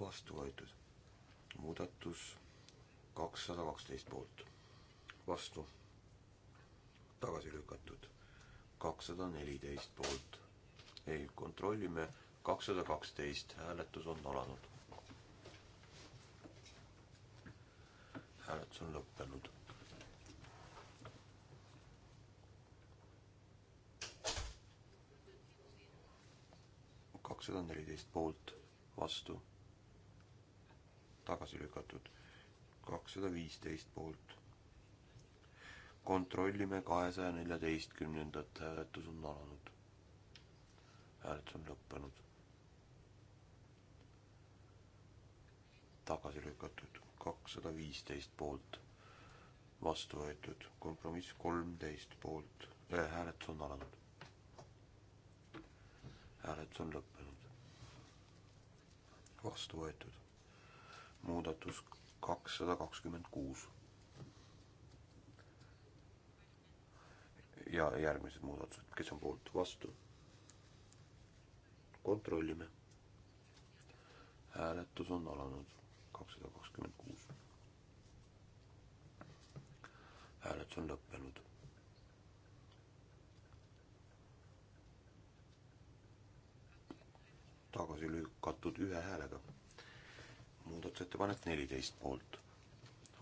vastu võetud muudatus kakssada kaksteist poolt vastu, tagasi lükatud. kakssada neliteist poolt. ei, kontrollime, kakssada kaksteist, hääletus on alanud. hääletus on lõppenud kakssada neliteist poolt, vastu, tagasi lükatud, kakssada viisteist poolt, kontrollime kahesaja neljateistkümnendat, hääletus on alanud. hääletus on lõppenud. tagasi lükatud kakssada viisteist poolt, vastu võetud kompromiss kolmteist poolt äh,, hääletus on alanud. hääletus on lõppenud. vastu võetud muudatus kakssada kakskümmend kuus ja järgmised muudatused, kes on poolt, vastu. kontrollime. hääletus on alanud, kakssada kakskümmend kuus. hääletus on lõppenud. tagasi lükatud ühe häälega. muudatusettepanek neliteist poolt,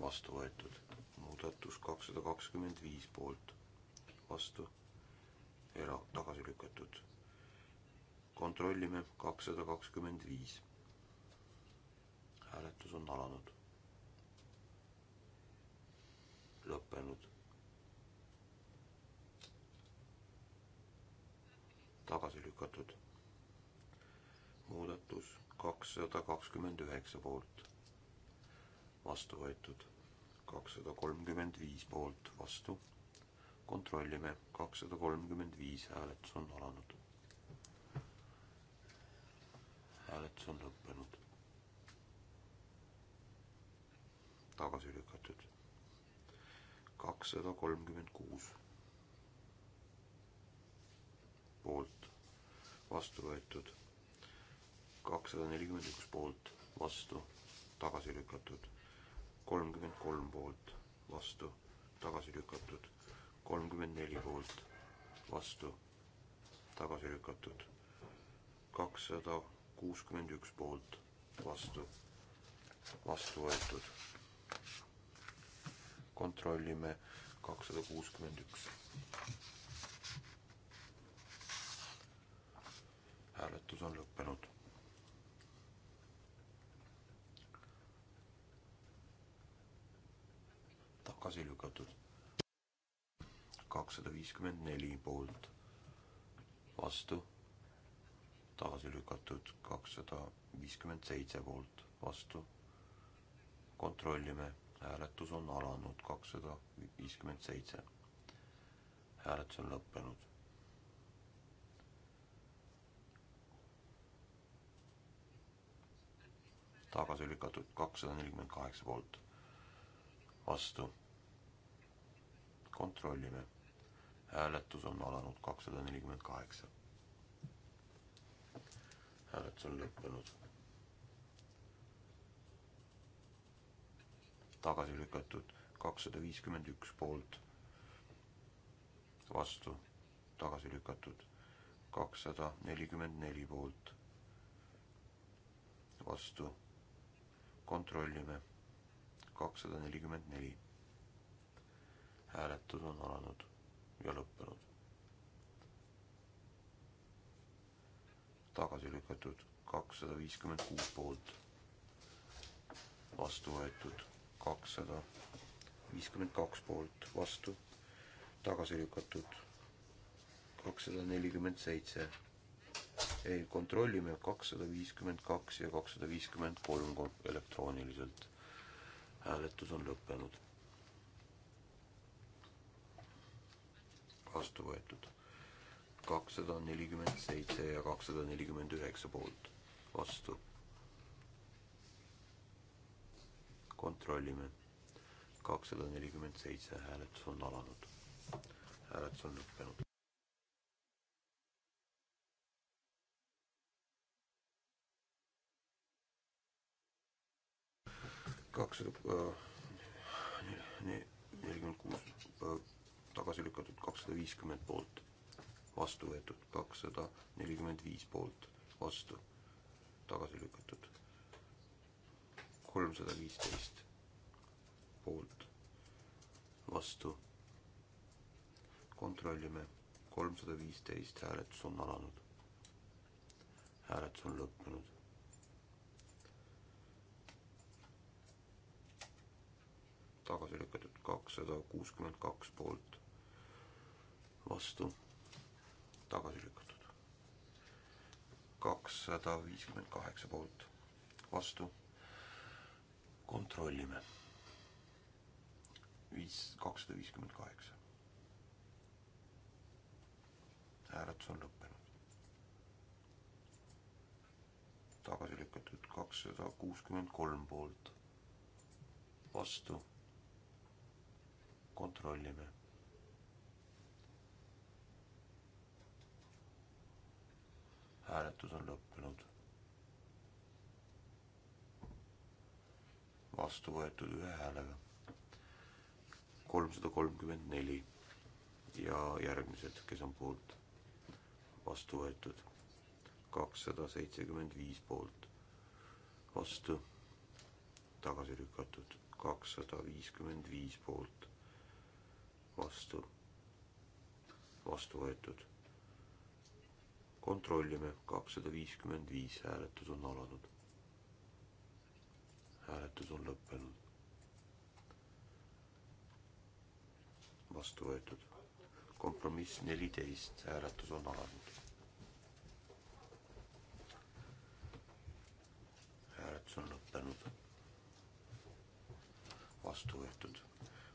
vastu võetud. muudatus kakssada kakskümmend viis poolt vastu, era-, tagasi lükatud. kontrollime kakssada kakskümmend viis. hääletus on alanud. lõppenud. tagasi lükatud. muudatus kakssada kakskümmend üheksa poolt, vastu võetud kakssada kolmkümmend viis poolt, vastu kontrollime, kakssada kolmkümmend viis hääletus on alanud. hääletus on lõppenud. tagasi lükatud. kakssada kolmkümmend kuus. poolt, vastu võetud. kakssada nelikümmend üks poolt, vastu, tagasi lükatud. kolmkümmend kolm poolt, vastu, tagasi lükatud kolmkümmend neli poolt, vastu, tagasi lükatud. kakssada kuuskümmend üks poolt, vastu, vastu võetud. kontrollime kakssada kuuskümmend üks. hääletus on lõppenud tagasi lükatud kakssada viiskümmend neli poolt, vastu, tagasi lükatud kakssada viiskümmend seitse poolt, vastu. kontrollime, hääletus on alanud, kakssada viiskümmend seitse. hääletus on lõppenud. tagasi lükatud kakssada nelikümmend kaheksa poolt, vastu kontrollime hääletus on alanud kakssada nelikümmend kaheksa. hääletus on lõppenud. tagasi lükatud kakssada viiskümmend üks poolt, vastu, tagasi lükatud kakssada nelikümmend neli poolt, vastu, kontrollime, kakssada nelikümmend neli. hääletus on alanud ja lõppenud. tagasi lükatud kakssada viiskümmend kuus poolt, vastu võetud kakssada viiskümmend kaks poolt, vastu, tagasi lükatud kakssada nelikümmend seitse. ei, kontrollime kakssada viiskümmend kaks ja kakssada viiskümmend kolm elektrooniliselt. hääletus on lõppenud vastu võetud. kakssada nelikümmend seitse ja kakssada nelikümmend üheksa poolt vastu. kontrollime. kakssada nelikümmend seitse hääletus on alanud. hääletus on lõppenud. kakssada äh, nelikümmend kuus tagasi lükatud kakssada viiskümmend poolt, vastu võetud kakssada nelikümmend viis poolt, vastu tagasi lükatud kolmsada viisteist poolt, vastu kontrollime, kolmsada viisteist hääletus on alanud. hääletus on lõppenud. tagasi lükatud kakssada kuuskümmend kaks poolt, vastu, tagasi lükatud. kakssada viiskümmend kaheksa poolt, vastu. kontrollime. viis, kakssada viiskümmend kaheksa. hääletus on lõppenud. tagasi lükatud kakssada kuuskümmend kolm poolt, vastu. kontrollime hääletus on lõppenud. vastu võetud ühe häälega. kolmsada kolmkümmend neli ja järgmised, kes on poolt, vastu võetud kakssada seitsekümmend viis poolt, vastu tagasi lükatud kakssada viiskümmend viis poolt, vastu, vastu võetud kontrollime, kakssada viiskümmend viis hääletus on alanud. hääletus on lõppenud. vastu võetud. kompromiss neliteist, hääletus on alanud. hääletus on lõppenud. vastu võetud.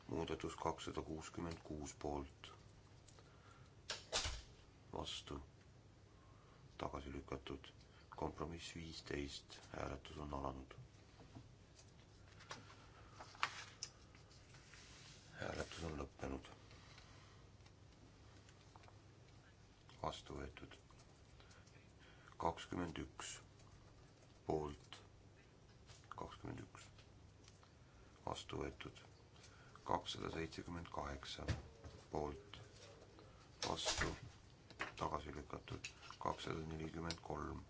muudatus kakssada kuuskümmend kuus poolt. vastu tagasi lükatud. kompromiss viisteist, hääletus on alanud. hääletus on lõppenud. vastu võetud. kakskümmend üks poolt, kakskümmend üks vastu võetud. kakssada seitsekümmend kaheksa poolt, vastu, tagasi lükatud kakssada nelikümmend kolm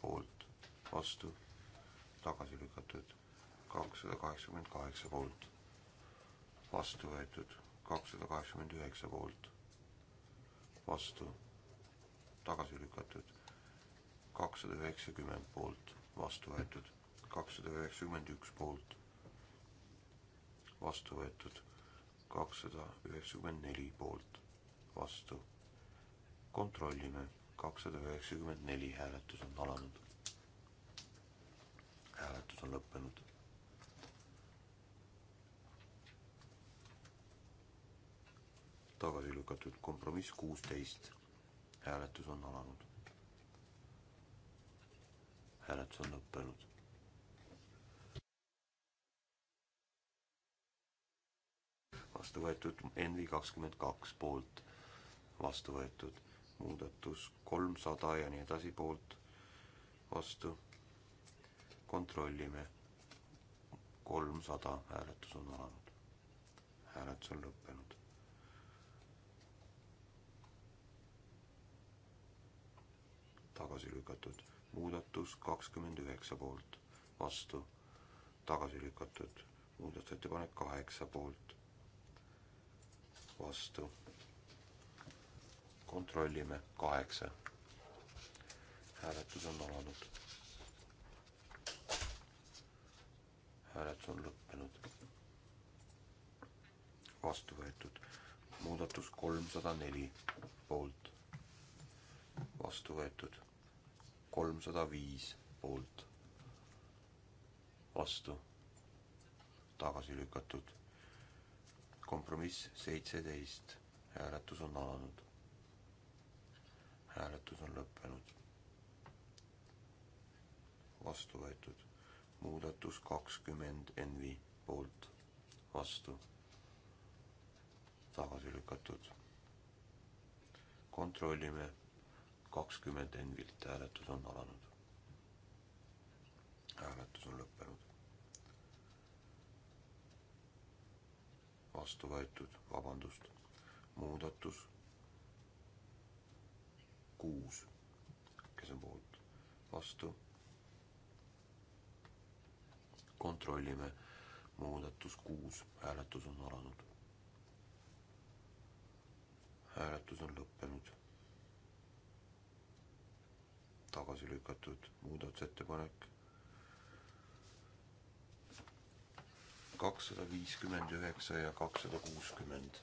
poolt, vastu, tagasi lükatud, kakssada kaheksakümmend kaheksa poolt, vastu võetud, kakssada kaheksakümmend üheksa poolt, vastu, tagasi lükatud, kakssada üheksakümmend poolt, vastu võetud, kakssada üheksakümmend üks poolt, vastu võetud, kakssada üheksakümmend neli poolt, vastu kontrollime kakssada üheksakümmend neli hääletus on alanud. hääletus on lõppenud. tagasi lükatud kompromiss kuusteist. hääletus on alanud. hääletus on lõppenud. vastu võetud NV kakskümmend kaks poolt, vastu võetud muudatus kolmsada ja nii edasi poolt, vastu. kontrollime. kolmsada, hääletus on alanud. hääletus on lõppenud. tagasi lükatud muudatus kakskümmend üheksa poolt, vastu, tagasi lükatud muudatusettepanek kaheksa poolt, vastu kontrollime, kaheksa. hääletus on alanud. hääletus on lõppenud. vastu võetud muudatus kolmsada neli poolt, vastu võetud kolmsada viis poolt, vastu, tagasi lükatud kompromiss seitseteist, hääletus on alanud hääletus on lõppenud. vastu võetud muudatus kakskümmend NV poolt, vastu, tagasi lükatud. kontrollime, kakskümmend NV-lt hääletus on alanud. hääletus on lõppenud. vastu võetud, vabandust, muudatus kuus, kes on poolt, vastu. kontrollime, muudatus kuus, hääletus on alanud. hääletus on lõppenud. tagasi lükatud muudatusettepanek kakssada viiskümmend üheksa ja kakssada kuuskümmend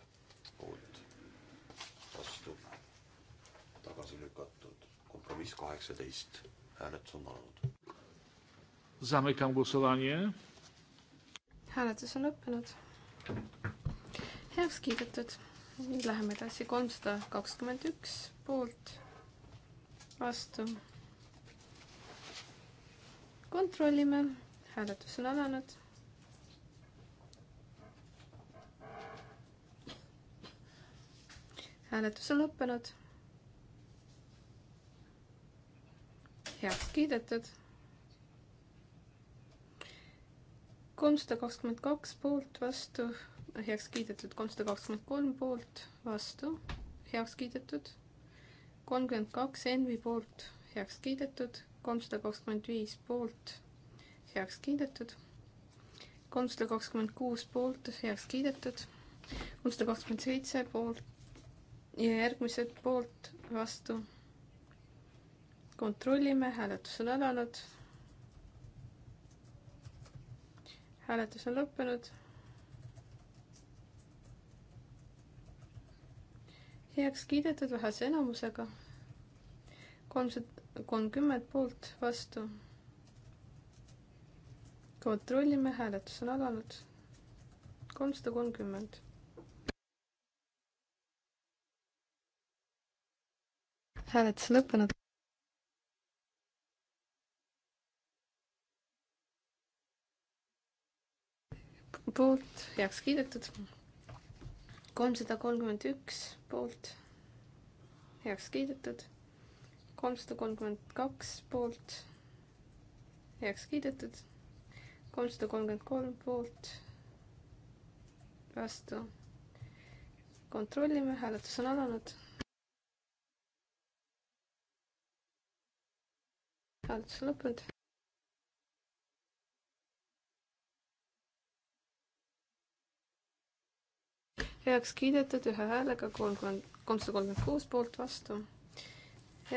poolt tagasi lükatud. kompromiss kaheksateist, hääletus on alanud. Zamykam głosowanie. hääletus on lõppenud. heaks kiidetud. nüüd läheme edasi kolmsada kakskümmend üks poolt, vastu. kontrollime, hääletus on alanud hääletus on lõppenud. heaks kiidetud. kolmsada kakskümmend kaks poolt, vastu, heaks kiidetud, kolmsada kakskümmend kolm poolt, vastu, heaks kiidetud. kolmkümmend kaks Envi poolt, heaks kiidetud, kolmsada kakskümmend viis poolt, heaks kiidetud. kolmsada kakskümmend kuus poolt, heaks kiidetud. kolmsada kakskümmend seitse poolt ja järgmised poolt, vastu kontrollime, hääletus on alanud. hääletus on lõppenud. heaks kiidetud vähese enamusega. kolmsada kolmkümmend poolt, vastu. kontrollime, hääletus on alanud. kolmsada kolmkümmend. hääletus on lõppenud. poolt heaks kiidetud. kolmsada kolmkümmend üks poolt heaks kiidetud. kolmsada kolmkümmend kaks poolt heaks kiidetud. kolmsada kolmkümmend kolm poolt vastu. kontrollime, hääletus on alanud. hääletus on lõppenud heaks kiidetud ühe häälega kolmkümmend, kolmsada kolmkümmend kuus poolt vastu.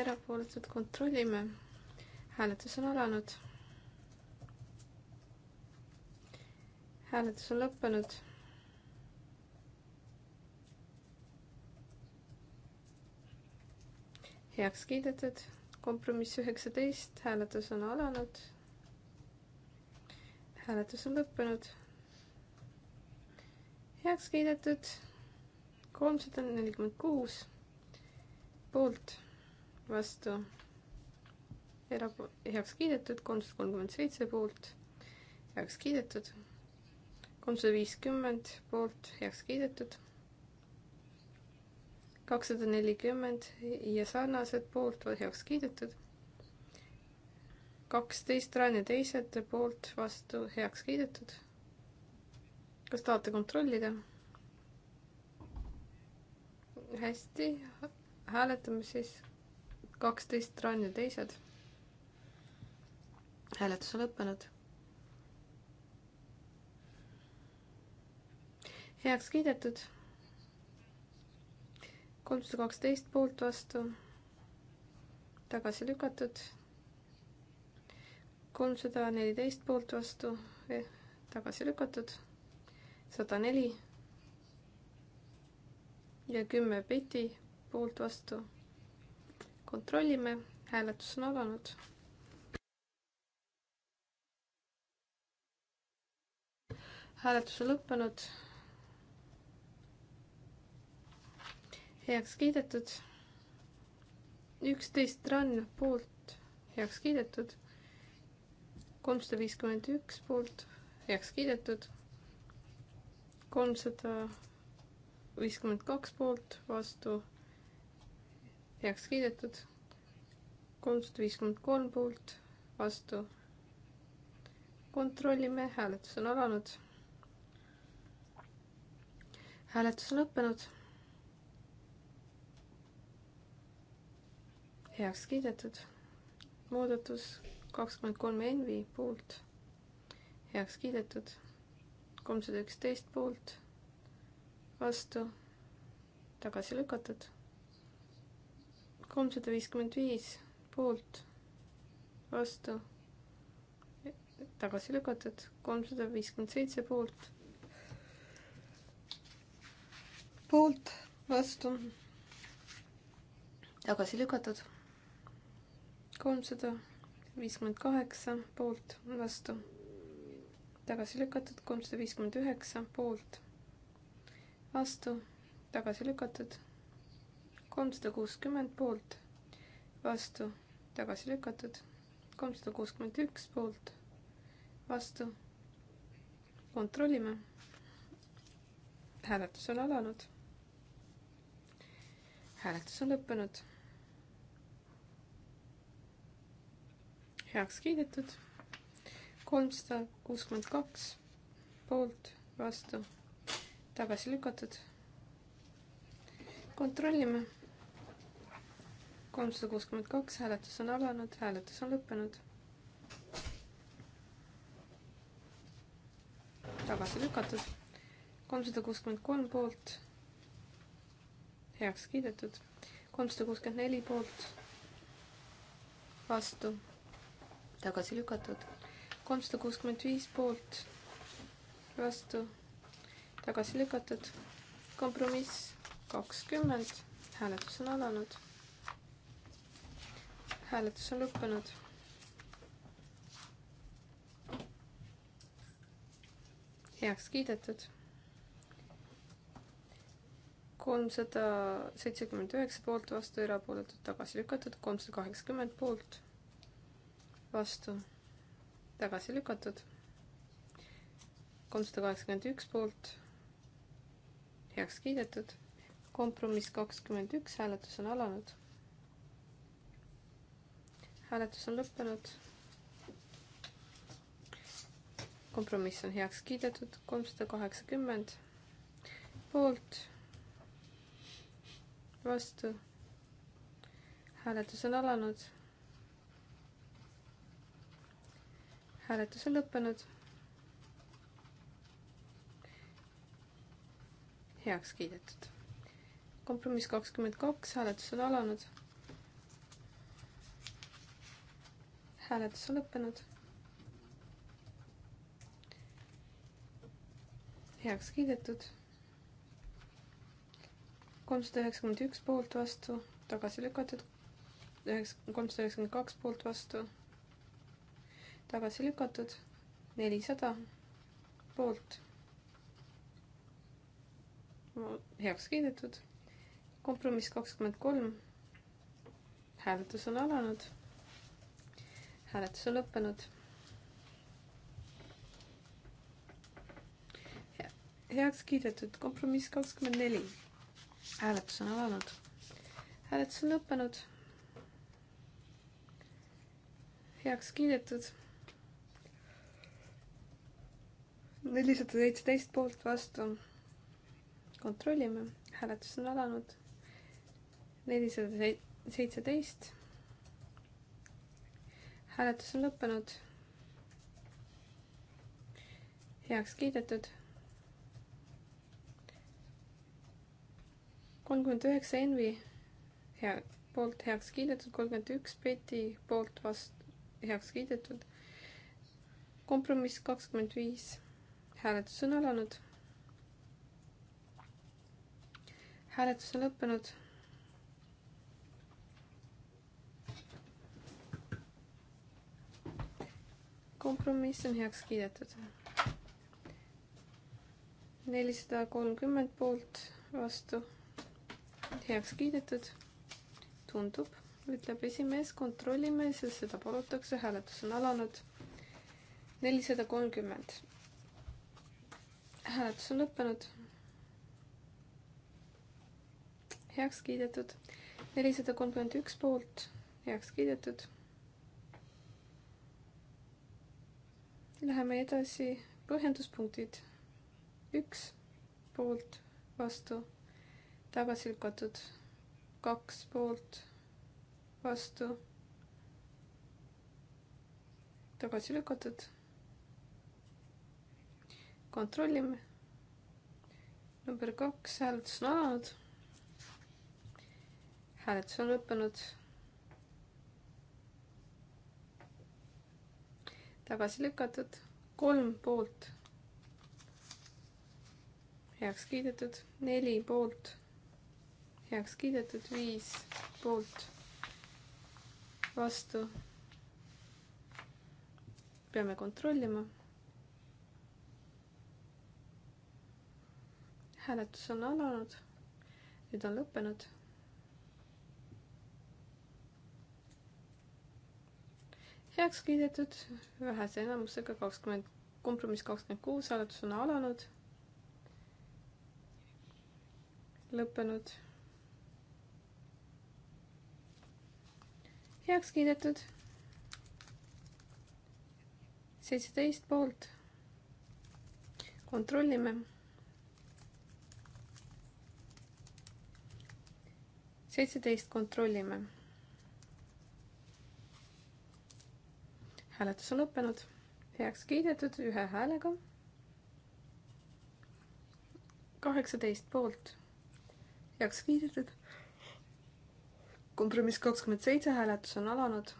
erapooletud kontrollime. hääletus on alanud. hääletus on lõppenud. heaks kiidetud, kompromiss üheksateist, hääletus on alanud. hääletus on lõppenud heaks kiidetud kolmsada nelikümmend kuus poolt, vastu, erapo-, heaks kiidetud, kolmsada kolmkümmend seitse poolt, heaks kiidetud, kolmsada viiskümmend poolt, heaks kiidetud, kakssada nelikümmend ja sarnased poolt, heaks kiidetud, kaksteist ränne teised poolt, vastu, heaks kiidetud kas tahate kontrollida? hästi, hääletame siis kaksteist tran ja teised. hääletus on lõppenud. heaks kiidetud. kolmsada kaksteist poolt vastu. tagasi lükatud. kolmsada neliteist poolt vastu eh,, tagasi lükatud sada neli ja kümme peti poolt vastu. kontrollime, hääletus on alanud. hääletus on lõppenud. heaks kiidetud. üksteist rann poolt heaks kiidetud. kolmsada viiskümmend üks poolt heaks kiidetud kolmsada viiskümmend kaks poolt, vastu heaks kiidetud. kolmsada viiskümmend kolm poolt, vastu. kontrollime, hääletus on alanud. hääletus on lõppenud. heaks kiidetud. muudatus kakskümmend kolm Envi poolt, heaks kiidetud kolmsada üksteist poolt, vastu, tagasi lükatud. kolmsada viiskümmend viis poolt, vastu, tagasi lükatud. kolmsada viiskümmend seitse poolt, poolt, vastu, tagasi lükatud. kolmsada viiskümmend kaheksa poolt, vastu tagasi lükatud, kolmsada viiskümmend üheksa poolt, vastu, tagasi lükatud, kolmsada kuuskümmend poolt, vastu, tagasi lükatud, kolmsada kuuskümmend üks poolt, vastu. kontrollime. hääletus on alanud. hääletus on lõppenud. heaks kiidetud kolmsada kuuskümmend kaks poolt, vastu, tagasi lükatud. kontrollime. kolmsada kuuskümmend kaks, hääletus on alanud, hääletus on lõppenud. tagasi lükatud. kolmsada kuuskümmend kolm poolt, heaks kiidetud. kolmsada kuuskümmend neli poolt, vastu, tagasi lükatud kolmsada kuuskümmend viis poolt, vastu, tagasi lükatud. kompromiss kakskümmend, hääletus on alanud. hääletus on lõppenud. heaks kiidetud. kolmsada seitsekümmend üheksa poolt, vastu, erapooletud, tagasi lükatud, kolmsada kaheksakümmend poolt, vastu tagasi lükatud. kolmsada kaheksakümmend üks poolt heaks kiidetud. kompromiss kakskümmend üks, hääletus on alanud. hääletus on lõppenud. kompromiss on heaks kiidetud, kolmsada kaheksakümmend poolt, vastu. hääletus on alanud hääletus on lõppenud. heaks kiidetud. kompromiss kakskümmend kaks, hääletus on alanud. hääletus on lõppenud. heaks kiidetud. kolmsada üheksakümmend üks poolt vastu, tagasi lükatud. üheksa, kolmsada üheksakümmend kaks poolt vastu tagasi lükatud, nelisada poolt, heaks kiidetud, kompromiss kakskümmend kolm, hääletus on alanud, hääletus on lõppenud. heaks kiidetud kompromiss kakskümmend neli, hääletus on alanud, hääletus on lõppenud heaks kiidetud nelisada seitseteist poolt vastu. kontrollime, hääletus on alanud. nelisada seitseteist. hääletus on lõppenud. heaks kiidetud. kolmkümmend üheksa Envi hea, poolt heaks kiidetud, kolmkümmend üks Peti poolt vastu heaks kiidetud. kompromiss kakskümmend viis hääletus on alanud. hääletus on lõppenud. kompromiss on heaks kiidetud. nelisada kolmkümmend poolt, vastu, heaks kiidetud. tundub, ütleb esimees, kontrollime, sest seda palutakse, hääletus on alanud. nelisada kolmkümmend hääletus on lõppenud. heaks kiidetud nelisada kolmkümmend üks poolt, heaks kiidetud. Läheme edasi, põhjenduspunktid üks poolt, vastu, tagasi lükatud, kaks poolt, vastu, tagasi lükatud kontrollime. number kaks, hääletus on alanud. hääletus on lõppenud. tagasi lükatud, kolm poolt. heaks kiidetud, neli poolt. heaks kiidetud, viis poolt. vastu. peame kontrollima hääletus on alanud, nüüd on lõppenud. heaks kiidetud vähese enamusega kakskümmend, kompromiss kakskümmend kuus, hääletus on alanud lõppenud. heaks kiidetud. seitseteist poolt. kontrollime seitseteist kontrollime. hääletus on lõppenud, heaks kiidetud ühe häälega. kaheksateist poolt, heaks kiidetud. kompromiss kakskümmend seitse, hääletus on alanud.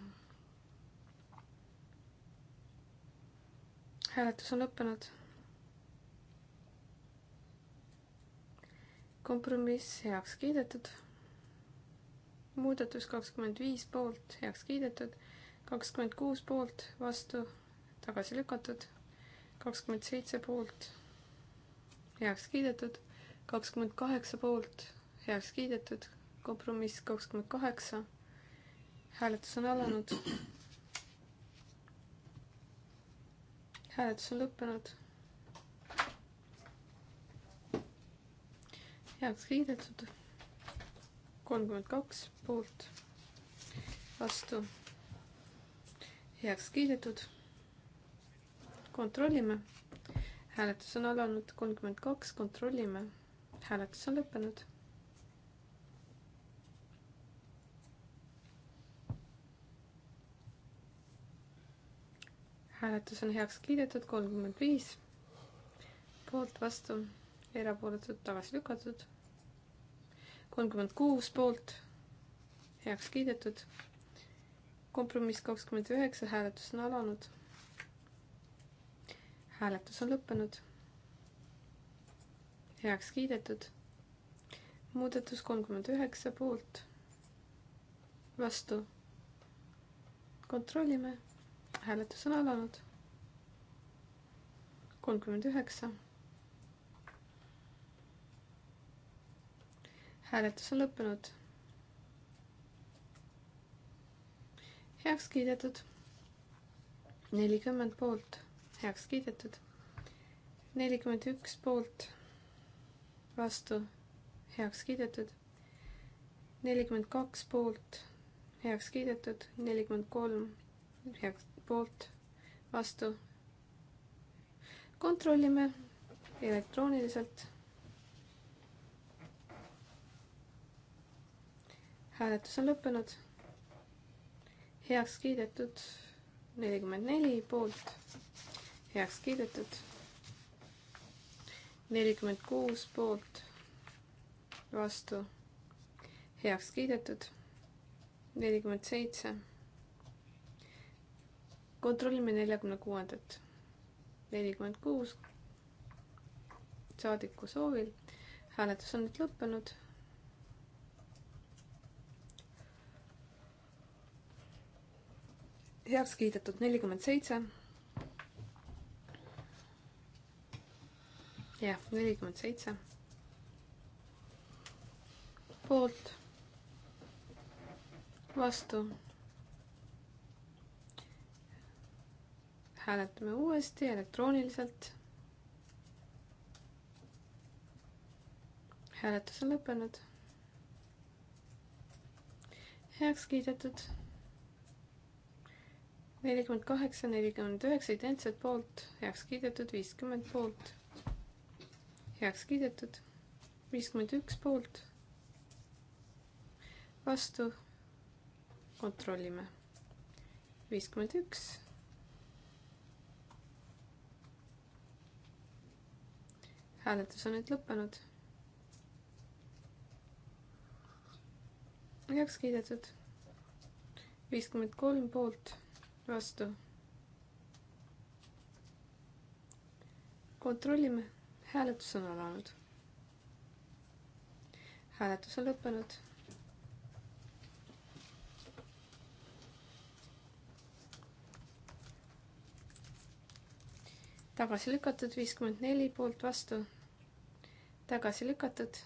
hääletus on lõppenud kompromiss heaks kiidetud muudatus kakskümmend viis poolt heaks kiidetud, kakskümmend kuus poolt vastu tagasi lükatud, kakskümmend seitse poolt heaks kiidetud, kakskümmend kaheksa poolt heaks kiidetud, kompromiss kakskümmend kaheksa. hääletus on alanud. hääletus on lõppenud. heaks kiidetud kolmkümmend kaks poolt, vastu, heaks kiidetud. kontrollime. hääletus on alanud, kolmkümmend kaks, kontrollime. hääletus on lõppenud. hääletus on heaks kiidetud, kolmkümmend viis poolt, vastu, erapooletud, tagasi lükatud kolmkümmend kuus poolt, heaks kiidetud. kompromiss kakskümmend üheksa, hääletus on alanud. hääletus on lõppenud. heaks kiidetud. muudatus kolmkümmend üheksa poolt, vastu. kontrollime, hääletus on alanud. kolmkümmend üheksa hääletus on lõppenud. heaks kiidetud. nelikümmend poolt, heaks kiidetud. nelikümmend üks poolt, vastu, heaks kiidetud. nelikümmend kaks poolt, heaks kiidetud. nelikümmend kolm, heaks, poolt, vastu. kontrollime elektrooniliselt hääletus on lõppenud. heaks kiidetud nelikümmend neli poolt, heaks kiidetud nelikümmend kuus poolt, vastu, heaks kiidetud nelikümmend seitse. kontrollime neljakümne kuuendat. nelikümmend kuus saadiku soovil. hääletus on nüüd lõppenud heaks kiidetud nelikümmend seitse. jah, nelikümmend seitse. poolt, vastu. hääletame uuesti elektrooniliselt. hääletus on lõppenud. heaks kiidetud nelikümmend kaheksa, nelikümmend üheksa identset poolt, heaks kiidetud, viiskümmend poolt, heaks kiidetud, viiskümmend üks poolt, vastu, kontrollime, viiskümmend üks, hääletus on nüüd lõppenud, heaks kiidetud, viiskümmend kolm poolt vastu. kontrollime, hääletus on alanud. hääletus on lõppenud. tagasi lükatud viiskümmend neli poolt vastu. tagasi lükatud.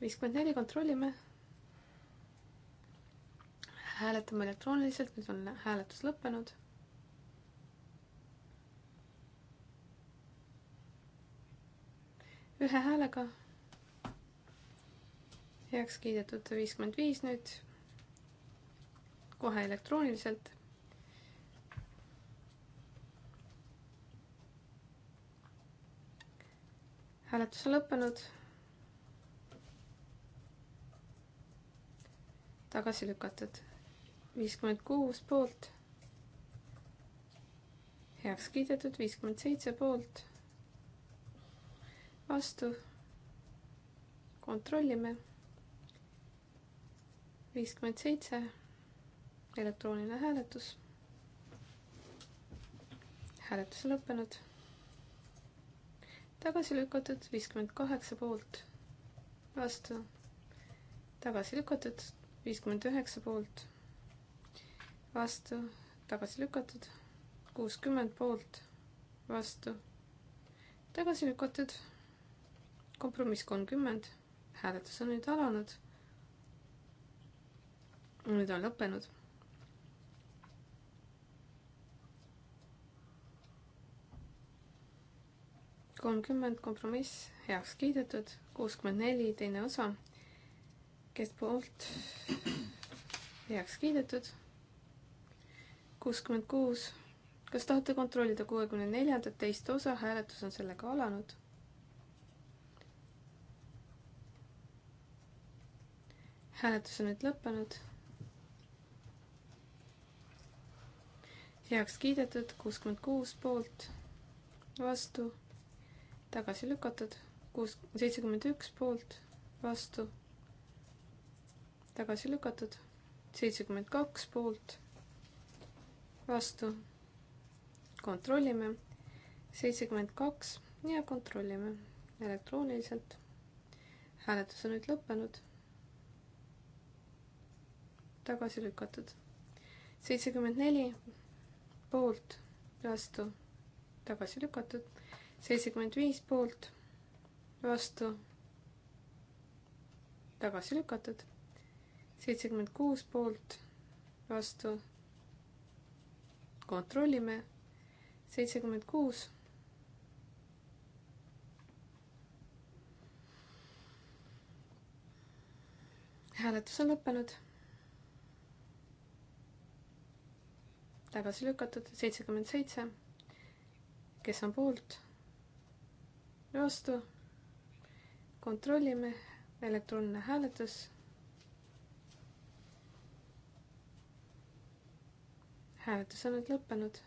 viiskümmend neli, kontrollime hääletame elektrooniliselt, nüüd on hääletus lõppenud. ühe häälega heaks kiidetud viiskümmend viis nüüd kohe elektrooniliselt. hääletus on lõppenud. tagasi lükatud viiskümmend kuus poolt, heaks kiidetud, viiskümmend seitse poolt, vastu, kontrollime, viiskümmend seitse, elektrooniline hääletus, hääletus lõppenud, tagasi lükatud, viiskümmend kaheksa poolt, vastu, tagasi lükatud, viiskümmend üheksa poolt vastu, tagasi lükatud, kuuskümmend poolt, vastu, tagasi lükatud, kompromiss kolmkümmend, hääletus on nüüd alanud. nüüd on lõppenud. kolmkümmend kompromiss heaks kiidetud, kuuskümmend neli teine osa, kes poolt heaks kiidetud kuuskümmend kuus. kas tahate kontrollida kuuekümne neljandat teist osa, hääletus on sellega alanud. hääletus on nüüd lõppenud. heaks kiidetud kuuskümmend kuus poolt, vastu, tagasi lükatud kuus, seitsekümmend üks poolt, vastu, tagasi lükatud, seitsekümmend kaks poolt vastu. kontrollime. seitsekümmend kaks ja kontrollime elektrooniliselt. hääletus on nüüd lõppenud. tagasi lükatud. seitsekümmend neli poolt, vastu, tagasi lükatud. seitsekümmend viis poolt, vastu, tagasi lükatud. seitsekümmend kuus poolt, vastu kontrollime. seitsekümmend kuus. hääletus on lõppenud. tagasi lükatud seitsekümmend seitse. kes on poolt? vastu. kontrollime elektrooniline hääletus hääletus on nüüd lõppenud.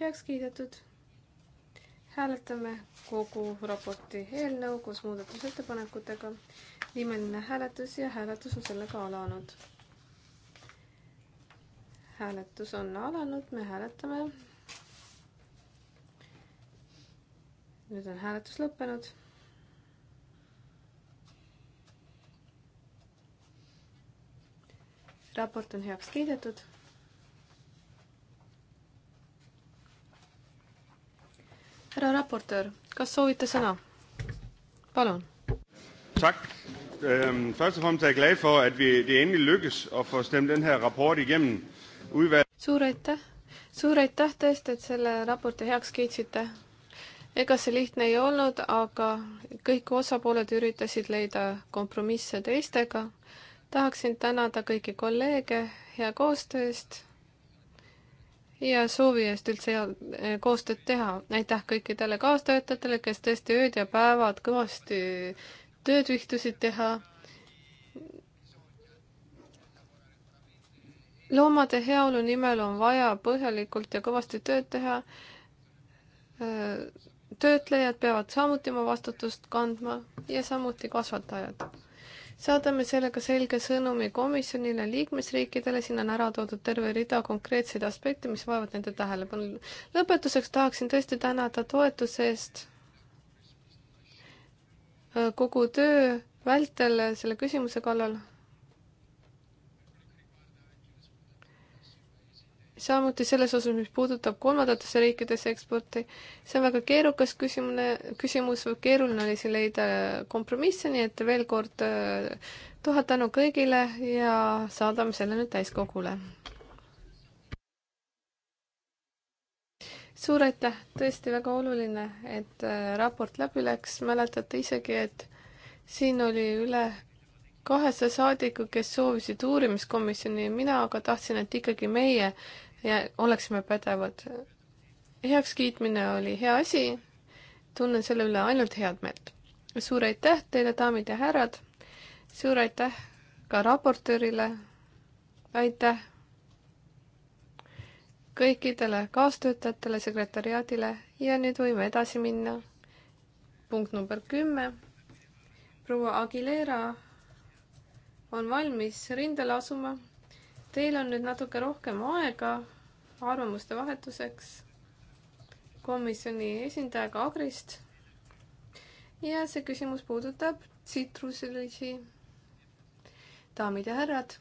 heaks kiidetud. hääletame kogu raporti eelnõu koos muudatusettepanekutega. nimeline hääletus ja hääletus on sellega alanud. hääletus on alanud, me hääletame. nüüd on hääletus lõppenud raport on heaks kiidetud. härra raportöör, kas soovite sõna? palun. tak. Først og fremmest er jeg glad for, at vi, det endelig lykkes at få stemt den her rapport igennem udvalget. Suur aitäh. Suur aitäh tõesti, et selle raporti heaks kiitsite. Ega see lihtne ei olnud, aga kõik osapooled üritasid leida kompromisse teistega tahaksin tänada kõiki kolleege hea koostöö eest ja soovi eest üldse hea eh, koostööd teha. aitäh kõikidele kaastöötajatele, kes tõesti ööd ja päevad kõvasti tööd vihtusid teha. loomade heaolu nimel on vaja põhjalikult ja kõvasti tööd teha. töötlejad peavad samuti oma vastutust kandma ja samuti kasvatajad saadame sellega selge sõnumi komisjonile, liikmesriikidele, siin on ära toodud terve rida konkreetseid aspekte, mis vajavad nende tähelepanu. lõpetuseks tahaksin tõesti tänada toetuse eest äh, kogu töö vältel selle küsimuse kallal samuti selles osas, mis puudutab kolmandatesse riikidesse eksporti, see on väga keerukas küsimune, küsimus, keeruline oli siin leida kompromisse, nii et veel kord äh, tuhat tänu kõigile ja saadame selle nüüd täiskogule. suur aitäh, tõesti väga oluline, et äh, raport läbi läks, mäletate isegi, et siin oli üle kahesaja saadiku, kes soovisid uurimiskomisjoni, mina aga tahtsin, et ikkagi meie ja oleksime pädevad. heakskiitmine oli hea asi, tunnen selle üle ainult head meelt. suur aitäh teile, daamid ja härrad, suur aitäh ka raportöörile, aitäh kõikidele kaastöötajatele, sekretäriaadile ja nüüd võime edasi minna. punkt number kümme. proua Aguilera on valmis rindele asuma Teil on nüüd natuke rohkem aega arvamuste vahetuseks komisjoni esindajaga Agrist. ja see küsimus puudutab tsitruselisi. daamid ja härrad,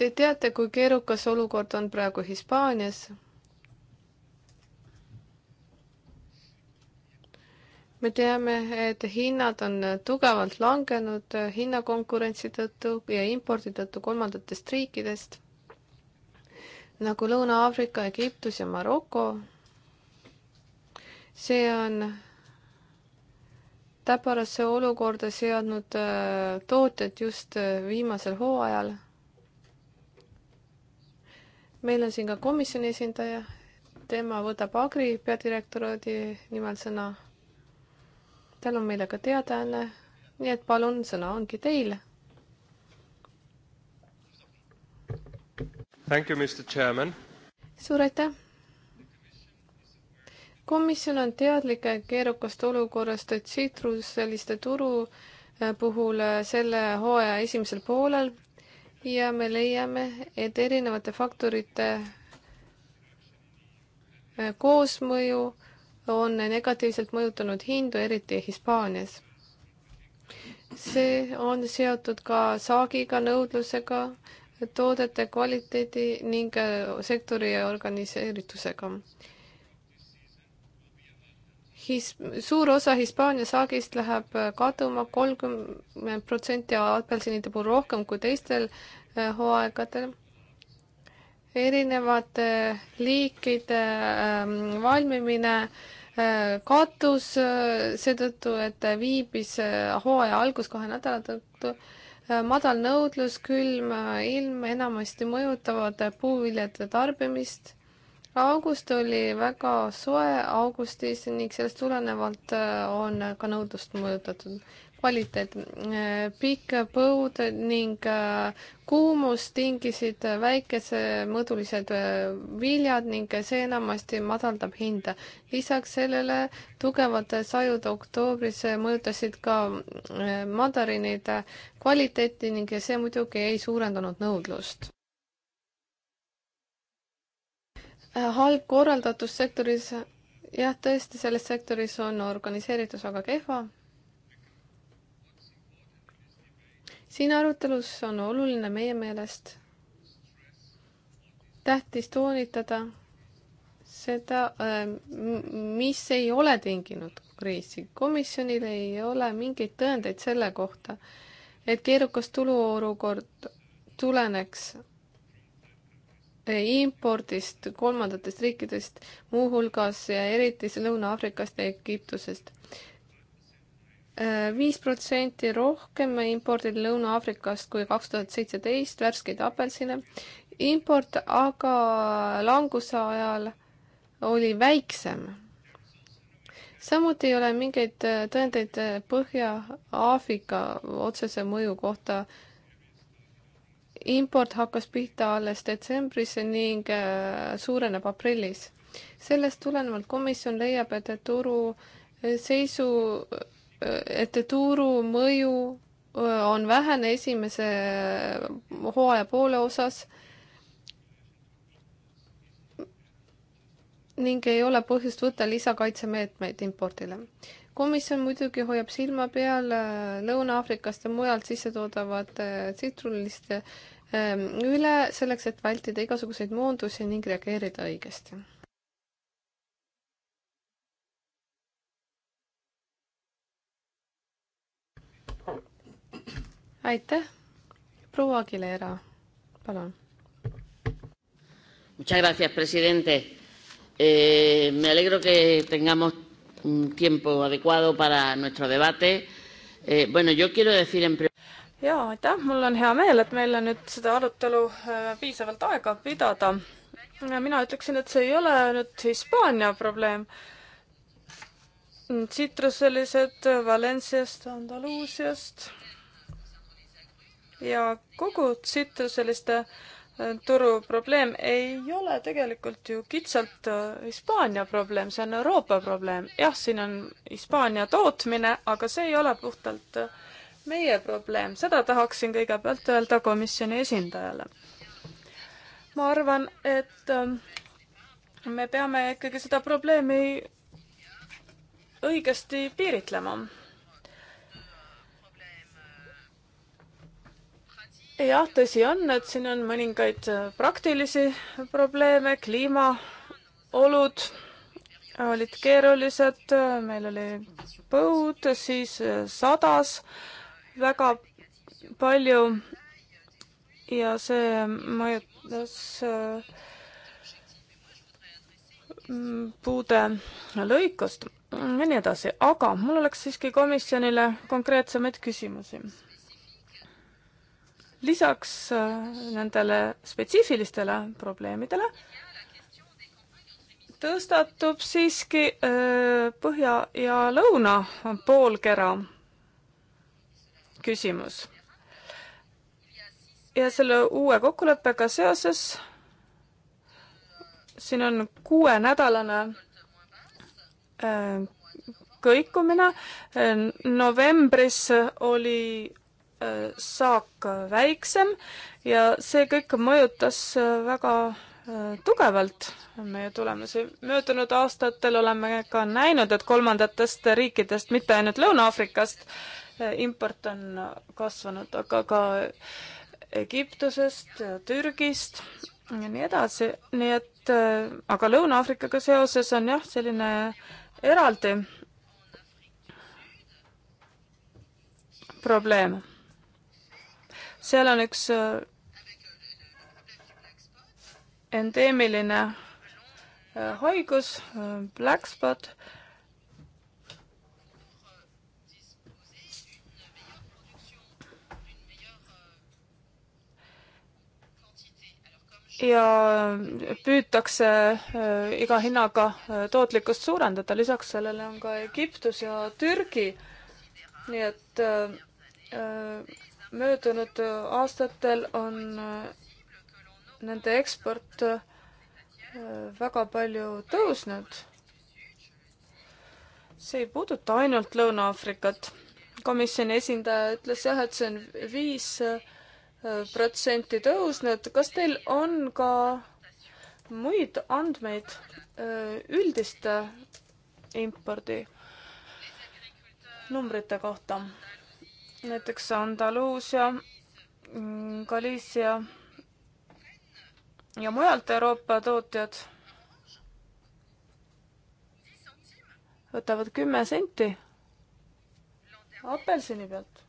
te teate, kui keerukas olukord on praegu Hispaanias me teame, et hinnad on tugevalt langenud hinnakonkurentsi tõttu ja impordi tõttu kolmandatest riikidest nagu Lõuna-Aafrika, Egiptus ja Maroko. see on täparasse olukorda seadnud äh, tooted just äh, viimasel hooajal. meil on siin ka komisjoni esindaja, tema võtab Agri peadirektoraadi nimel sõna Teil on meile ka teadaanne, nii et palun, sõna ongi teil. suur aitäh! komisjon on teadlik keerukast olukorrast, et tsitruseliste turu äh, puhul äh, selle hooaja esimesel poolel ja me leiame, et erinevate faktorite äh, koosmõju on negatiivselt mõjutanud hindu, eriti Hispaanias. see on seotud ka saagiga, nõudlusega, toodete kvaliteedi ning äh, sektori organiseeritusega. His-, suur osa Hispaania saagist läheb äh, kaduma, kolmkümmend protsenti apelsinide puhul rohkem kui teistel äh, hooaegadel erinevate liikide ähm, valmimine äh, katus äh, seetõttu, et viibis äh, hooaja algus kahe nädala tõttu. madal nõudlus, külm ilm enamasti mõjutavad puuviljade tarbimist. august oli väga soe augustis ning sellest tulenevalt on ka nõudlust mõjutatud kvaliteet. Äh, pikk põud ning äh, kuumus tingisid äh, väikesemõõdulised viljad ning see enamasti madaldab hinda. lisaks sellele tugevad sajud oktoobris mõjutasid ka mandarinide kvaliteeti ning see muidugi ei suurendanud nõudlust. halb korraldatus sektoris, jah, tõesti, selles sektoris on organiseeritus väga kehva siin arutelus on oluline meie meelest tähtis toonitada seda, ähm, mis ei ole tinginud kriisi. komisjonil ei ole mingeid tõendeid selle kohta, et keerukas tuluolukord tuleneks impordist kolmandatest riikidest, muuhulgas ja eriti Lõuna-Aafrikast ja Egiptusest viis protsenti rohkem impordid Lõuna-Aafrikast kui kaks tuhat seitseteist värskeid apelsine. import aga languse ajal oli väiksem. samuti ei ole mingeid tõendeid Põhja-Aafrika otsese mõju kohta. import hakkas pihta alles detsembris ning äh, suureneb aprillis. sellest tulenevalt komisjon leiab, et turu seisu et turu mõju äh, on vähene esimese äh, hooaja poole osas ning ei ole põhjust võtta lisakaitsemeetmeid impordile. komisjon muidugi hoiab silma peal äh, Lõuna-Aafrikast ja mujalt sisse toodavate tsitruliste üle, selleks et vältida igasuguseid moondusi ning reageerida õigesti aitäh, proua Aguilera, palun. Muchas gracias, presidente. Eh, me alegro que tengamos un tiempo adecuado para nuestro debate. Eh, bueno, yo quiero decir en jaa, aitäh, mul on hea meel, et meil on nüüd seda arutelu eh, piisavalt aega pidada. mina ütleksin, et see ei ole nüüd Hispaania probleem. tsitruselised Valenciast, Andaluusiast ja kogu tsitruseliste äh, turu probleem ei ole tegelikult ju kitsalt äh, Hispaania probleem, see on Euroopa probleem. jah, siin on Hispaania tootmine, aga see ei ole puhtalt äh, meie probleem, seda tahaksin kõigepealt öelda komisjoni esindajale. ma arvan, et me peame ikkagi seda probleemi õigesti piiritlema jah, tõsi on, et siin on mõningaid äh, praktilisi probleeme, kliimaolud olid keerulised, äh, meil oli põud, siis äh, sadas väga palju ja see mõjutas puude lõikust ja nii edasi, aga mul oleks siiski komisjonile konkreetsemaid küsimusi lisaks äh, nendele spetsiifilistele probleemidele tõstatub siiski äh, põhja ja lõuna poolkera küsimus. ja selle uue kokkuleppega seoses siin on kuuenädalane äh, kõikumine. novembris oli Äh, saak väiksem ja see kõik mõjutas äh, väga äh, tugevalt meie tulemusi. möödunud aastatel oleme ka näinud, et kolmandatest riikidest, mitte ainult Lõuna-Aafrikast, import on kasvanud, aga ka Egiptusest, Türgist ja nii edasi, nii et aga Lõuna-Aafrikaga seoses on jah, selline eraldi probleem seal on üks äh, endeemiline äh, haigus, äh, black spot. ja püütakse iga hinnaga tootlikkust suurendada, lisaks sellele on ka Egiptus ja Türgi. nii et äh, möödunud äh, aastatel on äh, nende eksport äh, väga palju tõusnud. see ei puuduta ainult Lõuna-Aafrikat. komisjoni esindaja ütles jah, et see on viis protsenti tõusnud. kas teil on ka muid andmeid üldiste impordi numbrite kohta? näiteks Andaluusia, mm, Galiisia ja mujalt Euroopa tootjad võtavad kümme senti apelsini pealt.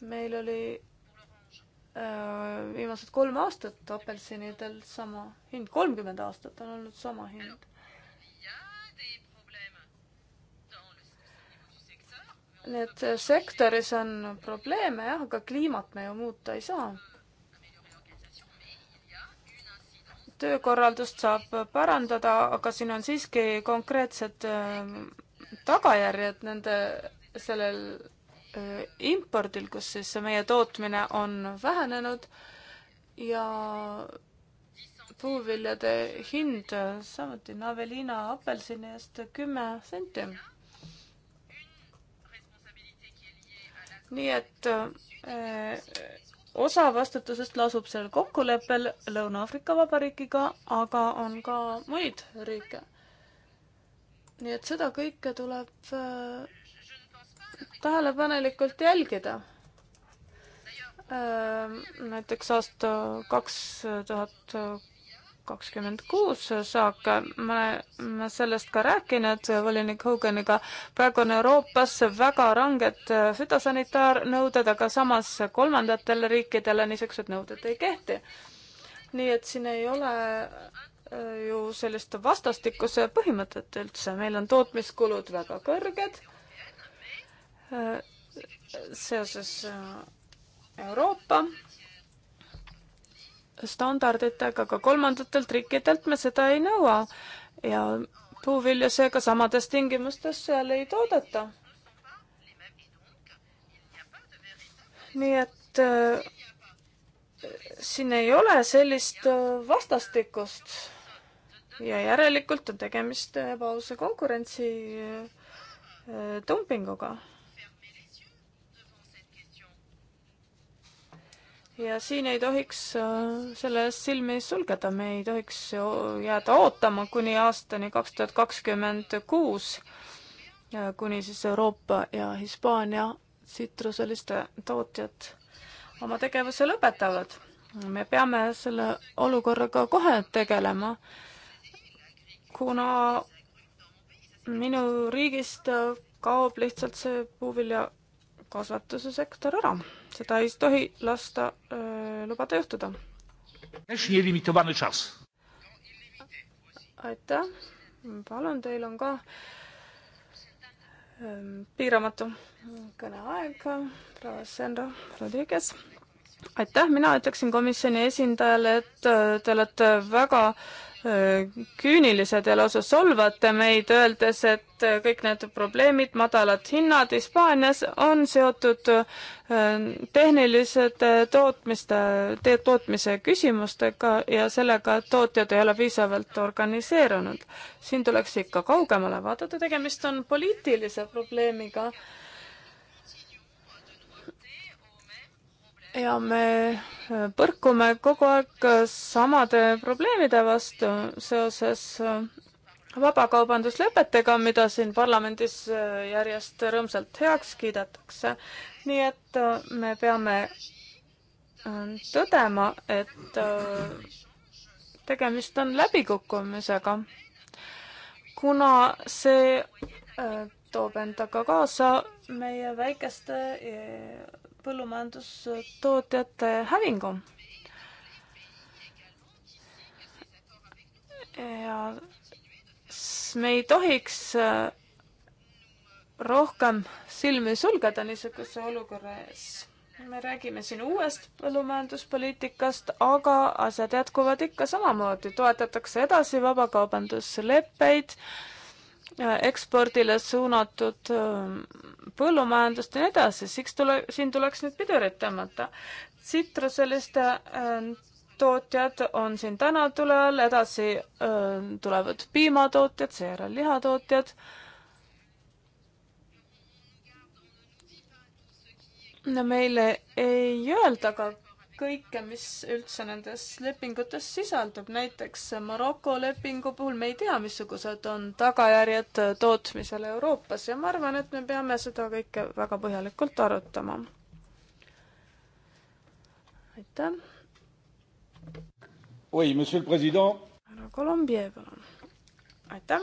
meil oli öö, äh, viimased kolm aastat apelsinidel sama hind, kolmkümmend aastat on olnud sama hind. nii et sektoris on probleeme jah, aga kliimat me ju muuta ei saa. töökorraldust saab parandada, aga siin on siiski konkreetsed ähm, tagajärjed nende, sellel äh, impordil, kus siis meie tootmine on vähenenud ja puuviljade hind samuti Navelina apelsini eest kümme senti nii et äh, osa vastutusest lasub seal kokkuleppel Lõuna-Aafrika Vabariigiga, aga on ka muid riike. nii et seda kõike tuleb äh, tähelepanelikult jälgida äh, näiteks aasta kaks tuhat kakskümmend kuus saak, me oleme sellest ka rääkinud volinik Hoganiga. praegu on Euroopas väga ranged fütosanitaarnõuded, aga samas kolmandatele riikidele niisugused nõuded ei kehti. nii et siin ei ole äh, ju sellist vastastikuse põhimõtet üldse, meil on tootmiskulud väga kõrged äh, seoses äh, Euroopa standarditega, aga kolmandatelt riikidelt me seda ei nõua ja puuvilja seega samades tingimustes seal ei toodeta. nii et äh, siin ei ole sellist äh, vastastikust ja järelikult on tegemist ebaausa konkurentsi äh, äh dumpinguga äh, ja siin ei tohiks äh, selle eest silmi sulgeda, me ei tohiks jääda ootama kuni aastani kaks tuhat kakskümmend kuus, äh, kuni siis Euroopa ja Hispaania tsitruseliste tootjad oma tegevuse lõpetavad. me peame selle olukorraga kohe tegelema, kuna minu riigist kaob lihtsalt see puuviljakasvatuse sektor ära seda ei tohi lasta öö, äh, lubada juhtuda. aitäh, palun, teil on ka öö, ähm, piiramatu kõneaeg, proua Senra Rodriguez aitäh, mina ütleksin komisjoni esindajale, et äh, te olete väga äh, küünilised ja lausa solvate meid, öeldes, et kõik need probleemid, madalad hinnad Hispaanias on seotud äh, tehnilised äh, tootmiste, tootmise küsimustega ja sellega, et tootjad ei ole piisavalt organiseerunud. siin tuleks ikka kaugemale vaadata, tegemist on poliitilise probleemiga ja me äh, põrkume kogu aeg äh, samade probleemide vastu seoses äh, vabakaubanduslepetega, mida siin parlamendis järjest rõõmsalt heaks kiidetakse. nii et me peame tõdema, et tegemist on läbikukkumisega, kuna see toob endaga kaasa meie väikeste põllumajandustootjate hävingu. ja me ei tohiks äh, rohkem silmi sulgeda niisuguse olukorra ees. me räägime siin uuest põllumajanduspoliitikast, aga asjad jätkuvad ikka samamoodi, toetatakse edasi vabakaubandusleppeid äh,, ekspordile suunatud äh, põllumajandust ja nii edasi, siks tule, siin tuleks nüüd pidurit tõmmata. tsitruseliste äh, tootjad on siin täna tule all, edasi äh, tulevad piimatootjad, seejärel lihatootjad. no meile ei öelda ka kõike, mis üldse nendes lepingutes sisaldub, näiteks Maroko lepingu puhul me ei tea, missugused on tagajärjed tootmisele Euroopas ja ma arvan, et me peame seda kõike väga põhjalikult arutama. aitäh. oi, monsieur president. härra Colombier, palun. aitäh.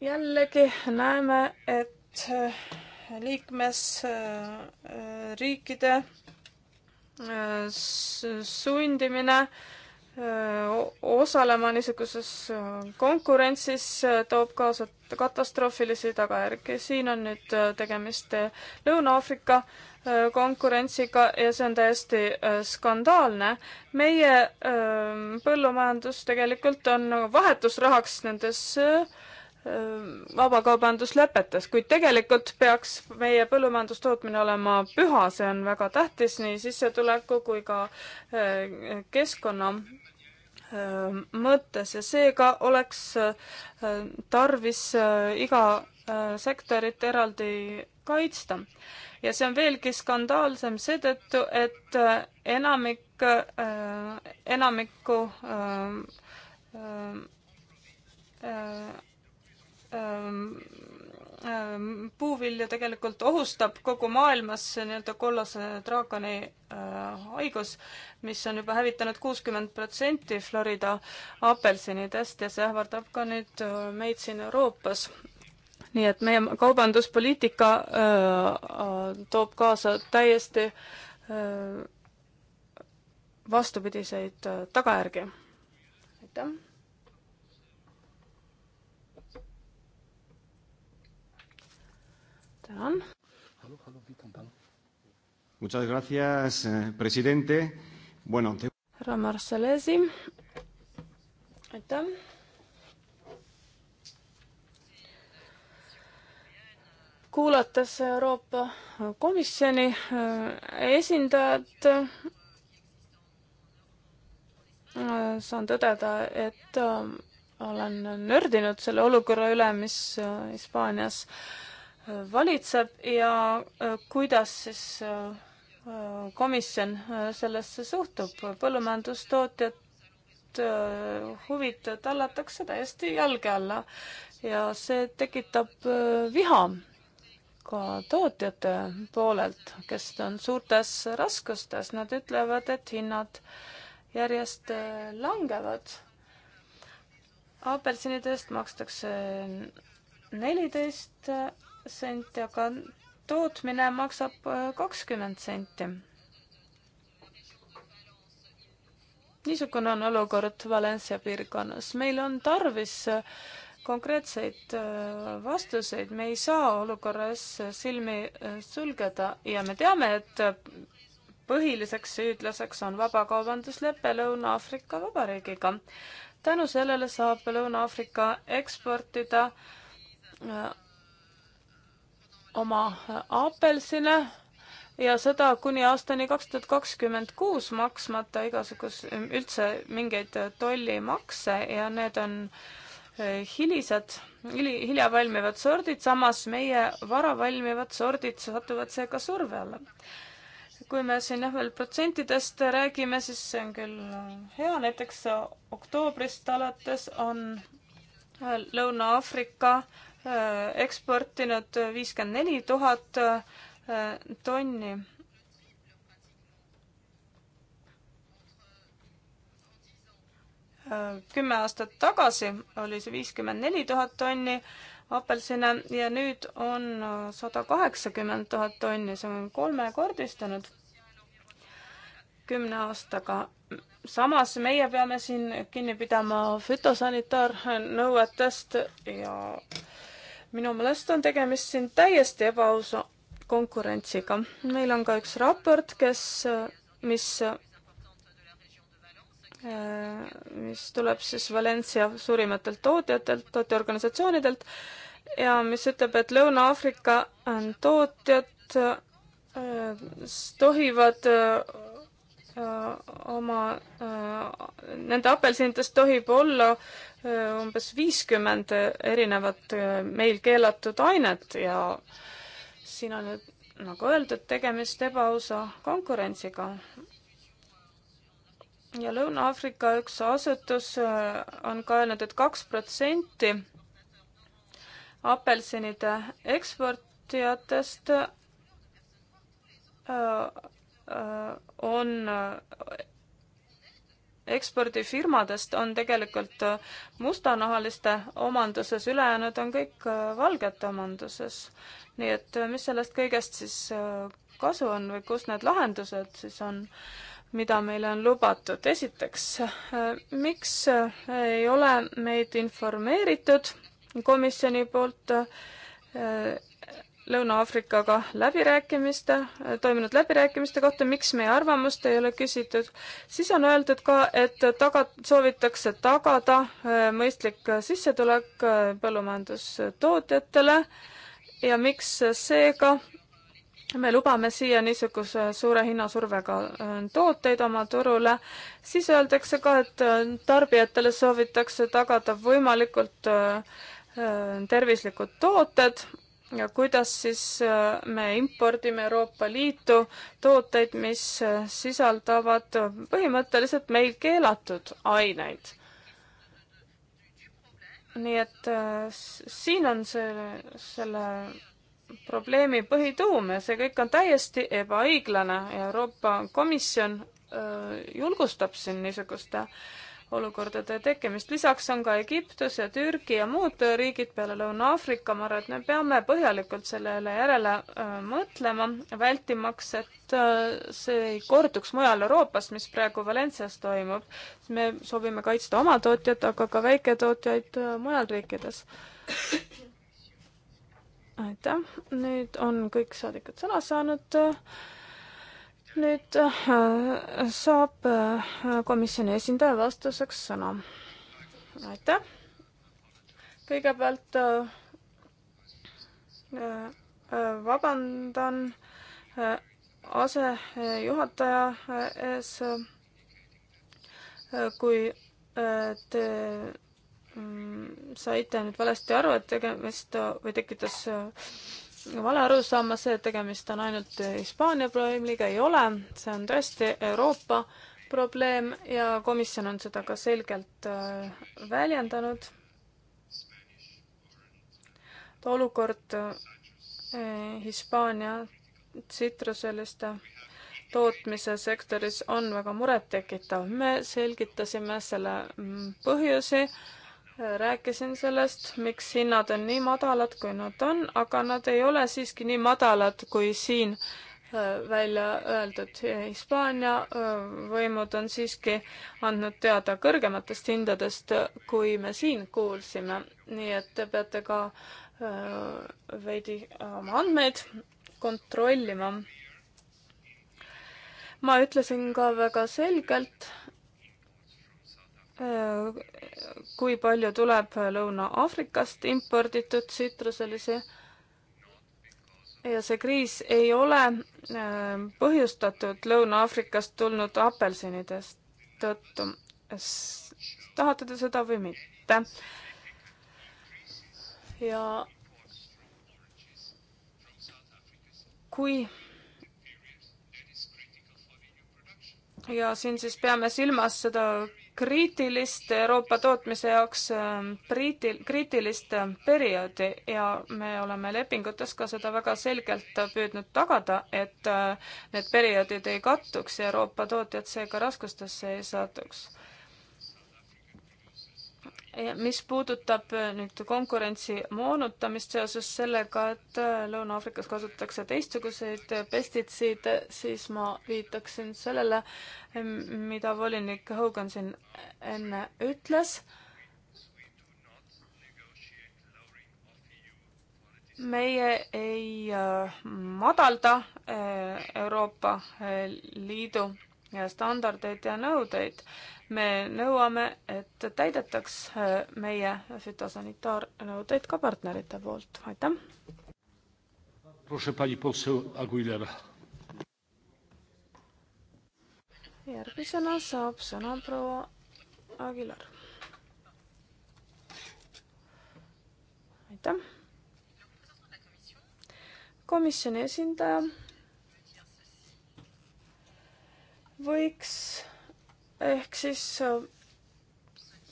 jällegi näeme, et liikmesriikide äh, sundimine äh, osalema niisuguses äh, konkurentsis toob kaasa katastroofilisi tagajärgi. siin on nüüd tegemist Lõuna-Aafrika konkurentsiga ja see on täiesti skandaalne. meie põllumajandus tegelikult on vahetusrahaks nendes vabakaubandus lõpetas, kuid tegelikult peaks meie põllumajandustootmine olema püha, see on väga tähtis nii sissetuleku kui ka keskkonna mõttes ja seega oleks tarvis iga sektorit eraldi kaitsta. ja see on veelgi skandaalsem seetõttu, et enamik, enamiku äh, äh, Ähm, ähm, puuvilju tegelikult ohustab kogu maailmas nii-öelda kollase draakoni äh, haigus, mis on juba hävitanud kuuskümmend protsenti Florida apelsinidest ja see ähvardab ka nüüd äh, meid siin Euroopas. nii et meie kaubanduspoliitika äh, äh toob kaasa täiesti äh, vastupidiseid äh, tagajärgi. aitäh! tänan. Muchas gracias, eh, presidente. Bueno, te... härra Marcellesi, aitäh. kuulates Euroopa Komisjoni eh, esindajat, eh, saan tõdeda, et olen nördinud selle olukorra üle, mis Hispaanias äh, valitseb ja äh, kuidas siis äh, komisjon äh, sellesse suhtub. põllumajandustootjad huvid tallatakse täiesti jalge alla ja see tekitab viha ka tootjate poolelt, kes on suurtes raskustes, nad ütlevad, et hinnad järjest langevad. apelsinidest makstakse neliteist senti, aga tootmine maksab äh, kakskümmend senti. niisugune on olukord Valencia piirkonnas. meil on tarvis äh, konkreetseid äh, vastuseid, me ei saa olukorras silmi sulgeda ja me teame, et põhiliseks süüdlaseks on vabakaubanduslepe Lõuna-Aafrika Vabariigiga. tänu sellele saab Lõuna-Aafrika eksportida oma apelsine ja seda kuni aastani kaks tuhat kakskümmend kuus maksmata igasugus, üldse mingeid tollimakse ja need on eh, hilised, hili, hilja valmivad sordid, samas meie vara valmivad sordid satuvad seega surve alla. kui me siin jah veel protsentidest räägime, siis see on küll eh, hea, näiteks oktoobrist alates on eh, Lõuna-Aafrika Äh, eksportinud viiskümmend neli tuhat äh, tonni. Äh, kümme aastat tagasi oli see viiskümmend neli tuhat tonni apelsine ja nüüd on sada kaheksakümmend tuhat tonni, see on kolmekordistunud kümne aastaga. samas meie peame siin kinni pidama fütosanitaarnõuetest ja äh, minu meelest on tegemist siin täiesti ebaausa konkurentsiga. meil on ka üks raport, kes, mis, äh, mis tuleb siis Valencia suurimatelt tootjatelt, tootjaorganisatsioonidelt ja mis ütleb, et Lõuna-Aafrika äh, tootjad äh, tohivad Äh, oma, äh, nende apelsinidest tohib olla äh, umbes viiskümmend erinevat meil keelatud ainet ja siin on nüüd, nagu öeldud, tegemist ebaausa konkurentsiga ja Lõuna-Aafrika üks asutus on ka öelnud et, et kaks protsenti apelsinide eksportijatest Äh, on äh, ekspordifirmadest on tegelikult äh, mustanahaliste omanduses, ülejäänud on kõik valgete omanduses. nii et mis sellest kõigest siis kasu on või kus need lahendused siis on, mida meile on lubatud? esiteks, miks ei ole meid informeeritud komisjoni poolt Lõuna-Aafrikaga läbirääkimiste, toimunud läbirääkimiste kohta, miks meie arvamust ei ole küsitud, siis on öeldud ka, et taga, soovitakse tagada äh, mõistlik sissetulek äh, põllumajandustootjatele ja miks seega me lubame siia niisuguse suure hinnasurvega äh, tooteid oma turule, siis öeldakse ka, et tarbijatele soovitakse tagada võimalikult tervislikud tooted, ja kuidas siis äh, me impordime Euroopa Liitu tooteid, mis äh, sisaldavad põhimõtteliselt meil keelatud aineid. nii et äh, siin on see, selle probleemi põhituum ja see kõik on täiesti ebaõiglane ja Euroopa Komisjon julgustab siin niisuguste äh, olukordade tekkimist. lisaks on ka Egiptus ja Türgi ja muud riigid peale Lõuna-Aafrika, ma arvan, et me peame põhjalikult sellele järele äh, mõtlema, vältimaks, et äh, see ei korduks mujal Euroopas, mis praegu Valencias toimub. me soovime kaitsta oma tootjat, aga ka väiketootjaid äh, mujal riikides. aitäh, nüüd on kõik saadikud sõna saanud nüüd äh, saab äh, komisjoni esindaja vastuseks sõna. aitäh. kõigepealt äh, vabandan asejuhataja ees, kui te mm, saite nüüd valesti aru, et tegemist või tekitas vale arusaama, see, et tegemist on ainult Hispaania probleemiga, ei ole, see on tõesti Euroopa probleem ja komisjon on seda ka selgelt äh, väljendanud. et olukord äh, Hispaania tsitruseliste tootmise sektoris on väga murettekitav. me selgitasime selle mm, põhjusi rääkisin sellest, miks hinnad on nii madalad, kui nad on, aga nad ei ole siiski nii madalad, kui siin äh, välja öeldud. Hispaania äh, võimud on siiski andnud teada kõrgematest hindadest, kui me siin kuulsime. nii et te peate ka äh, veidi oma andmeid kontrollima. ma ütlesin ka väga selgelt, kui palju tuleb Lõuna-Aafrikast imporditud tsitruselisi. ja see kriis ei ole äh, põhjustatud Lõuna-Aafrikast tulnud apelsinidest tõttu. tahate te seda või mitte? ja kui ja siin siis peame silmas seda kriitilist Euroopa tootmise jaoks kriitil-, ähm, kriitilist ähm, perioodi ja me oleme lepingutes ka seda väga selgelt püüdnud tagada, et äh, need perioodid ei kattuks ja Euroopa tootjad seega raskustesse ei satuks mis puudutab äh, nüüd konkurentsi moonutamist seoses sellega, et äh, Lõuna-Aafrikas kasutatakse teistsuguseid äh, pestitsiide, siis ma viitaksin sellele, mida volinik Hogan siin enne ütles. meie ei madalda Euroopa Liidu standardeid ja nõudeid me nõuame, et täidetaks äh, meie fütosanitaarnõudeid ka partnerite poolt, aitäh. järgmisena saab sõna proua Aguilar. aitäh. komisjoni esindaja võiks ehk siis äh,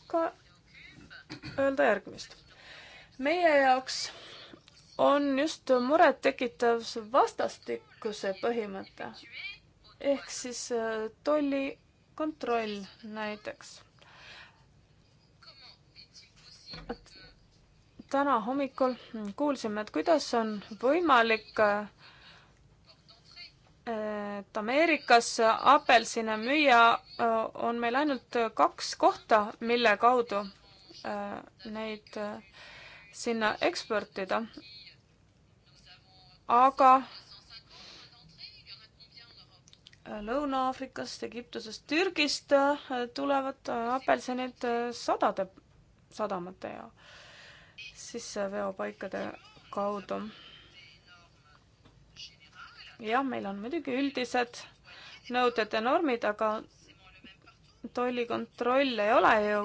ka öelda järgmist. meie jaoks on just murettekitav see vastastikuse põhimõte ehk siis äh, tollikontroll näiteks täna hommikul kuulsime, et kuidas on võimalik äh, et Ameerikas apelsine müüa äh, on meil ainult kaks kohta, mille kaudu äh, neid äh, sinna eksportida. aga Lõuna-Aafrikast, Egiptusest, Türgist tulevad apelsinid sadade sadamate ja sisseveopaikade kaudu jah, meil on muidugi üldised nõuded ja normid, aga tollikontroll ei ole ju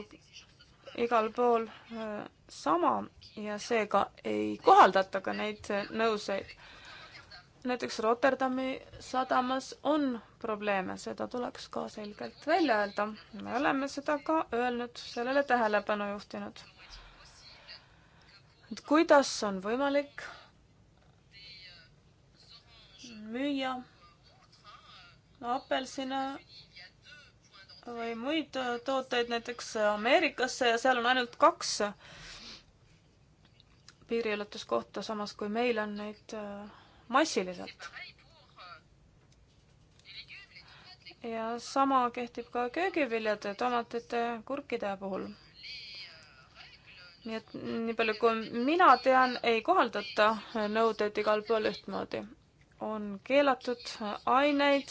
igal pool äh, sama ja seega ei kohaldata ka neid äh, nõuseid. näiteks Rotterdami sadamas on probleeme, seda tuleks ka selgelt välja öelda. me oleme seda ka öelnud, sellele tähelepanu juhtinud. et kuidas on võimalik müüa apelsine või muid tooteid näiteks Ameerikasse ja seal on ainult kaks piiriületuskohta, samas kui meil on neid äh, massiliselt. ja sama kehtib ka köögiviljade, tomatite, kurkide puhul. nii et nii palju, kui mina tean, ei kohaldata nõudeid igal pool ühtmoodi on keelatud aineid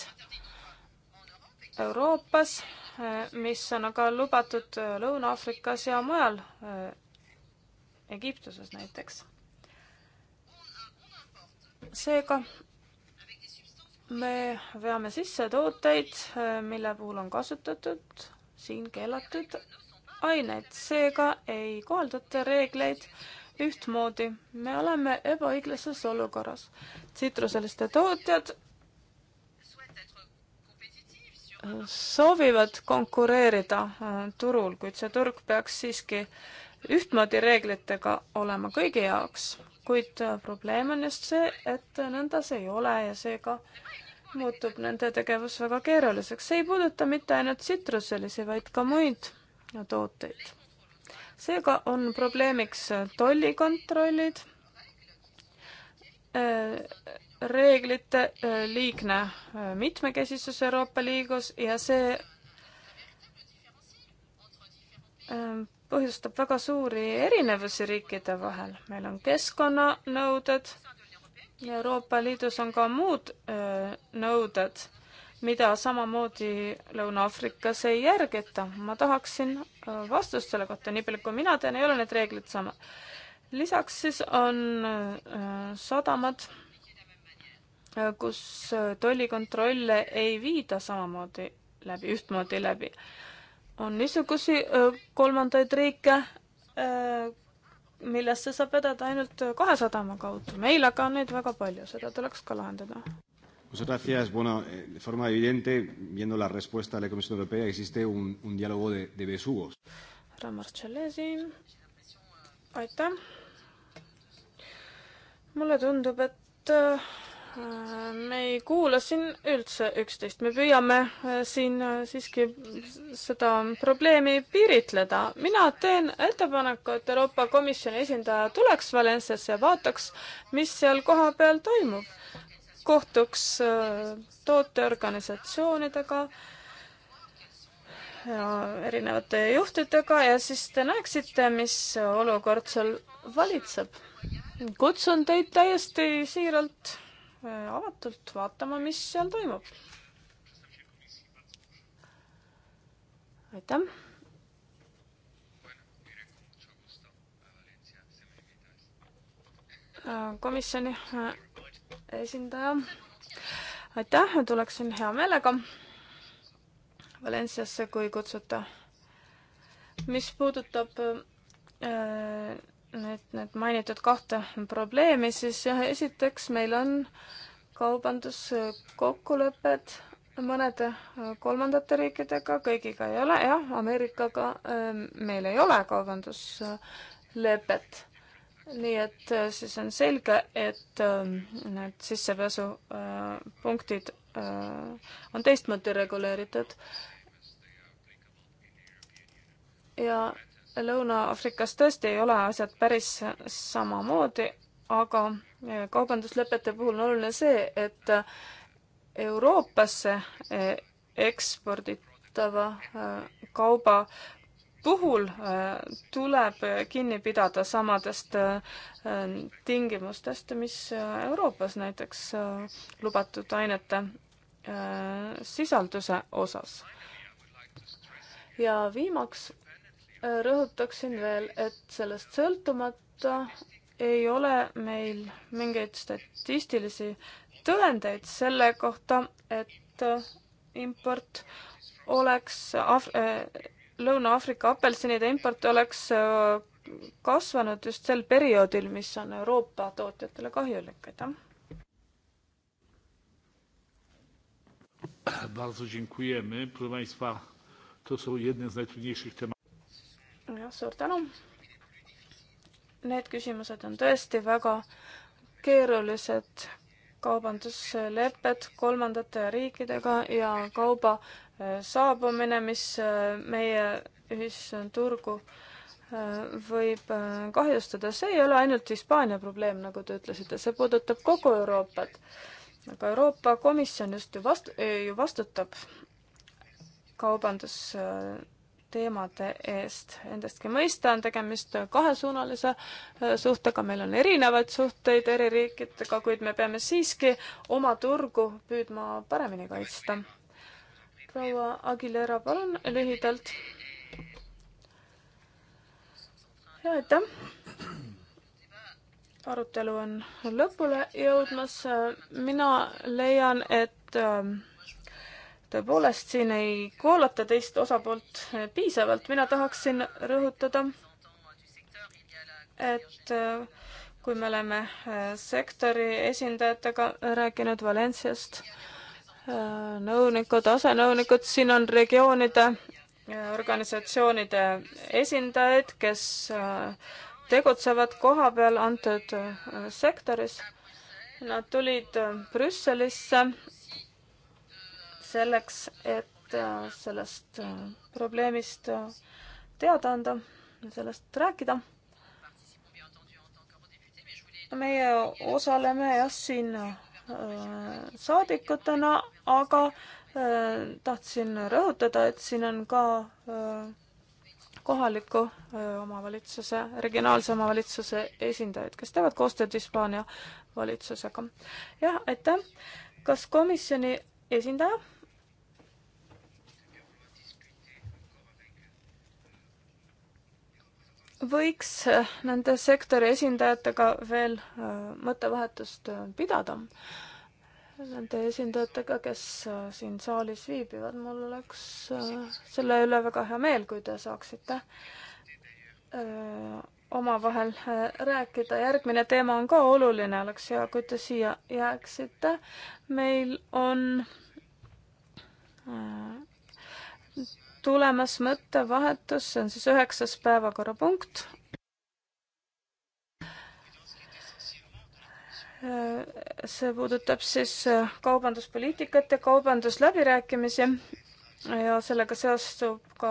Euroopas, mis on aga lubatud Lõuna-Aafrikas ja mujal, eh, Egiptuses näiteks. seega me veame sisse tooteid, eh, mille puhul on kasutatud siin keelatud aineid, seega ei kohaldata reegleid, ühtmoodi, me oleme ebaõiglases olukorras. tsitruseliste tootjad soovivad konkureerida äh, turul, kuid see turg peaks siiski ühtmoodi reeglitega olema kõigi jaoks. kuid äh, probleem on just see, et nõnda see ei ole ja seega muutub nende tegevus väga keeruliseks. see ei puuduta mitte ainult tsitruselisi, vaid ka muid tooteid seega on probleemiks tollikontrollid, äh, reeglite äh, liigne äh, mitmekesisus Euroopa Liigus ja see ähm, põhjustab väga suuri erinevusi riikide vahel. meil on keskkonnanõuded ja Euroopa Liidus on ka muud nõuded mida samamoodi Lõuna-Aafrikas ei järgita. ma tahaksin äh, vastust selle kohta, nii palju kui mina tean, ei ole need reeglid samad. lisaks siis on äh, sadamad, äh, kus tollikontrolle ei viida samamoodi läbi, ühtmoodi läbi. on niisugusi kolmandaid riike, millesse saab vedada ainult kahe sadama kaudu. meil aga on neid väga palju, seda tuleks ka lahendada. Muchas gracias. Bueno, eh, de forma evidente, viendo la respuesta de la Comisión Europea, existe un, un diálogo de, de besugos. härra Marcellesi, aitäh. mulle tundub, et äh, me ei kuula siin üldse üksteist, me püüame äh, siin äh, siiski seda probleemi piiritleda. mina teen ettepaneku, et Euroopa Komisjoni esindaja tuleks Valensiasse ja vaataks, mis seal kohapeal toimub kohtuks äh, tooteorganisatsioonidega ja erinevate juhtidega ja siis te näeksite, mis olukord seal valitseb. kutsun teid täiesti siiralt, äh, avatult vaatama, mis seal toimub. aitäh. Äh, komisjoni esindaja. aitäh, ma tuleksin hea meelega Valensiasse, kui kutsute. mis puudutab äh, nüüd need mainitud kahte probleemi, siis jah, esiteks meil on kaubanduskokkulepped mõnede kolmandate riikidega, kõigiga ei ole, jah, Ameerikaga äh, meil ei ole kaubanduslepet nii et äh, siis on selge, et ähm, need sissepääsupunktid äh, äh, on teistmoodi reguleeritud. ja Lõuna-Aafrikas tõesti ei ole asjad päris samamoodi, aga kaubanduslepete puhul on oluline see, et Euroopasse eksporditava kauba puhul äh, tuleb kinni pidada samadest äh, tingimustest, mis äh, Euroopas näiteks lubatud ainete sisalduse osas. ja viimaks rõhutaksin veel, et sellest sõltumata ei ole meil mingeid statistilisi tõendeid selle kohta, et import oleks Af-, Lõuna-Aafrika apelsinide import oleks äh, kasvanud just sel perioodil, mis on Euroopa tootjatele kahjulik, aitäh. Bardzo dziękujemy. Proszę Państwa, to są jedne z najtrudniejszych tematów. Ja, suur tänu. Need küsimused on tõesti väga keerulised kaubanduslepet kolmandate riikidega ja kauba saabumine, mis äh, meie ühisturgu äh, võib äh, kahjustada, see ei ole ainult Hispaania probleem, nagu te ütlesite, see puudutab kogu Euroopat. aga Euroopa Komisjon just ju vastu, ju vastutab kaubandusteemade eest. Endastki mõista on tegemist kahesuunalise suhtega, meil on erinevaid suhteid eri riikidega, kuid me peame siiski oma turgu püüdma paremini kaitsta proua Aguilera, palun lühidalt. ja aitäh. arutelu on lõpule jõudmas. mina leian, et ähm, tõepoolest siin ei kuulata teist osapoolt piisavalt. mina tahaksin rõhutada, et äh, kui me oleme äh, sektori esindajatega rääkinud Valensiast, nõunikud, asenõunikud, siin on regioonide äh, organisatsioonide esindajaid, kes äh, tegutsevad kohapeal antud äh, sektoris. Nad tulid Brüsselisse selleks, et sellest probleemist teada anda, sellest rääkida. meie osaleme jah, siin Äh, saadikutena, aga äh, tahtsin rõhutada, et siin on ka äh, kohaliku omavalitsuse, regionaalse omavalitsuse esindajaid, kes teevad koostööd Hispaania valitsusega. jah, aitäh. kas komisjoni esindaja võiks eh, nende sektori esindajatega veel eh, mõttevahetust eh, pidada. Nende esindajatega, kes siin saalis viibivad, mul oleks selle üle väga hea meel, kui te saaksite omavahel rääkida. järgmine teema on ka oluline, oleks hea, kui te siia jääksite. meil on tulemas mõttevahetus, see on siis üheksas päevakorrapunkt. see puudutab siis kaubanduspoliitikat ja kaubandusläbirääkimisi ja sellega seostub ka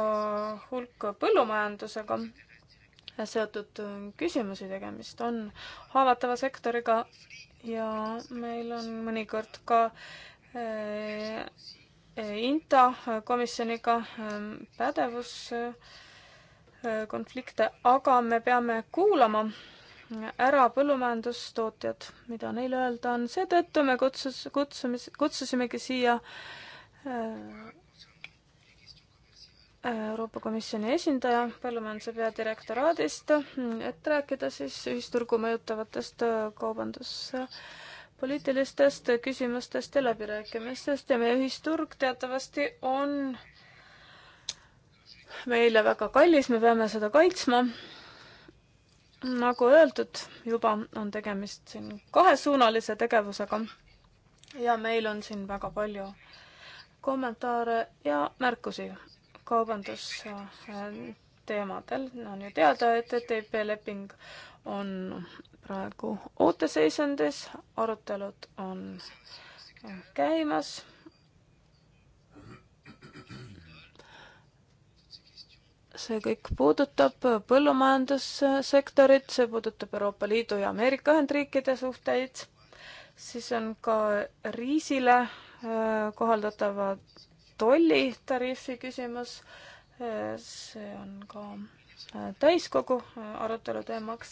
hulk põllumajandusega seotud küsimusi, tegemist on haavatava sektoriga ja meil on mõnikord ka eh, INTA komisjoniga ähm, pädevuskonflikte, äh, aga me peame kuulama ära põllumajandustootjad, mida neil öelda on, seetõttu me kutsus, kutsumis, kutsusimegi siia äh, äh, Euroopa Komisjoni esindaja põllumajanduse peadirektoraadist, et rääkida siis ühisturgu mõjutavatest kaubandus- poliitilistest küsimustest ja läbirääkimistest ja meie ühisturg teatavasti on meile väga kallis, me peame seda kaitsma. nagu öeldud, juba on tegemist siin kahesuunalise tegevusega. ja meil on siin väga palju kommentaare ja märkusi kaubandus äh, teemadel no,. on ju teada, et e TTIP leping on praegu ooteseisundis, arutelud on käimas. see kõik puudutab põllumajandussektorit, see puudutab Euroopa Liidu ja Ameerika Ühendriikide suhteid, siis on ka riisile äh, kohaldatava tollitariifi küsimus, äh, see on ka täiskogu arutelu teemaks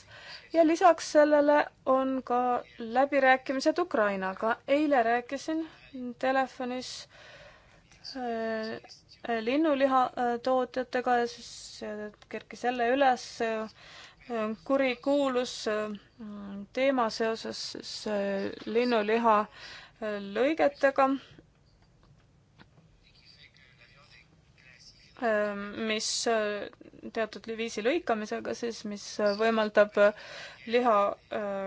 ja lisaks sellele on ka läbirääkimised Ukrainaga. eile rääkisin telefonis äh, linnuliha äh, tootjatega ja siis äh, kerkis jälle üles kurikuulus teema seoses siis linnuliha lõigetega Ehm, mis äh, teatud viisi lõikamisega siis, mis äh, võimaldab äh, liha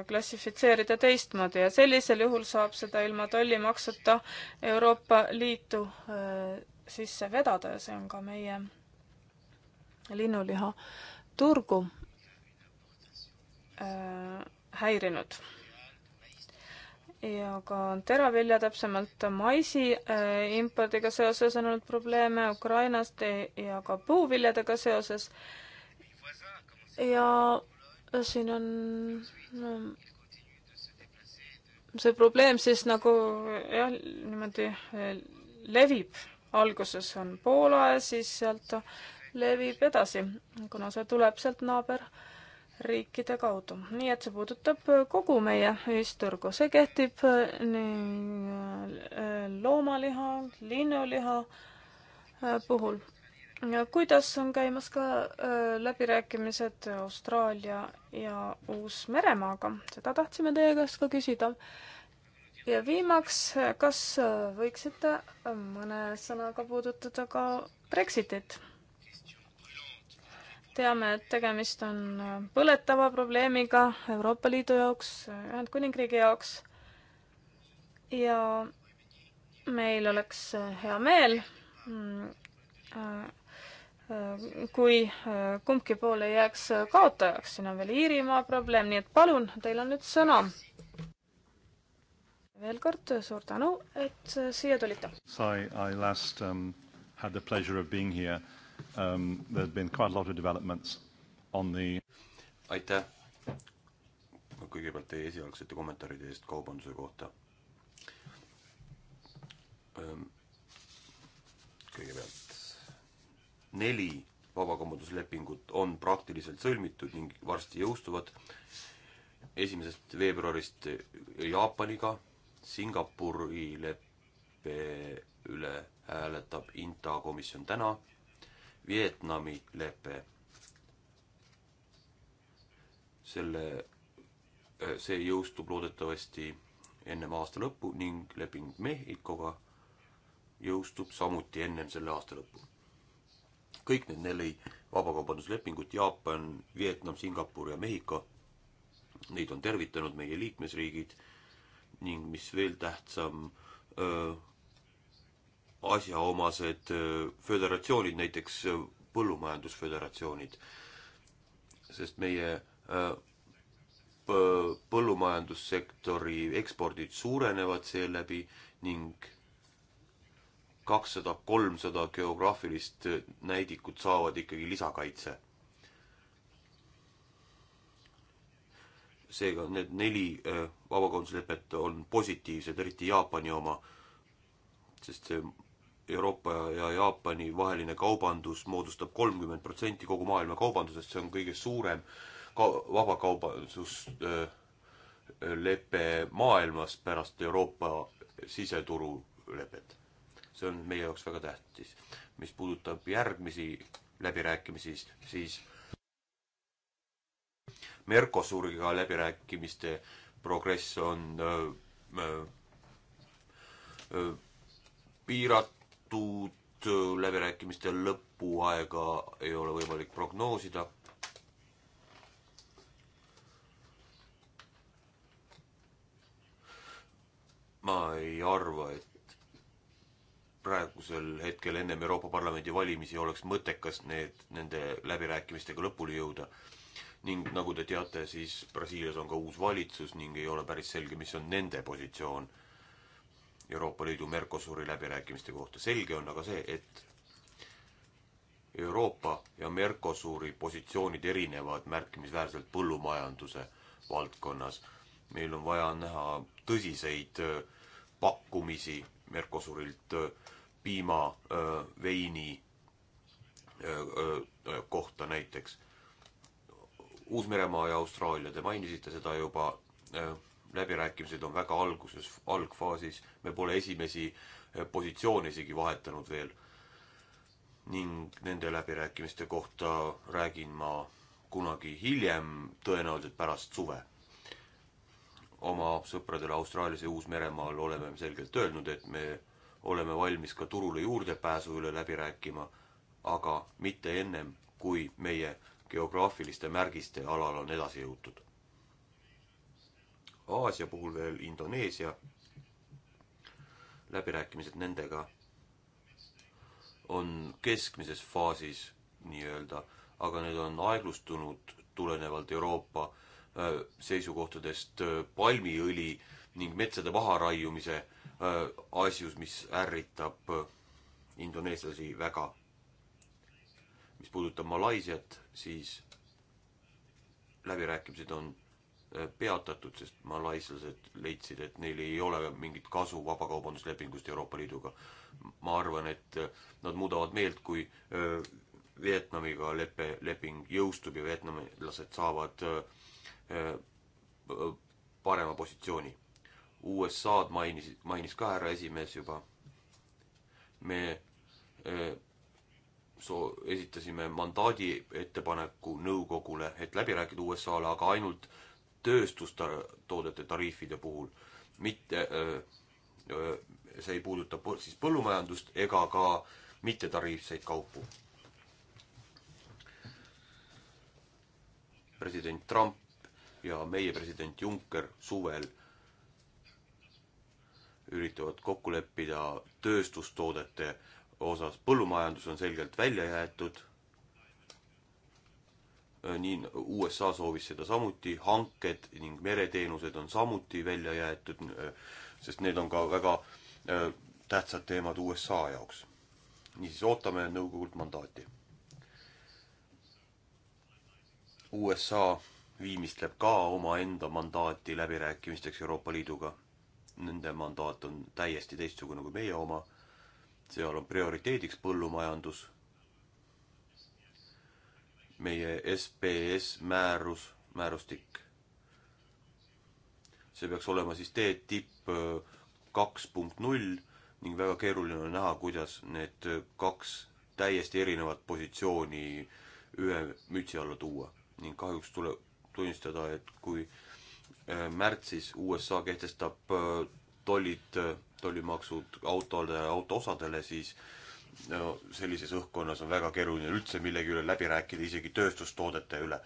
klassifitseerida teistmoodi ja sellisel juhul saab seda ilma tollimaksuta Euroopa Liitu sisse vedada ja see on ka meie linnuliha turgu häirinud ja ka teravilja, täpsemalt maisi äh, impordiga seoses on olnud probleeme Ukrainast ja ka puuviljadega seoses. ja siin on no, ähm, see probleem siis nagu jah, niimoodi äh, levib. alguses on Poola ja siis sealt levib edasi, kuna see tuleb sealt naaber riikide kaudu. nii et see puudutab kogu meie ühisturgu, see kehtib äh, nii äh, loomaliha, linnuliha äh, puhul. ja kuidas on käimas ka läbirääkimised Austraalia ja Uus-Meremaaga, seda tahtsime teie käest ka küsida. ja viimaks, kas võiksite mõne sõnaga puudutada ka Brexitit? teame, et tegemist on äh, põletava probleemiga Euroopa Liidu jaoks, äh, Ühendkuningriigi jaoks ja meil oleks äh, hea meel, mm, kui kumbki pool ei jääks kaotajaks, siin on veel Iirimaa probleem, nii et palun, teil on nüüd sõna. veel kord suur tänu, et siia tulite. Sai, I last um, had the pleasure of being here um, there's been quite a lot of developments on the aitäh! kõigepealt teie esialgsete kommentaaride eest kaubanduse kohta. Um, kõigepealt neli vabakaubanduslepingut on praktiliselt sõlmitud ning varsti jõustuvad. esimesest veebruarist Jaapaniga, Singapuri leppe üle hääletab INTA komisjon täna Vietnami lepe. selle, äh, see jõustub loodetavasti ennem aasta lõppu ning leping Mehhikoga jõustub samuti ennem selle aasta lõppu. kõik need neli vabakaubanduslepingut, Jaapan, Vietnam, Singapur ja Mehhiko, neid on tervitanud meie liikmesriigid ning mis veel tähtsam, äh, asjaomased äh, föderatsioonid, näiteks äh, põllumajandusföderatsioonid, sest meie äh, põllumajandussektori ekspordid suurenevad seeläbi ning kakssada, kolmsada geograafilist näidikut saavad ikkagi lisakaitse. seega need neli vabakaubanduslepet on positiivsed, eriti Jaapani oma, sest see Euroopa ja Jaapani vaheline kaubandus moodustab kolmkümmend protsenti kogu maailma kaubandusest, see on kõige suurem ka-, vabakaubanduslepe maailmas pärast Euroopa siseturulepet. see on meie jaoks väga tähtis. mis puudutab järgmisi läbirääkimisi, siis Mercosuriga läbirääkimiste progress on öö, äh, öö, äh, äh, piirat-, antud äh, läbirääkimiste lõpuaega ei ole võimalik prognoosida. ma ei arva, et praegusel hetkel ennem Euroopa Parlamendi valimisi oleks mõttekas need, nende läbirääkimistega lõpule jõuda. ning nagu te teate, siis Brasiilias on ka uus valitsus ning ei ole päris selge, mis on nende positsioon Euroopa Liidu Mercosuri läbirääkimiste kohta. selge on aga see, et Euroopa ja Mercosuri positsioonid erinevad märkimisväärselt põllumajanduse valdkonnas. meil on vaja näha tõsiseid äh, pakkumisi Mercosurilt äh, piima, äh, veini kohta näiteks. Uus-Meremaa ja Austraalia, te mainisite seda juba läbirääkimised on väga alguses, algfaasis, me pole esimesi eh, positsioone isegi vahetanud veel. ning nende läbirääkimiste kohta räägin ma kunagi hiljem, tõenäoliselt pärast suve. oma sõpradele Austraalias ja Uus-Meremaal oleme selgelt öelnud, et me oleme valmis ka turule juurdepääsu üle läbi rääkima, aga mitte ennem, kui meie geograafiliste märgiste alal on edasi jõutud Aasia puhul veel Indoneesia. läbirääkimised nendega on keskmises faasis nii-öelda, aga need on aeglustunud tulenevalt Euroopa äh, seisukohtadest äh, palmiõli ning metsade maharaiumise äh, asjus, mis ärritab indoneeslasi väga. mis puudutab Malaisiat, siis läbirääkimised on Äh, peatatud, sest malaislased leidsid, et neil ei ole mingit kasu vabakaubanduslepingust Euroopa Liiduga. ma arvan, et äh, nad muudavad meelt, kui äh, Vietnamiga lepe, leping jõustub ja vietnamlased saavad parema positsiooni. USA-d mainis, mainis ka härra esimees juba. me so-, esitasime mandaadi ettepaneku nõukogule, et läbi rääkida USA-le, aga ainult äh, tööstustoodete tariifide puhul, mitte, see ei puuduta siis põllumajandust ega ka mittetariifseid kaupu. president Trump ja meie president Juncker suvel üritavad kokku leppida tööstustoodete osas, põllumajandus on selgelt välja jäetud Äh, nii USA soovis seda samuti, hanked ning mereteenused on samuti välja jäetud, äh, sest need on ka väga äh, tähtsad teemad USA jaoks. niisiis ootame nõukogult mandaati. USA viimistleb ka omaenda mandaati läbirääkimisteks Euroopa Liiduga. Nende mandaat on täiesti teistsugune kui meie oma. seal on prioriteediks põllumajandus meie SBS määrus, määrustik. see peaks olema siis T-tipp äh, kaks punkt null ning väga keeruline on näha, kuidas need äh, kaks täiesti erinevat positsiooni ühe mütsi alla tuua ning kahjuks tuleb tunnistada, et kui äh, märtsis USA kehtestab tollid, tollimaksud autole, autoosadele, siis äh, no sellises õhkkonnas on väga keeruline üldse millegi üle läbi rääkida, isegi tööstustoodete üle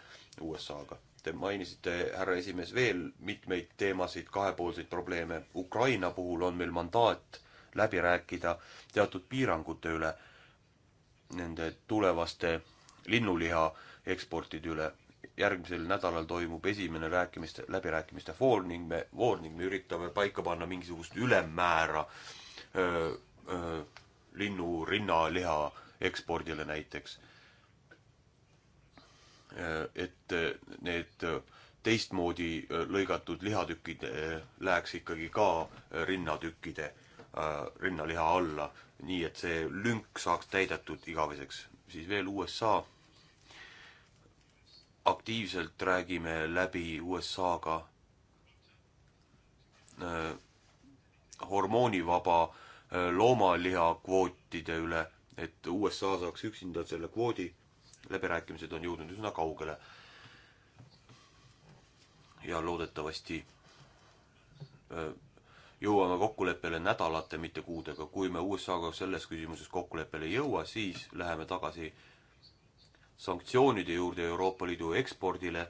USA-ga. Te mainisite, härra esimees, veel mitmeid teemasid, kahepoolseid probleeme. Ukraina puhul on meil mandaat läbi rääkida teatud piirangute üle, nende tulevaste linnuliha eksportide üle. järgmisel nädalal toimub esimene rääkimiste, läbirääkimiste foor ning me, voor ning me üritame paika panna mingisugust ülemmäära öö, öö, linnu rinnaliha ekspordile näiteks. Äh, et äh, need äh, teistmoodi lõigatud lihatükid läheks ikkagi ka rinnatükkide, rinnaliha alla, nii et see lünk saaks täidetud igaveseks. siis veel USA. aktiivselt räägime läbi USA-ga hormoonivaba äh, Äh, loomalihakvootide üle, et USA saaks üksinda selle kvoodi, läbirääkimised on jõudnud üsna kaugele. ja loodetavasti äh, jõuame kokkuleppele nädalate, mitte kuudega. kui me USA-ga selles küsimuses kokkuleppele ei jõua, siis läheme tagasi sanktsioonide juurde Euroopa Liidu ekspordile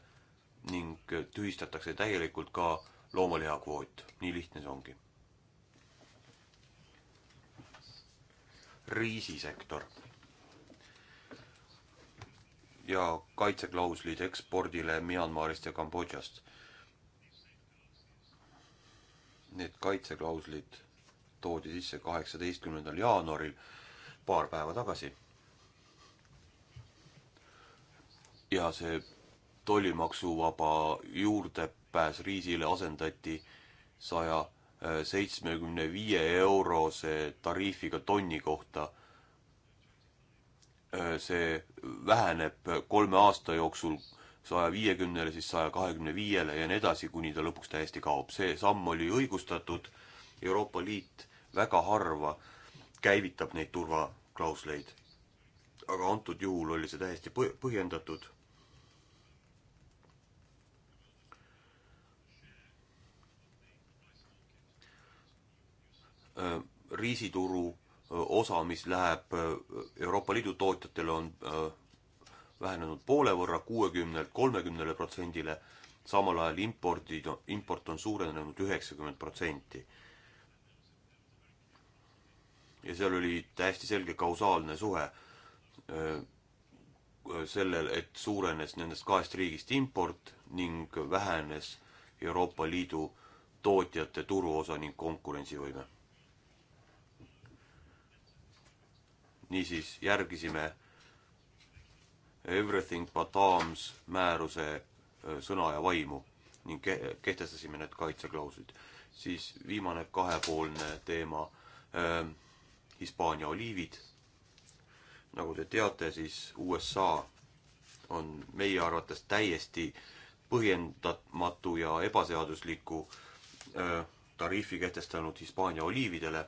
ning tühistatakse täielikult ka loomalihakvoot. nii lihtne see ongi riisisektor. ja kaitseklauslid ekspordile Myanmarist ja Kambodžast. Need kaitseklauslid toodi sisse kaheksateistkümnendal jaanuaril, paar päeva tagasi. ja see tollimaksuvaba juurdepääs riisile asendati saja seitsmekümne viie eurose tariifiga tonni kohta. see väheneb kolme aasta jooksul saja viiekümnele, siis saja kahekümne viiele ja nii edasi, kuni ta lõpuks täiesti kaob. see samm oli õigustatud. Euroopa Liit väga harva käivitab neid turvaklausleid. aga antud juhul oli see täiesti põhjendatud Äh, riisituru äh, osa, mis läheb äh, Euroopa Liidu tootjatele, on vähenenud poole võrra, kuuekümnelt kolmekümnele protsendile, samal ajal impordid, import on suurenenud üheksakümmend protsenti. ja seal oli täiesti selge kausaalne suhe sellel, et suurenes nendest kahest riigist import ning vähenes Euroopa Liidu tootjate turuosa ning konkurentsivõime niisiis järgisime Everything but arms määruse sõna ja vaimu ning kehtestasime need kaitseklauslid. siis viimane kahepoolne teema äh,, Hispaania oliivid. nagu te teate, siis USA on meie arvates täiesti põhjendamatu ja ebaseadusliku äh, tariifi kehtestanud Hispaania oliividele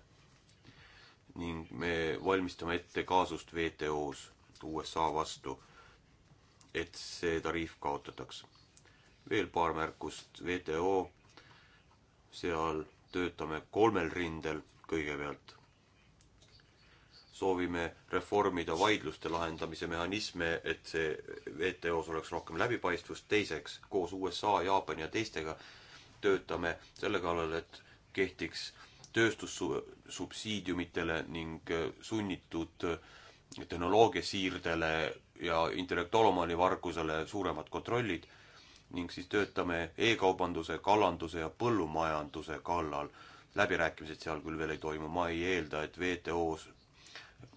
ning me valmistame ette kaasust WTO-s USA vastu, et see tariif kaotataks. veel paar märkust WTO, seal töötame kolmel rindel kõigepealt. soovime reformida vaidluste lahendamise mehhanisme, et see WTO-s oleks rohkem läbipaistvust, teiseks koos USA, Jaapani ja teistega töötame selle kallal, et kehtiks tööstussubsiidiumitele ning äh, sunnitud äh, tehnoloogiasiirdele ja intellektuaalomani vargusele suuremad kontrollid ning siis töötame e-kaubanduse, kallanduse ja põllumajanduse kallal. läbirääkimised seal küll veel ei toimu, ma ei eelda, et WTO-s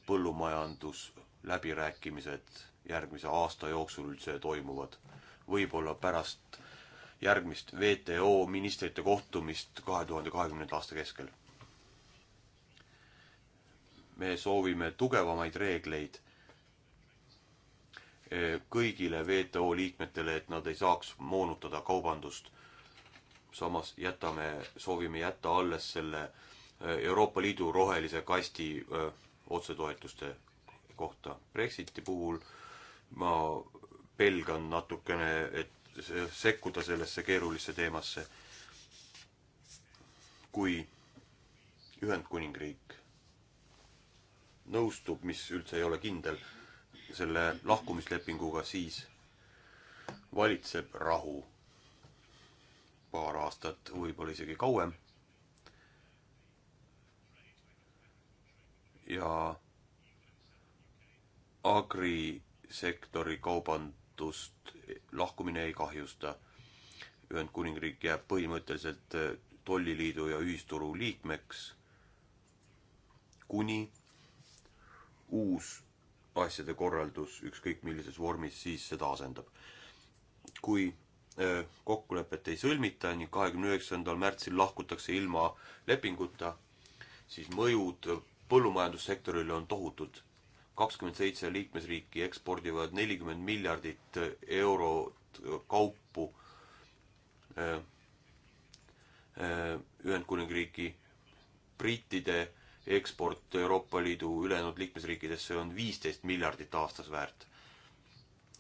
põllumajandusläbirääkimised järgmise aasta jooksul üldse toimuvad. võib-olla pärast järgmist WTO ministrite kohtumist kahe tuhande kahekümnenda aasta keskel me soovime tugevamaid reegleid eh, kõigile WTO liikmetele, et nad ei saaks moonutada kaubandust. samas jätame, soovime jätta alles selle eh, Euroopa Liidu rohelise kasti öö, eh, otsetoetuste kohta. Brexiti puhul ma pelgan natukene, et sekkuda sellesse keerulisse teemasse. kui Ühendkuningriik nõustub, mis üldse ei ole kindel, selle lahkumislepinguga, siis valitseb rahu. paar aastat, võib-olla isegi kauem. ja agrisektori kaubandust lahkumine ei kahjusta. Ühendkuningriik jääb põhimõtteliselt tolliliidu ja ühisturu liikmeks kuni uus asjade korraldus, ükskõik millises vormis, siis seda asendab. kui kokkulepet ei sõlmita ning kahekümne üheksandal märtsil lahkutakse ilma lepinguta, siis mõjud põllumajandussektorile on tohutud. kakskümmend seitse liikmesriiki ekspordivad nelikümmend miljardit eurot kaupu Ühendkuningriigi brittide eksport Euroopa Liidu ülejäänud liikmesriikidesse on viisteist miljardit aastas väärt.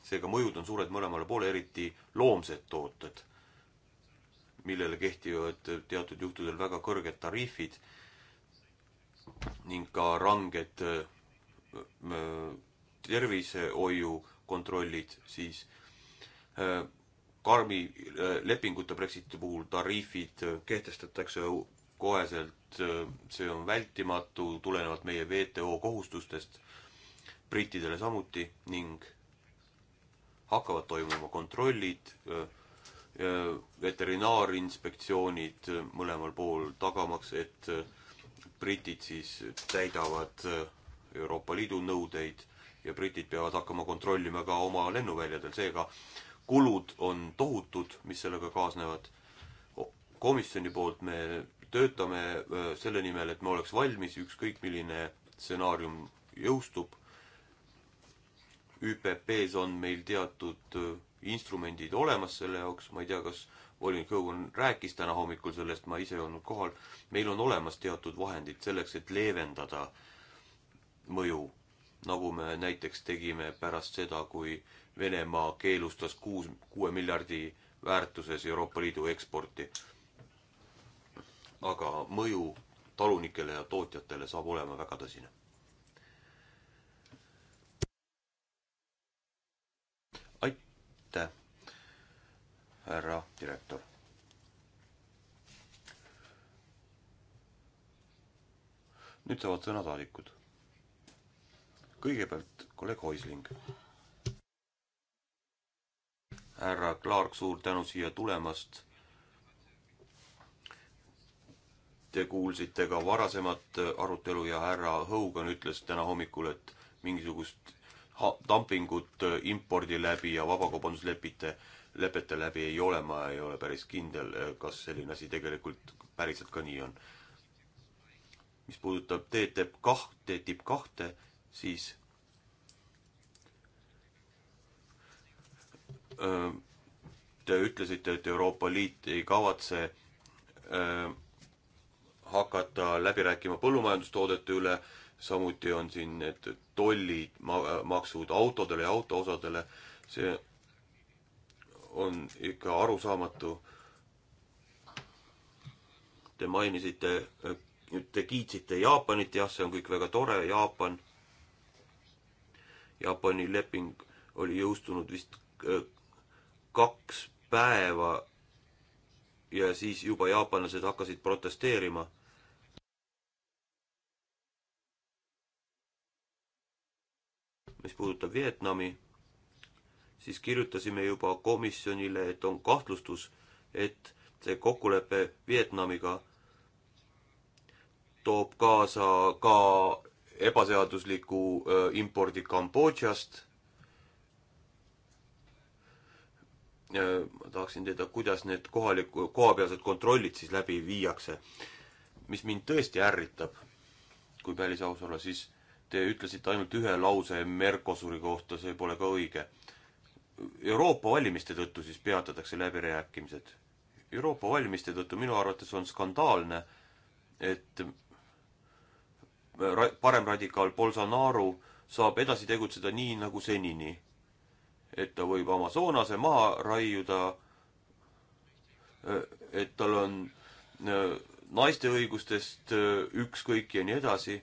seega mõjud on suured mõlemale poole, eriti loomsed tooted, millele kehtivad teatud juhtudel väga kõrged tariifid ning ka ranged äh, tervishoiu kontrollid, siis äh, karmi äh, lepinguta Brexiti puhul tariifid kehtestatakse koheselt Äh, see on vältimatu tulenevalt meie WTO kohustustest, brittidele samuti ning hakkavad toimuma kontrollid, äh, äh, veterinaarinspektsioonid mõlemal pool, tagamaks, et britid siis täidavad Euroopa Liidu nõudeid ja britid peavad hakkama kontrollima ka oma lennuväljadel, seega kulud on tohutud, mis sellega kaasnevad. komisjoni poolt me töötame äh, selle nimel, et me oleks valmis, ükskõik milline stsenaarium jõustub. ÜPP-s on meil teatud äh, instrumendid olemas selle jaoks, ma ei tea, kas volinik Õugon rääkis täna hommikul sellest, ma ise ei olnud kohal, meil on olemas teatud vahendid selleks, et leevendada mõju, nagu me näiteks tegime pärast seda, kui Venemaa keelustas kuus, kuue miljardi väärtuses Euroopa Liidu eksporti aga mõju talunikele ja tootjatele saab olema väga tõsine. aitäh, härra direktor. nüüd saavad sõna saadikud. kõigepealt kolleeg Oisling. härra Clark, suur tänu siia tulemast Te kuulsite ka varasemat äh, arutelu ja härra Hogan ütles täna hommikul, et mingisugust dumpingut äh, impordi läbi ja vabakaubanduslepite, lepete läbi ei ole, ma ei ole päris kindel, äh, kas selline asi tegelikult päriselt ka nii on. mis puudutab TTIP kaht, TTIP kahte, siis te ütlesite, et Euroopa Liit ei kavatse öö, hakata läbi rääkima põllumajandustoodete üle, samuti on siin need tollid ma-, maksud autodele ja autoosadele, see on ikka arusaamatu. Te mainisite, te kiitsite Jaapanit, jah, see on kõik väga tore, Jaapan, Jaapani leping oli jõustunud vist äh, kaks päeva ja siis juba jaapanlased hakkasid protesteerima mis puudutab Vietnami, siis kirjutasime juba komisjonile, et on kahtlustus, et see kokkulepe Vietnamiga toob kaasa ka ebaseadusliku impordi Kambodžast. ma tahaksin teada, kuidas need kohaliku, kohapealsed kontrollid siis läbi viiakse. mis mind tõesti ärritab, kui päris aus olla, siis Te ütlesite ainult ühe lause Mercosuri kohta, see pole ka õige. Euroopa valimiste tõttu siis peatatakse läbirääkimised. Euroopa valimiste tõttu minu arvates on skandaalne, et paremradikaal Bolsonaro saab edasi tegutseda nii nagu senini. et ta võib Amazonase maha raiuda, et tal on äh, naiste õigustest äh, ükskõik ja nii edasi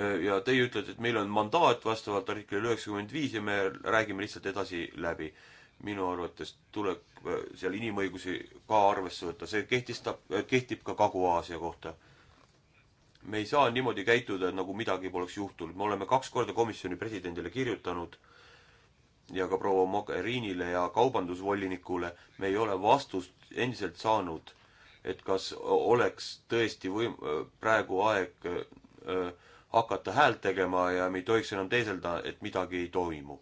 Äh, ja teie ütlete, et meil on mandaat vastavalt artiklile üheksakümmend viis ja me räägime lihtsalt edasi läbi. minu arvates tuleb äh, seal inimõigusi ka arvesse võtta, see kehtistab, äh, kehtib ka Kagu-Aasia kohta. me ei saa niimoodi käituda, nagu midagi poleks juhtunud, me oleme kaks korda komisjoni presidendile kirjutanud ja ka proua Mogherinile ja kaubandusvolinikule, me ei ole vastust endiselt saanud, et kas oleks tõesti võim-, praegu aeg öö, hakata häält tegema ja me ei tohiks enam teeselda, et midagi ei toimu.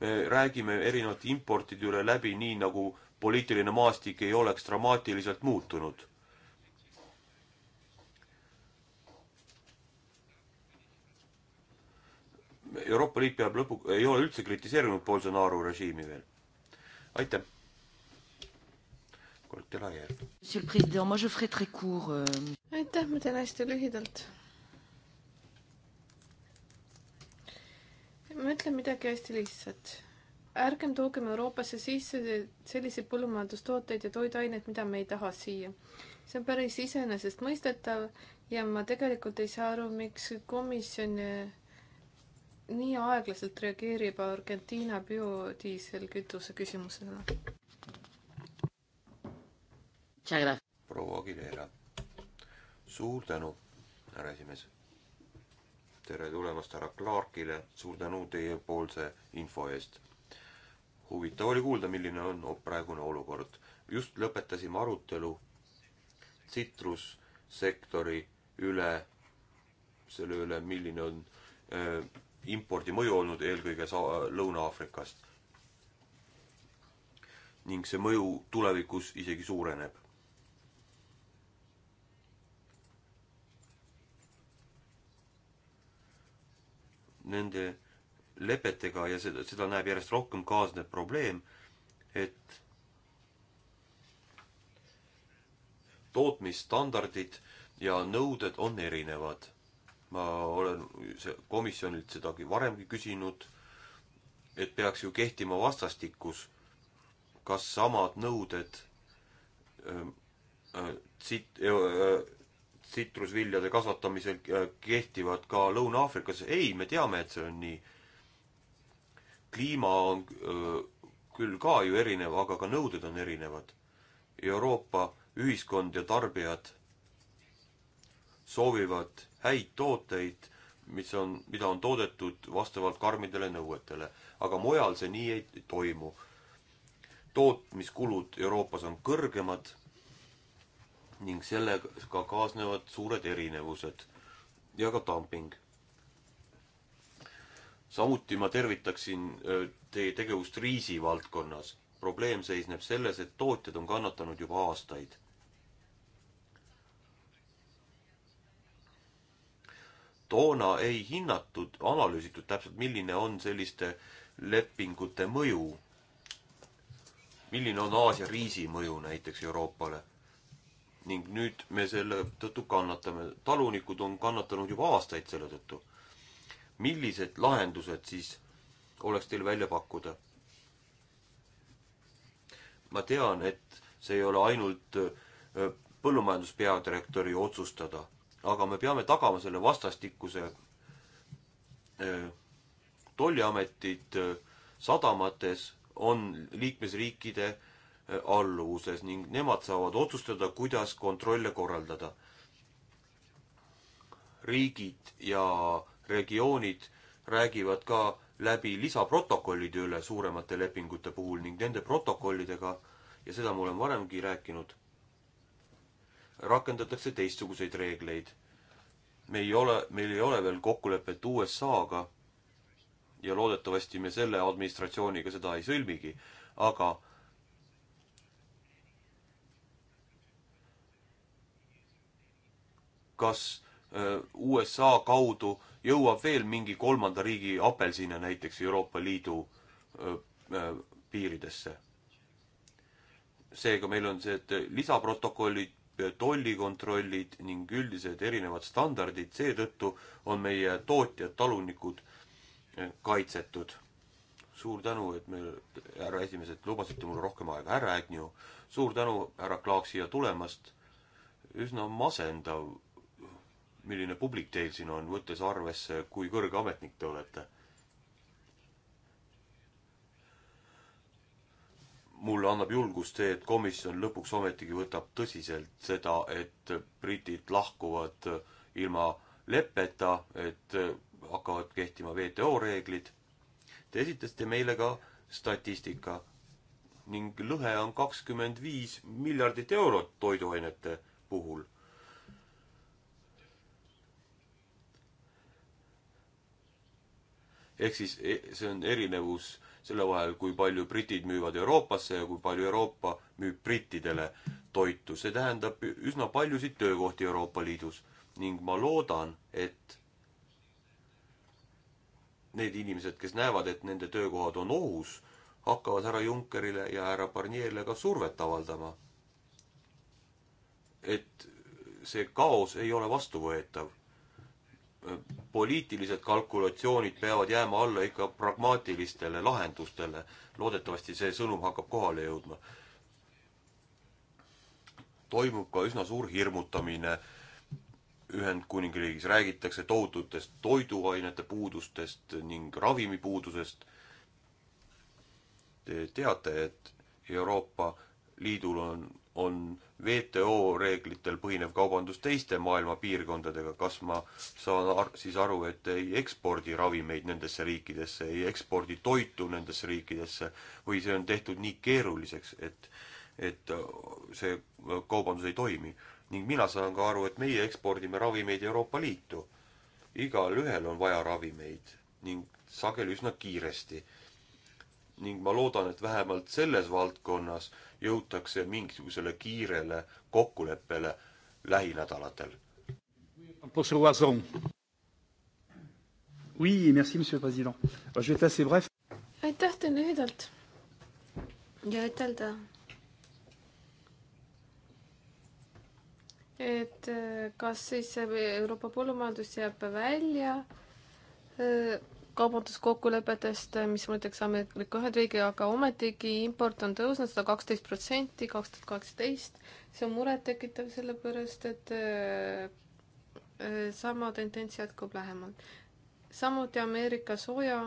me räägime erinevate importide üle läbi, nii nagu poliitiline maastik ei oleks dramaatiliselt muutunud Euroopa Liit peab lõpu, ei ole üldse kritiseerinud Bolsonaro režiimi veel. aitäh! kolleeg Delajev. Euh. aitäh, ma teen hästi lühidalt. ma ütlen midagi hästi lihtsat. ärgem toogem Euroopasse sisse selliseid põllumajandustooteid ja toiduaineid, mida me ei taha siia. see on päris iseenesestmõistetav ja ma tegelikult ei saa aru, miks komisjon nii aeglaselt reageerib Argentiina biodiiselkütuse küsimusele proua Aguilera, suur tänu, härra esimees. tere tulemast härra Clarkile, suur tänu teiepoolse info eest. huvitav oli kuulda, milline on praegune olukord. just lõpetasime arutelu tsitrussektori üle, selle üle, milline on äh, impordi mõju olnud eelkõige sa-, Lõuna-Aafrikast. ning see mõju tulevikus isegi suureneb nende lepetega ja seda, seda näeb järjest rohkem kaasnev probleem, et tootmisstandardid ja nõuded on erinevad. ma olen komisjonilt sedagi varemgi küsinud, et peaks ju kehtima vastastikus, kas samad nõuded ähm, äh, äh, äh, siit äh, tsitrusviljade kasvatamisel äh, kehtivad ka Lõuna-Aafrikas. ei, me teame, et see on nii. kliima on öö, äh, küll ka ju erinev, aga ka nõuded on erinevad. Euroopa ühiskond ja tarbijad soovivad häid tooteid, mis on, mida on toodetud vastavalt karmidele nõuetele, aga mujal see nii ei toimu. tootmiskulud Euroopas on kõrgemad ning sellega ka kaasnevad suured erinevused ja ka dumping. samuti ma tervitaksin teie tegevust riisivaldkonnas. probleem seisneb selles, et tootjad on kannatanud juba aastaid. toona ei hinnatud, analüüsitud täpselt, milline on selliste lepingute mõju. milline on Aasia riisi mõju näiteks Euroopale ning nüüd me selle tõttu kannatame. talunikud on kannatanud juba aastaid selle tõttu. millised lahendused siis oleks teil välja pakkuda? ma tean, et see ei ole ainult äh, põllumajanduspeadirektori otsustada, aga me peame tagama selle vastastikuse äh, tolliametid äh, sadamates on liikmesriikide äh, alluvuses ning nemad saavad otsustada, kuidas kontrolle korraldada. riigid ja regioonid räägivad ka läbi lisaprotokollide üle suuremate lepingute puhul ning nende protokollidega, ja seda ma olen varemgi rääkinud, rakendatakse teistsuguseid reegleid. me ei ole, meil ei ole veel kokkulepet USA-ga ja loodetavasti me selle administratsiooniga seda ei sõlmigi, aga kas USA kaudu jõuab veel mingi kolmanda riigi apelsine näiteks Euroopa Liidu piiridesse. seega meil on see, et lisaprotokollid, tollikontrollid ning üldised erinevad standardid, seetõttu on meie tootjad, talunikud kaitsetud. suur tänu, et me, härra esimees, et lubasite mulle rohkem aega, härra Ägnu, suur tänu, härra Klaak, siia tulemast. üsna masendav milline publik teil siin on, võttes arvesse, kui kõrge ametnik te olete? mulle annab julgust see, et komisjon lõpuks ometigi võtab tõsiselt seda, et britid lahkuvad ilma leppeta, et hakkavad kehtima WTO reeglid. Te esitasite meile ka statistika ning lõhe on kakskümmend viis miljardit eurot toiduainete puhul ehk siis e, see on erinevus selle vahel, kui palju britid müüvad Euroopasse ja kui palju Euroopa müüb brittidele toitu. see tähendab üsna paljusid töökohti Euroopa Liidus ning ma loodan, et need inimesed, kes näevad, et nende töökohad on ohus, hakkavad härra Junckerile ja härra Barnierile ka survet avaldama. et see kaos ei ole vastuvõetav poliitilised kalkulatsioonid peavad jääma alla ikka pragmaatilistele lahendustele. loodetavasti see sõnum hakkab kohale jõudma. toimub ka üsna suur hirmutamine Ühendkuningriigis räägitakse tohututest toiduainete puudustest ning ravimipuudusest. Te teate, et Euroopa Liidul on on WTO reeglitel põhinev kaubandus teiste maailma piirkondadega, kas ma saan ar siis aru, et ei ekspordi ravimeid nendesse riikidesse, ei ekspordi toitu nendesse riikidesse või see on tehtud nii keeruliseks, et, et äh, see äh, kaubandus ei toimi? ning mina saan ka aru, et meie ekspordime ravimeid Euroopa Liitu. igalühel on vaja ravimeid ning sageli üsna kiiresti. ning ma loodan, et vähemalt selles valdkonnas äh, jõutakse mingisugusele kiirele kokkuleppele lähinädalatel. Euh, aitäh teile lühidalt ja ütelda, et äh, kas siis äh, Euroopa põllumajandus jääb välja äh, kaubanduskokkulepetest, mis mõõdaks Ameerika Ühendriigi, aga ometigi import on tõusnud sada kaksteist protsenti kaks tuhat kaheksateist. see on murettekitav, sellepärast et äh, sama tendents jätkub lähemalt. samuti Ameerika soja.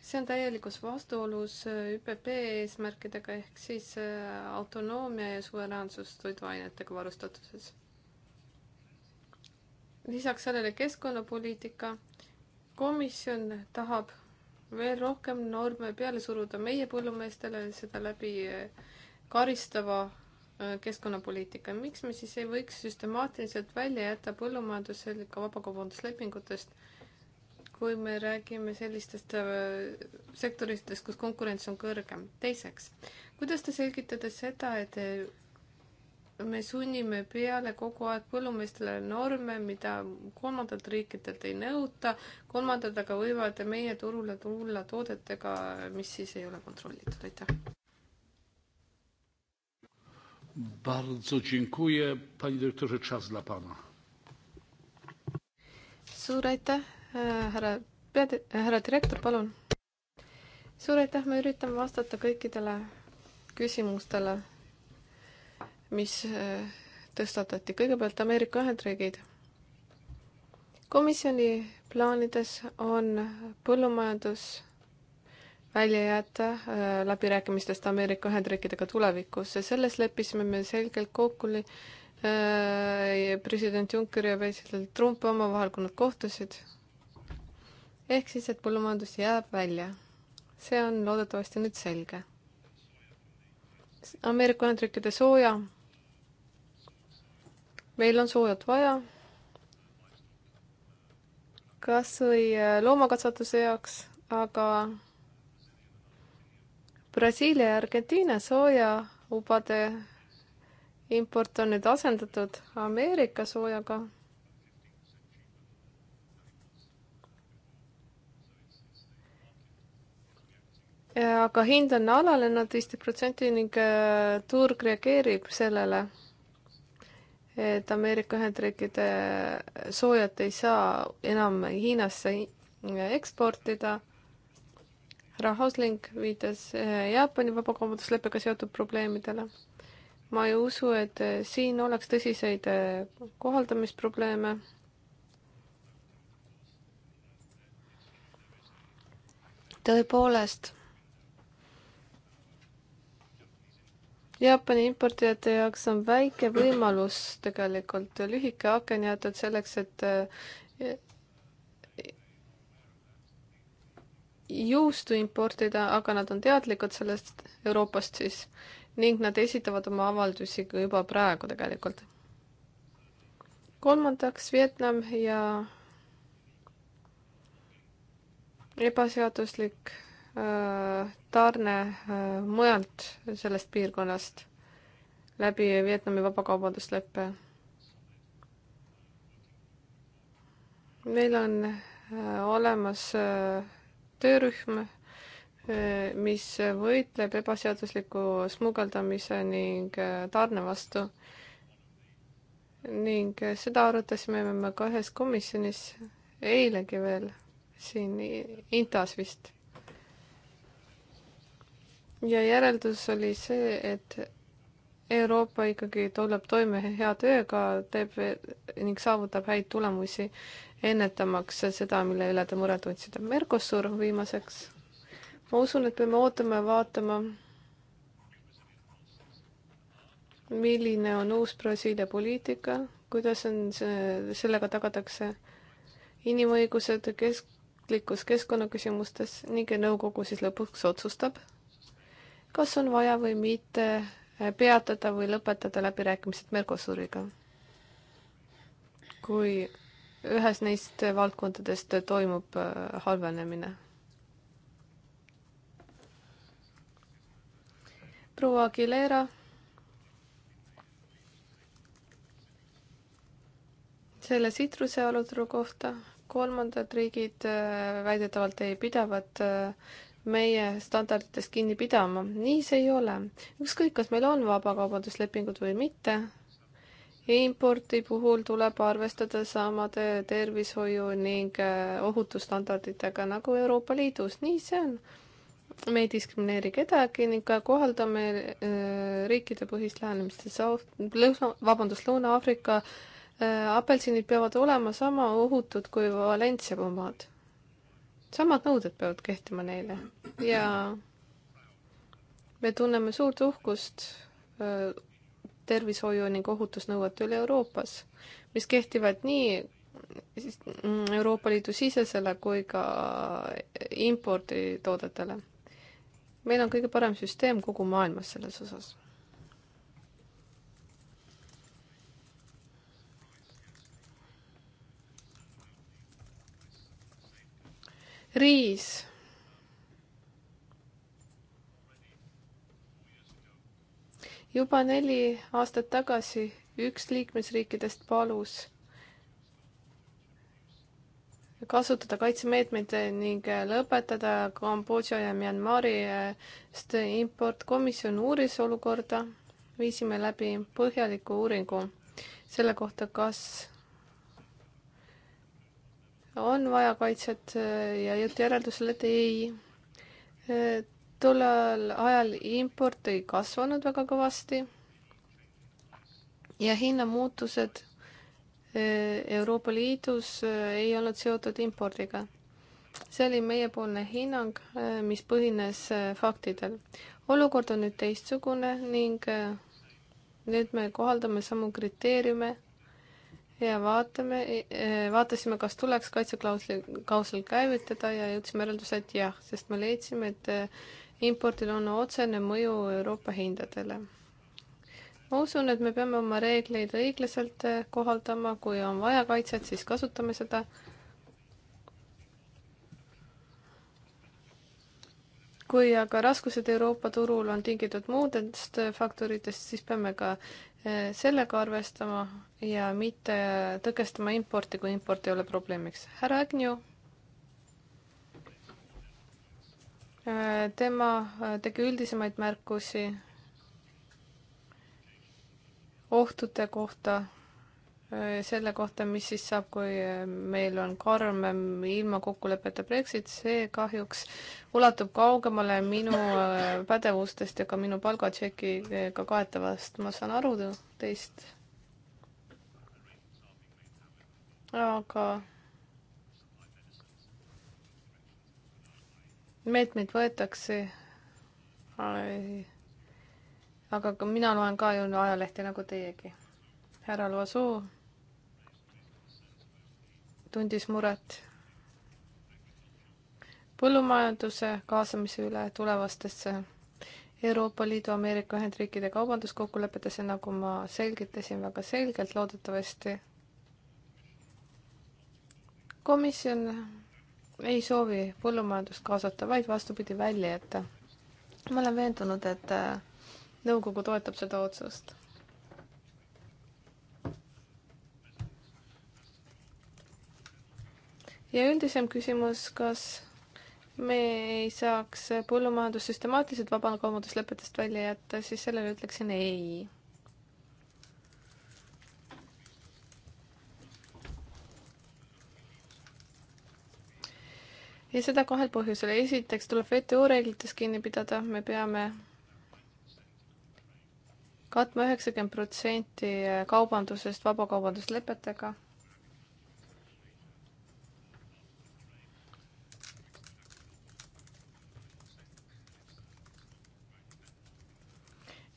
see on täielikus vastuolus äh, ÜPP eesmärkidega ehk siis äh, autonoomia ja suveräänsus toiduainetega varustatuses lisaks sellele keskkonnapoliitika komisjon tahab veel rohkem norme peale suruda meie põllumeestele, seda läbi eh, karistava eh, keskkonnapoliitika. miks me siis ei võiks süstemaatiliselt välja jätta põllumajandusliku vabakaubanduslepingutest, kui me räägime sellistest eh, sektoritest, kus konkurents on kõrgem? teiseks, kuidas te selgitate seda, et me sunnime peale kogu aeg põllumeestele norme, mida kolmandat riikidelt ei nõuta, kolmandad aga võivad meie turule tulla toodetega, mis siis ei ole kontrollitud, aitäh. Bardzo dziękuję, panie dyrektorze, czas dla pana. suur aitäh, härra pead-, härra direktor, palun. suur aitäh, me üritame vastata kõikidele küsimustele mis äh, tõstatati. kõigepealt Ameerika Ühendriigid. komisjoni plaanides on põllumajandus välja jätta äh, läbirääkimistest Ameerika Ühendriikidega tulevikus ja selles leppisime me selgelt kokku äh, president Juncker ja president Trump omavahel, kui nad kohtusid. ehk siis, et põllumajandus jääb välja. see on loodetavasti nüüd selge. Ameerika Ühendriikide sooja meil on soojat vaja. kas või äh, loomakasvatuse jaoks, aga Brasiilia ja Argentiina soojaubade import on nüüd asendatud Ameerika soojaga. Äh, aga hind on alanenud viisteist protsenti ning äh, turg reageerib sellele et Ameerika Ühendriikide soojat ei saa enam Hiinasse eksportida. Rahosling viitas eh, Jaapani vabakaubandusleppega seotud probleemidele. ma ei usu, et siin oleks tõsiseid eh, kohaldamisprobleeme. tõepoolest Jaapani importijate jaoks on väike võimalus tegelikult, lühike aken jäetud selleks, et äh, juustu importida, aga nad on teadlikud sellest Euroopast siis ning nad esitavad oma avaldusi ka juba praegu tegelikult. kolmandaks Vietnam ja ebaseaduslik Äh, tarne äh, mujalt sellest piirkonnast läbi Vietnami vabakaubandusleppe. meil on äh, olemas töörühm, mis võitleb ebaseadusliku smugeldamise ning tarne vastu. ning seda arutasime me ka ühes komisjonis eilegi veel siin Intas vist ja järeldus oli see, et Euroopa ikkagi tuleb toime hea tööga, teeb ning saavutab häid tulemusi, ennetamaks seda, mille üle te muret tundsite. Mercosur viimaseks. ma usun, et peame ootama ja vaatama, milline on uus Brasiilia poliitika, kuidas on see, sellega tagatakse inimõigused kesklikus keskkonnaküsimustes ning nõukogu siis lõpuks otsustab kas on vaja või mitte peatada või lõpetada läbirääkimised Mercosuriga. kui ühes neist valdkondadest toimub äh, halvenemine. proua Aguilera. selle sitruse aluturu kohta kolmandad riigid äh, väidetavalt ei pidavat äh, meie standarditest kinni pidama. nii see ei ole. ükskõik, kas meil on vabakaubanduslepingud või mitte, impordi puhul tuleb arvestada samade tervishoiu ning eh, ohutusstandarditega nagu Euroopa Liidus, nii see on. me ei diskrimineeri kedagi ning ka kohaldame eh, riikidepõhist lähenemist, et lõuna, vabandust, Lõuna-Aafrika eh, apelsinid peavad olema sama ohutud kui Valencia omad samad nõuded peavad kehtima neile ja me tunneme suurt uhkust tervishoiu ning ohutusnõuete üle Euroopas, mis kehtivad nii mm, Euroopa Liidu sisesele kui ka imporditoodetele. meil on kõige parem süsteem kogu maailmas selles osas. riis. juba neli aastat tagasi üks liikmesriikidest palus kasutada kaitsemeetmeid ning lõpetada Kambodža ja Myanmarist import. komisjon uuris olukorda, viisime läbi põhjaliku uuringu selle kohta, kas on vaja kaitset äh, ja jõuti järeldusele, et ei. Äh, tollel ajal import ei kasvanud väga kõvasti. ja hinnamuutused äh, Euroopa Liidus ei olnud seotud impordiga. see oli meiepoolne hinnang, mis põhines faktidel. olukord on nüüd teistsugune ning nüüd me kohaldame samu kriteeriume ja vaatame, vaatasime, kas tuleks kaitseklausli, klausel käivitada ja jõudsime järeldusele, et jah, sest me leidsime, et eh, impordil on otsene mõju Euroopa hindadele. ma usun, et me peame oma reegleid õiglaselt eh, kohaldama, kui on vaja kaitset, siis kasutame seda. kui aga raskused Euroopa turul on tingitud muudest eh, faktoritest, siis peame ka Eh, sellega arvestama ja mitte tõkestama importi, kui import ei ole probleemiks. härra Agnew. Eh, tema eh, tegi üldisemaid märkusi ohtude kohta Äh, selle kohta, mis siis saab, kui äh, meil on karm ähm, ilma kokkuleppeta Brexit, see kahjuks ulatub kaugemale minu äh, pädevustest ja ka minu palgatšekiga ka kaetavast, ma saan aru teist. aga meetmeid võetakse. aga ka mina loen ka ju ajalehti nagu teiegi. härra Loasoo tundis muret põllumajanduse kaasamise üle tulevastesse Euroopa Liidu Ameerika Ühendriikide kaubanduskokkulepetesse, nagu ma selgitasin väga selgelt, loodetavasti komisjon ei soovi põllumajandust kaasata, vaid vastupidi, välja jätta. ma olen veendunud, et nõukogu toetab seda otsust ja üldisem küsimus, kas me ei saaks põllumajandus süstemaatiliselt vabakaubanduslepetest välja jätta, siis sellele ütleksin ei. ja seda kahel põhjusel. esiteks tuleb WTO reeglitest kinni pidada, me peame katma üheksakümmend protsenti kaubandusest vabakaubanduslepetega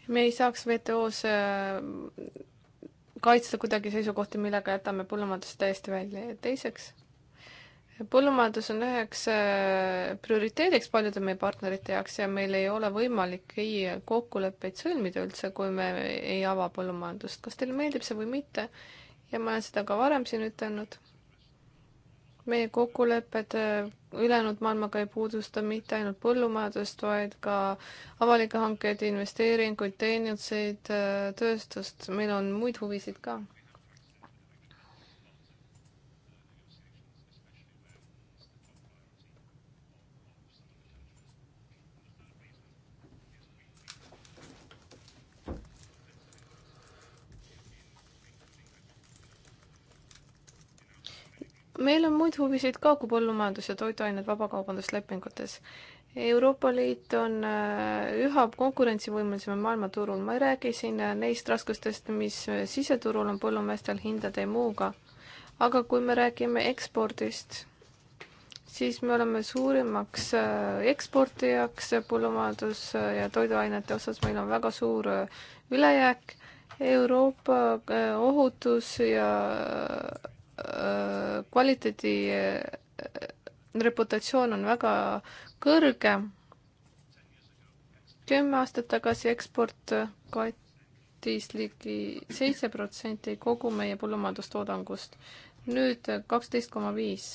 me ei saaks WTO-s äh, kaitsta kuidagi seisukohti, millega jätame põllumajanduse täiesti välja ja teiseks, põllumajandus on üheks äh, prioriteediks paljude meie partnerite jaoks ja meil ei ole võimalik ei kokkuleppeid sõlmida üldse, kui me ei ava põllumajandust, kas teile meeldib see või mitte. ja ma olen seda ka varem siin ütelnud meie kokkulepped äh, ülejäänud maailmaga ei puudusta mitte ainult põllumajandust, vaid ka avalikke hankeid, investeeringuid, teenuseid, äh, tööstust, meil on muid huvisid ka. meil on muid huvisid ka kui põllumajandus ja toiduained vabakaubanduslepingutes. Euroopa Liit on äh, üha konkurentsivõimelisem maailmaturul, ma ei räägi siin äh, neist raskustest, mis äh, siseturul on põllumeestel hindade ja muuga. aga kui me räägime ekspordist, siis me oleme suurimaks eksportijaks põllumajandus- ja toiduainete osas, meil on väga suur ülejääk. Euroopa ohutus ja kvaliteedi äh, reputatsioon on väga kõrge. kümme aastat tagasi eksport kattis ligi seitse protsenti kogu meie põllumajandustoodangust, nüüd kaksteist koma viis.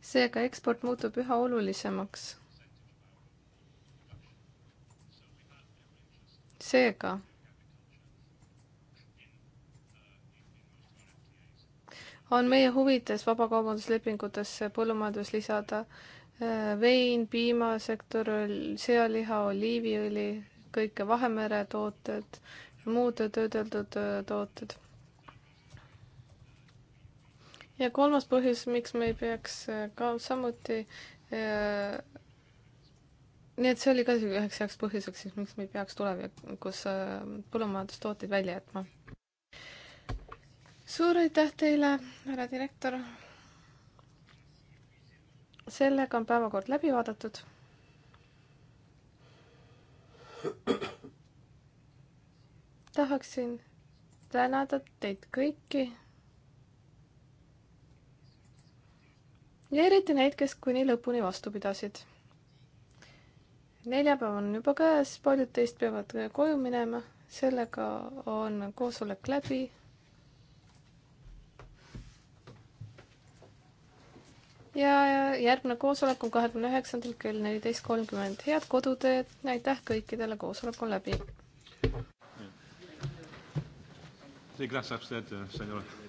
seega eksport muutub üha olulisemaks. seega on meie huvides vabakaubanduslepingutesse põllumajandus lisada äh, vein, piimasektor, sealiha, oliiviõli, kõik Vahemere tooted, muud töödeldud äh, tooted. ja kolmas põhjus, miks me ei peaks äh, ka samuti nii et see oli ka üheks heaks põhjuseks, miks me ei peaks tulevikus põllumajandustooteid välja jätma suur aitäh teile, härra direktor. sellega on päevakord läbi vaadatud. tahaksin tänada teid kõiki. ja eriti neid, kes kuni lõpuni vastu pidasid. neljapäev on juba käes, paljud teist peavad koju minema, sellega on koosolek läbi ja järgmine koosolek on kahekümne üheksandal kell neliteist kolmkümmend. head koduteed, aitäh kõikidele, koosolek on läbi. Sí, gracias a usted, señora.